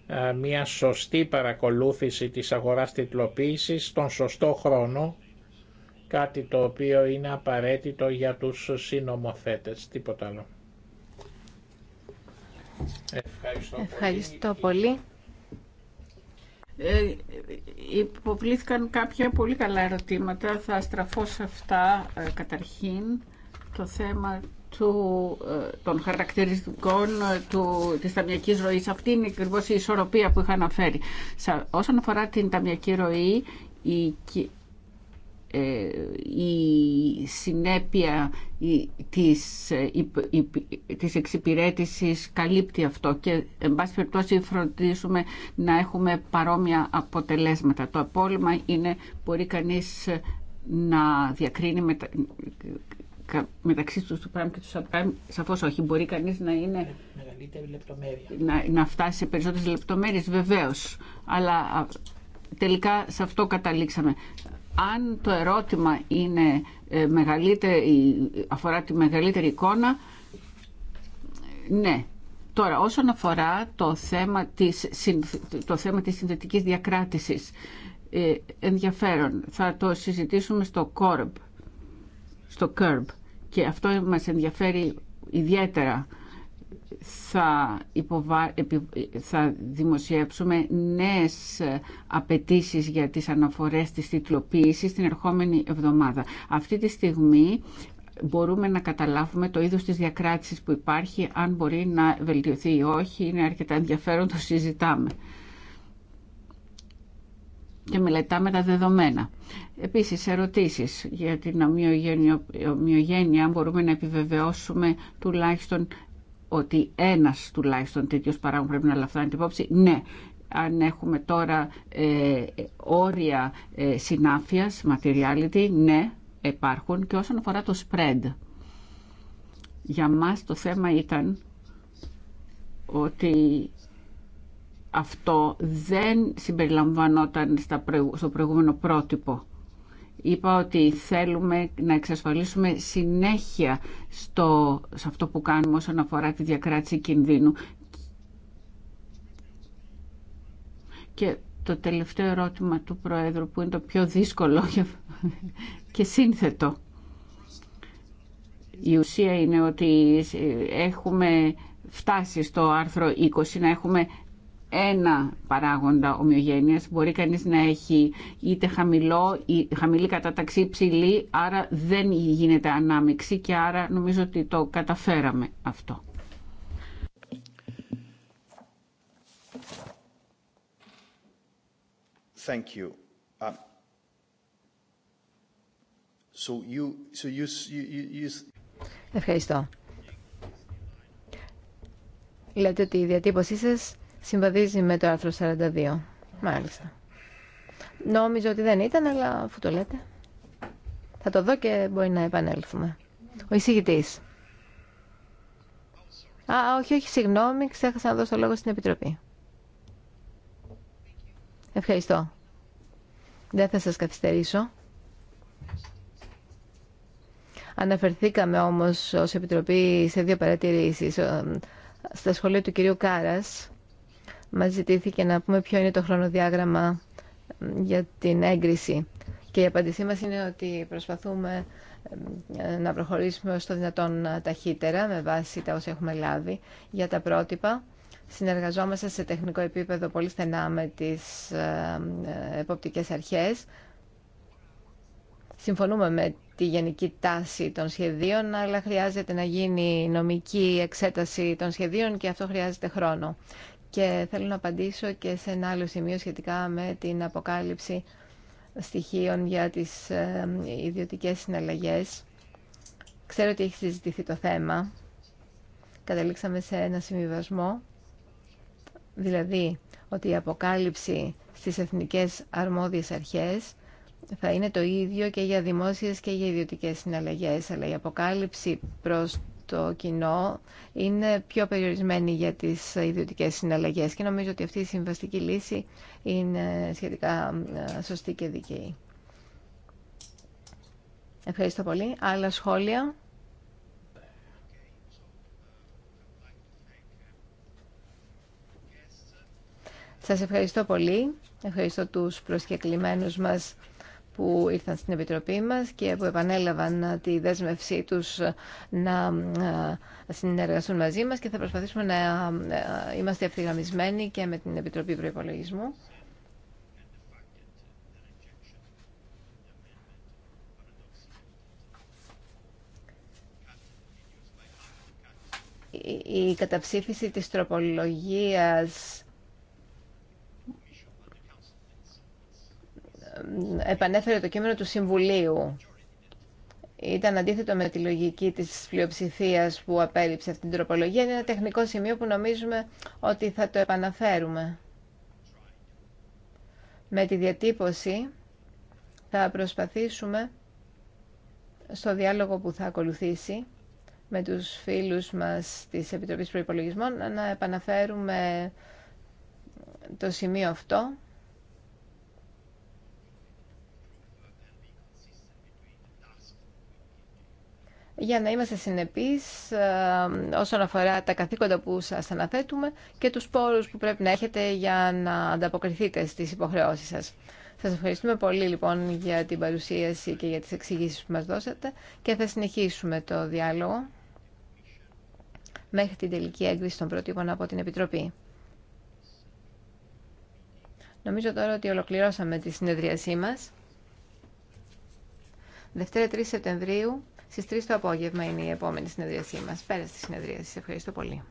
ε, μια σωστή παρακολούθηση της αγοράς τιτλοποίησης στον σωστό χρόνο, κάτι το οποίο είναι απαραίτητο για τους συνομοθέτες, τίποτα άλλο. Ευχαριστώ, πολύ. πολύ. Ε, υποβλήθηκαν κάποια πολύ καλά ερωτήματα. Θα στραφώ σε αυτά ε, καταρχήν το θέμα του, ε, των χαρακτηριστικών ε, του, της ταμιακής ροής. Αυτή είναι ακριβώ η ισορροπία που είχα αναφέρει. όσον αφορά την ταμιακή ροή, η, ε, η συνέπεια της, της εξυπηρέτησης καλύπτει αυτό και εν πάση περιπτώσει φροντίζουμε να έχουμε παρόμοια αποτελέσματα. Το απόλυμα είναι μπορεί κανείς να διακρίνει μετα μεταξύ του prime και του subprime σαφώ όχι. Μπορεί κανείς να είναι... Μεγαλύτερη λεπτομέρεια. Να, να φτάσει σε περισσότερε λεπτομέρειες βεβαίω. Αλλά τελικά σε αυτό καταλήξαμε. Αν το ερώτημα είναι ε, μεγαλύτερη, αφορά τη μεγαλύτερη εικόνα, ναι. Τώρα, όσον αφορά το θέμα της, το θέμα της συνθετικής διακράτησης, ε, ενδιαφέρον, θα το συζητήσουμε στο CORB, στο CURB και αυτό μας ενδιαφέρει ιδιαίτερα. Θα, υποβα... θα δημοσιεύσουμε νέες απαιτήσει για τις αναφορές της τιτλοποίησης την ερχόμενη εβδομάδα. Αυτή τη στιγμή μπορούμε να καταλάβουμε το είδος της διακράτησης που υπάρχει, αν μπορεί να βελτιωθεί ή όχι, είναι αρκετά ενδιαφέρον, το συζητάμε και μελετάμε τα δεδομένα. Επίσης, ερωτήσεις για την ομοιογένεια, αν μπορούμε να επιβεβαιώσουμε τουλάχιστον ότι ένας τουλάχιστον τέτοιος παράγων πρέπει να λαφθάνει την υπόψη. Ναι, αν έχουμε τώρα ε, όρια ε, συνάφειας, materiality, ναι, υπάρχουν. Και όσον αφορά το spread, για μας το θέμα ήταν ότι αυτό δεν συμπεριλαμβανόταν στο προηγούμενο πρότυπο. Είπα ότι θέλουμε να εξασφαλίσουμε συνέχεια στο, σε αυτό που κάνουμε όσον αφορά τη διακράτηση κινδύνου. Και το τελευταίο ερώτημα του Προέδρου που είναι το πιο δύσκολο και σύνθετο. Η ουσία είναι ότι έχουμε φτάσει στο άρθρο 20 να έχουμε ένα παράγοντα ομοιογένειας. Μπορεί κανείς να έχει είτε χαμηλό, ή χαμηλή κατάταξη ψηλη άρα δεν γίνεται ανάμειξη και άρα νομίζω ότι το καταφέραμε αυτό. Thank you. Um, so you, so Ευχαριστώ. Λέτε ότι η διατύπωσή σας συμβαδίζει με το άρθρο 42. Μάλιστα. Νόμιζα ότι δεν ήταν, αλλά αφού το λέτε. Θα το δω και μπορεί να επανέλθουμε. Ο εισηγητή. Α, όχι, όχι, συγγνώμη, ξέχασα να δώσω λόγο στην Επιτροπή. Ευχαριστώ. Δεν θα σας καθυστερήσω. Αναφερθήκαμε όμως ως Επιτροπή σε δύο παρατηρήσεις. Στα σχολεία του κυρίου Κάρας Μα ζητήθηκε να πούμε ποιο είναι το χρονοδιάγραμμα για την έγκριση. Και η απάντησή μας είναι ότι προσπαθούμε να προχωρήσουμε το δυνατόν ε, ταχύτερα με βάση τα όσα έχουμε λάβει για τα πρότυπα. Συνεργαζόμαστε σε τεχνικό επίπεδο πολύ στενά με τις ε, ε, εποπτικές αρχές. Συμφωνούμε με τη γενική τάση των σχεδίων, αλλά χρειάζεται να γίνει νομική εξέταση των σχεδίων και αυτό χρειάζεται χρόνο. Και θέλω να απαντήσω και σε ένα άλλο σημείο σχετικά με την αποκάλυψη στοιχείων για τις ε, ιδιωτικές συναλλαγές. Ξέρω ότι έχει συζητηθεί το θέμα. Καταλήξαμε σε ένα συμβιβασμό. Δηλαδή, ότι η αποκάλυψη στις εθνικές αρμόδιες αρχές θα είναι το ίδιο και για δημόσιες και για ιδιωτικές συναλλαγές, αλλά η αποκάλυψη προς το κοινό είναι πιο περιορισμένη για τις ιδιωτικές συναλλαγές και νομίζω ότι αυτή η συμβαστική λύση είναι σχετικά ε, σωστή και δικαιή. Ευχαριστώ πολύ. Άλλα σχόλια. Σας ευχαριστώ πολύ. Ευχαριστώ τους προσκεκλημένους μας που ήρθαν στην Επιτροπή μας και που επανέλαβαν τη δέσμευσή τους να ε, συνεργαστούν μαζί μας και θα προσπαθήσουμε να ε, είμαστε ευθυγραμμισμένοι και με την Επιτροπή Προϋπολογισμού. Η καταψήφιση της τροπολογίας επανέφερε το κείμενο του Συμβουλίου. Ήταν αντίθετο με τη λογική της πλειοψηφία που απέριψε αυτή την τροπολογία. Είναι ένα τεχνικό σημείο που νομίζουμε ότι θα το επαναφέρουμε. Με τη διατύπωση θα προσπαθήσουμε στο διάλογο που θα ακολουθήσει με τους φίλους μας της Επιτροπής Προϋπολογισμών να επαναφέρουμε το σημείο αυτό για να είμαστε συνεπείς ε, όσον αφορά τα καθήκοντα που σας αναθέτουμε και τους πόρους που πρέπει να έχετε για να ανταποκριθείτε στις υποχρεώσεις σας. Σας ευχαριστούμε πολύ λοιπόν για την παρουσίαση και για τις εξηγήσεις που μας δώσατε και θα συνεχίσουμε το διάλογο μέχρι την τελική έγκριση των προτύπων από την Επιτροπή. Νομίζω τώρα ότι ολοκληρώσαμε τη συνεδρίασή μας. Δευτέρα 3 Σεπτεμβρίου στις 3 το απόγευμα είναι η επόμενη συνεδρίασή μας. Πέρα στη συνεδρίαση. Ευχαριστώ πολύ.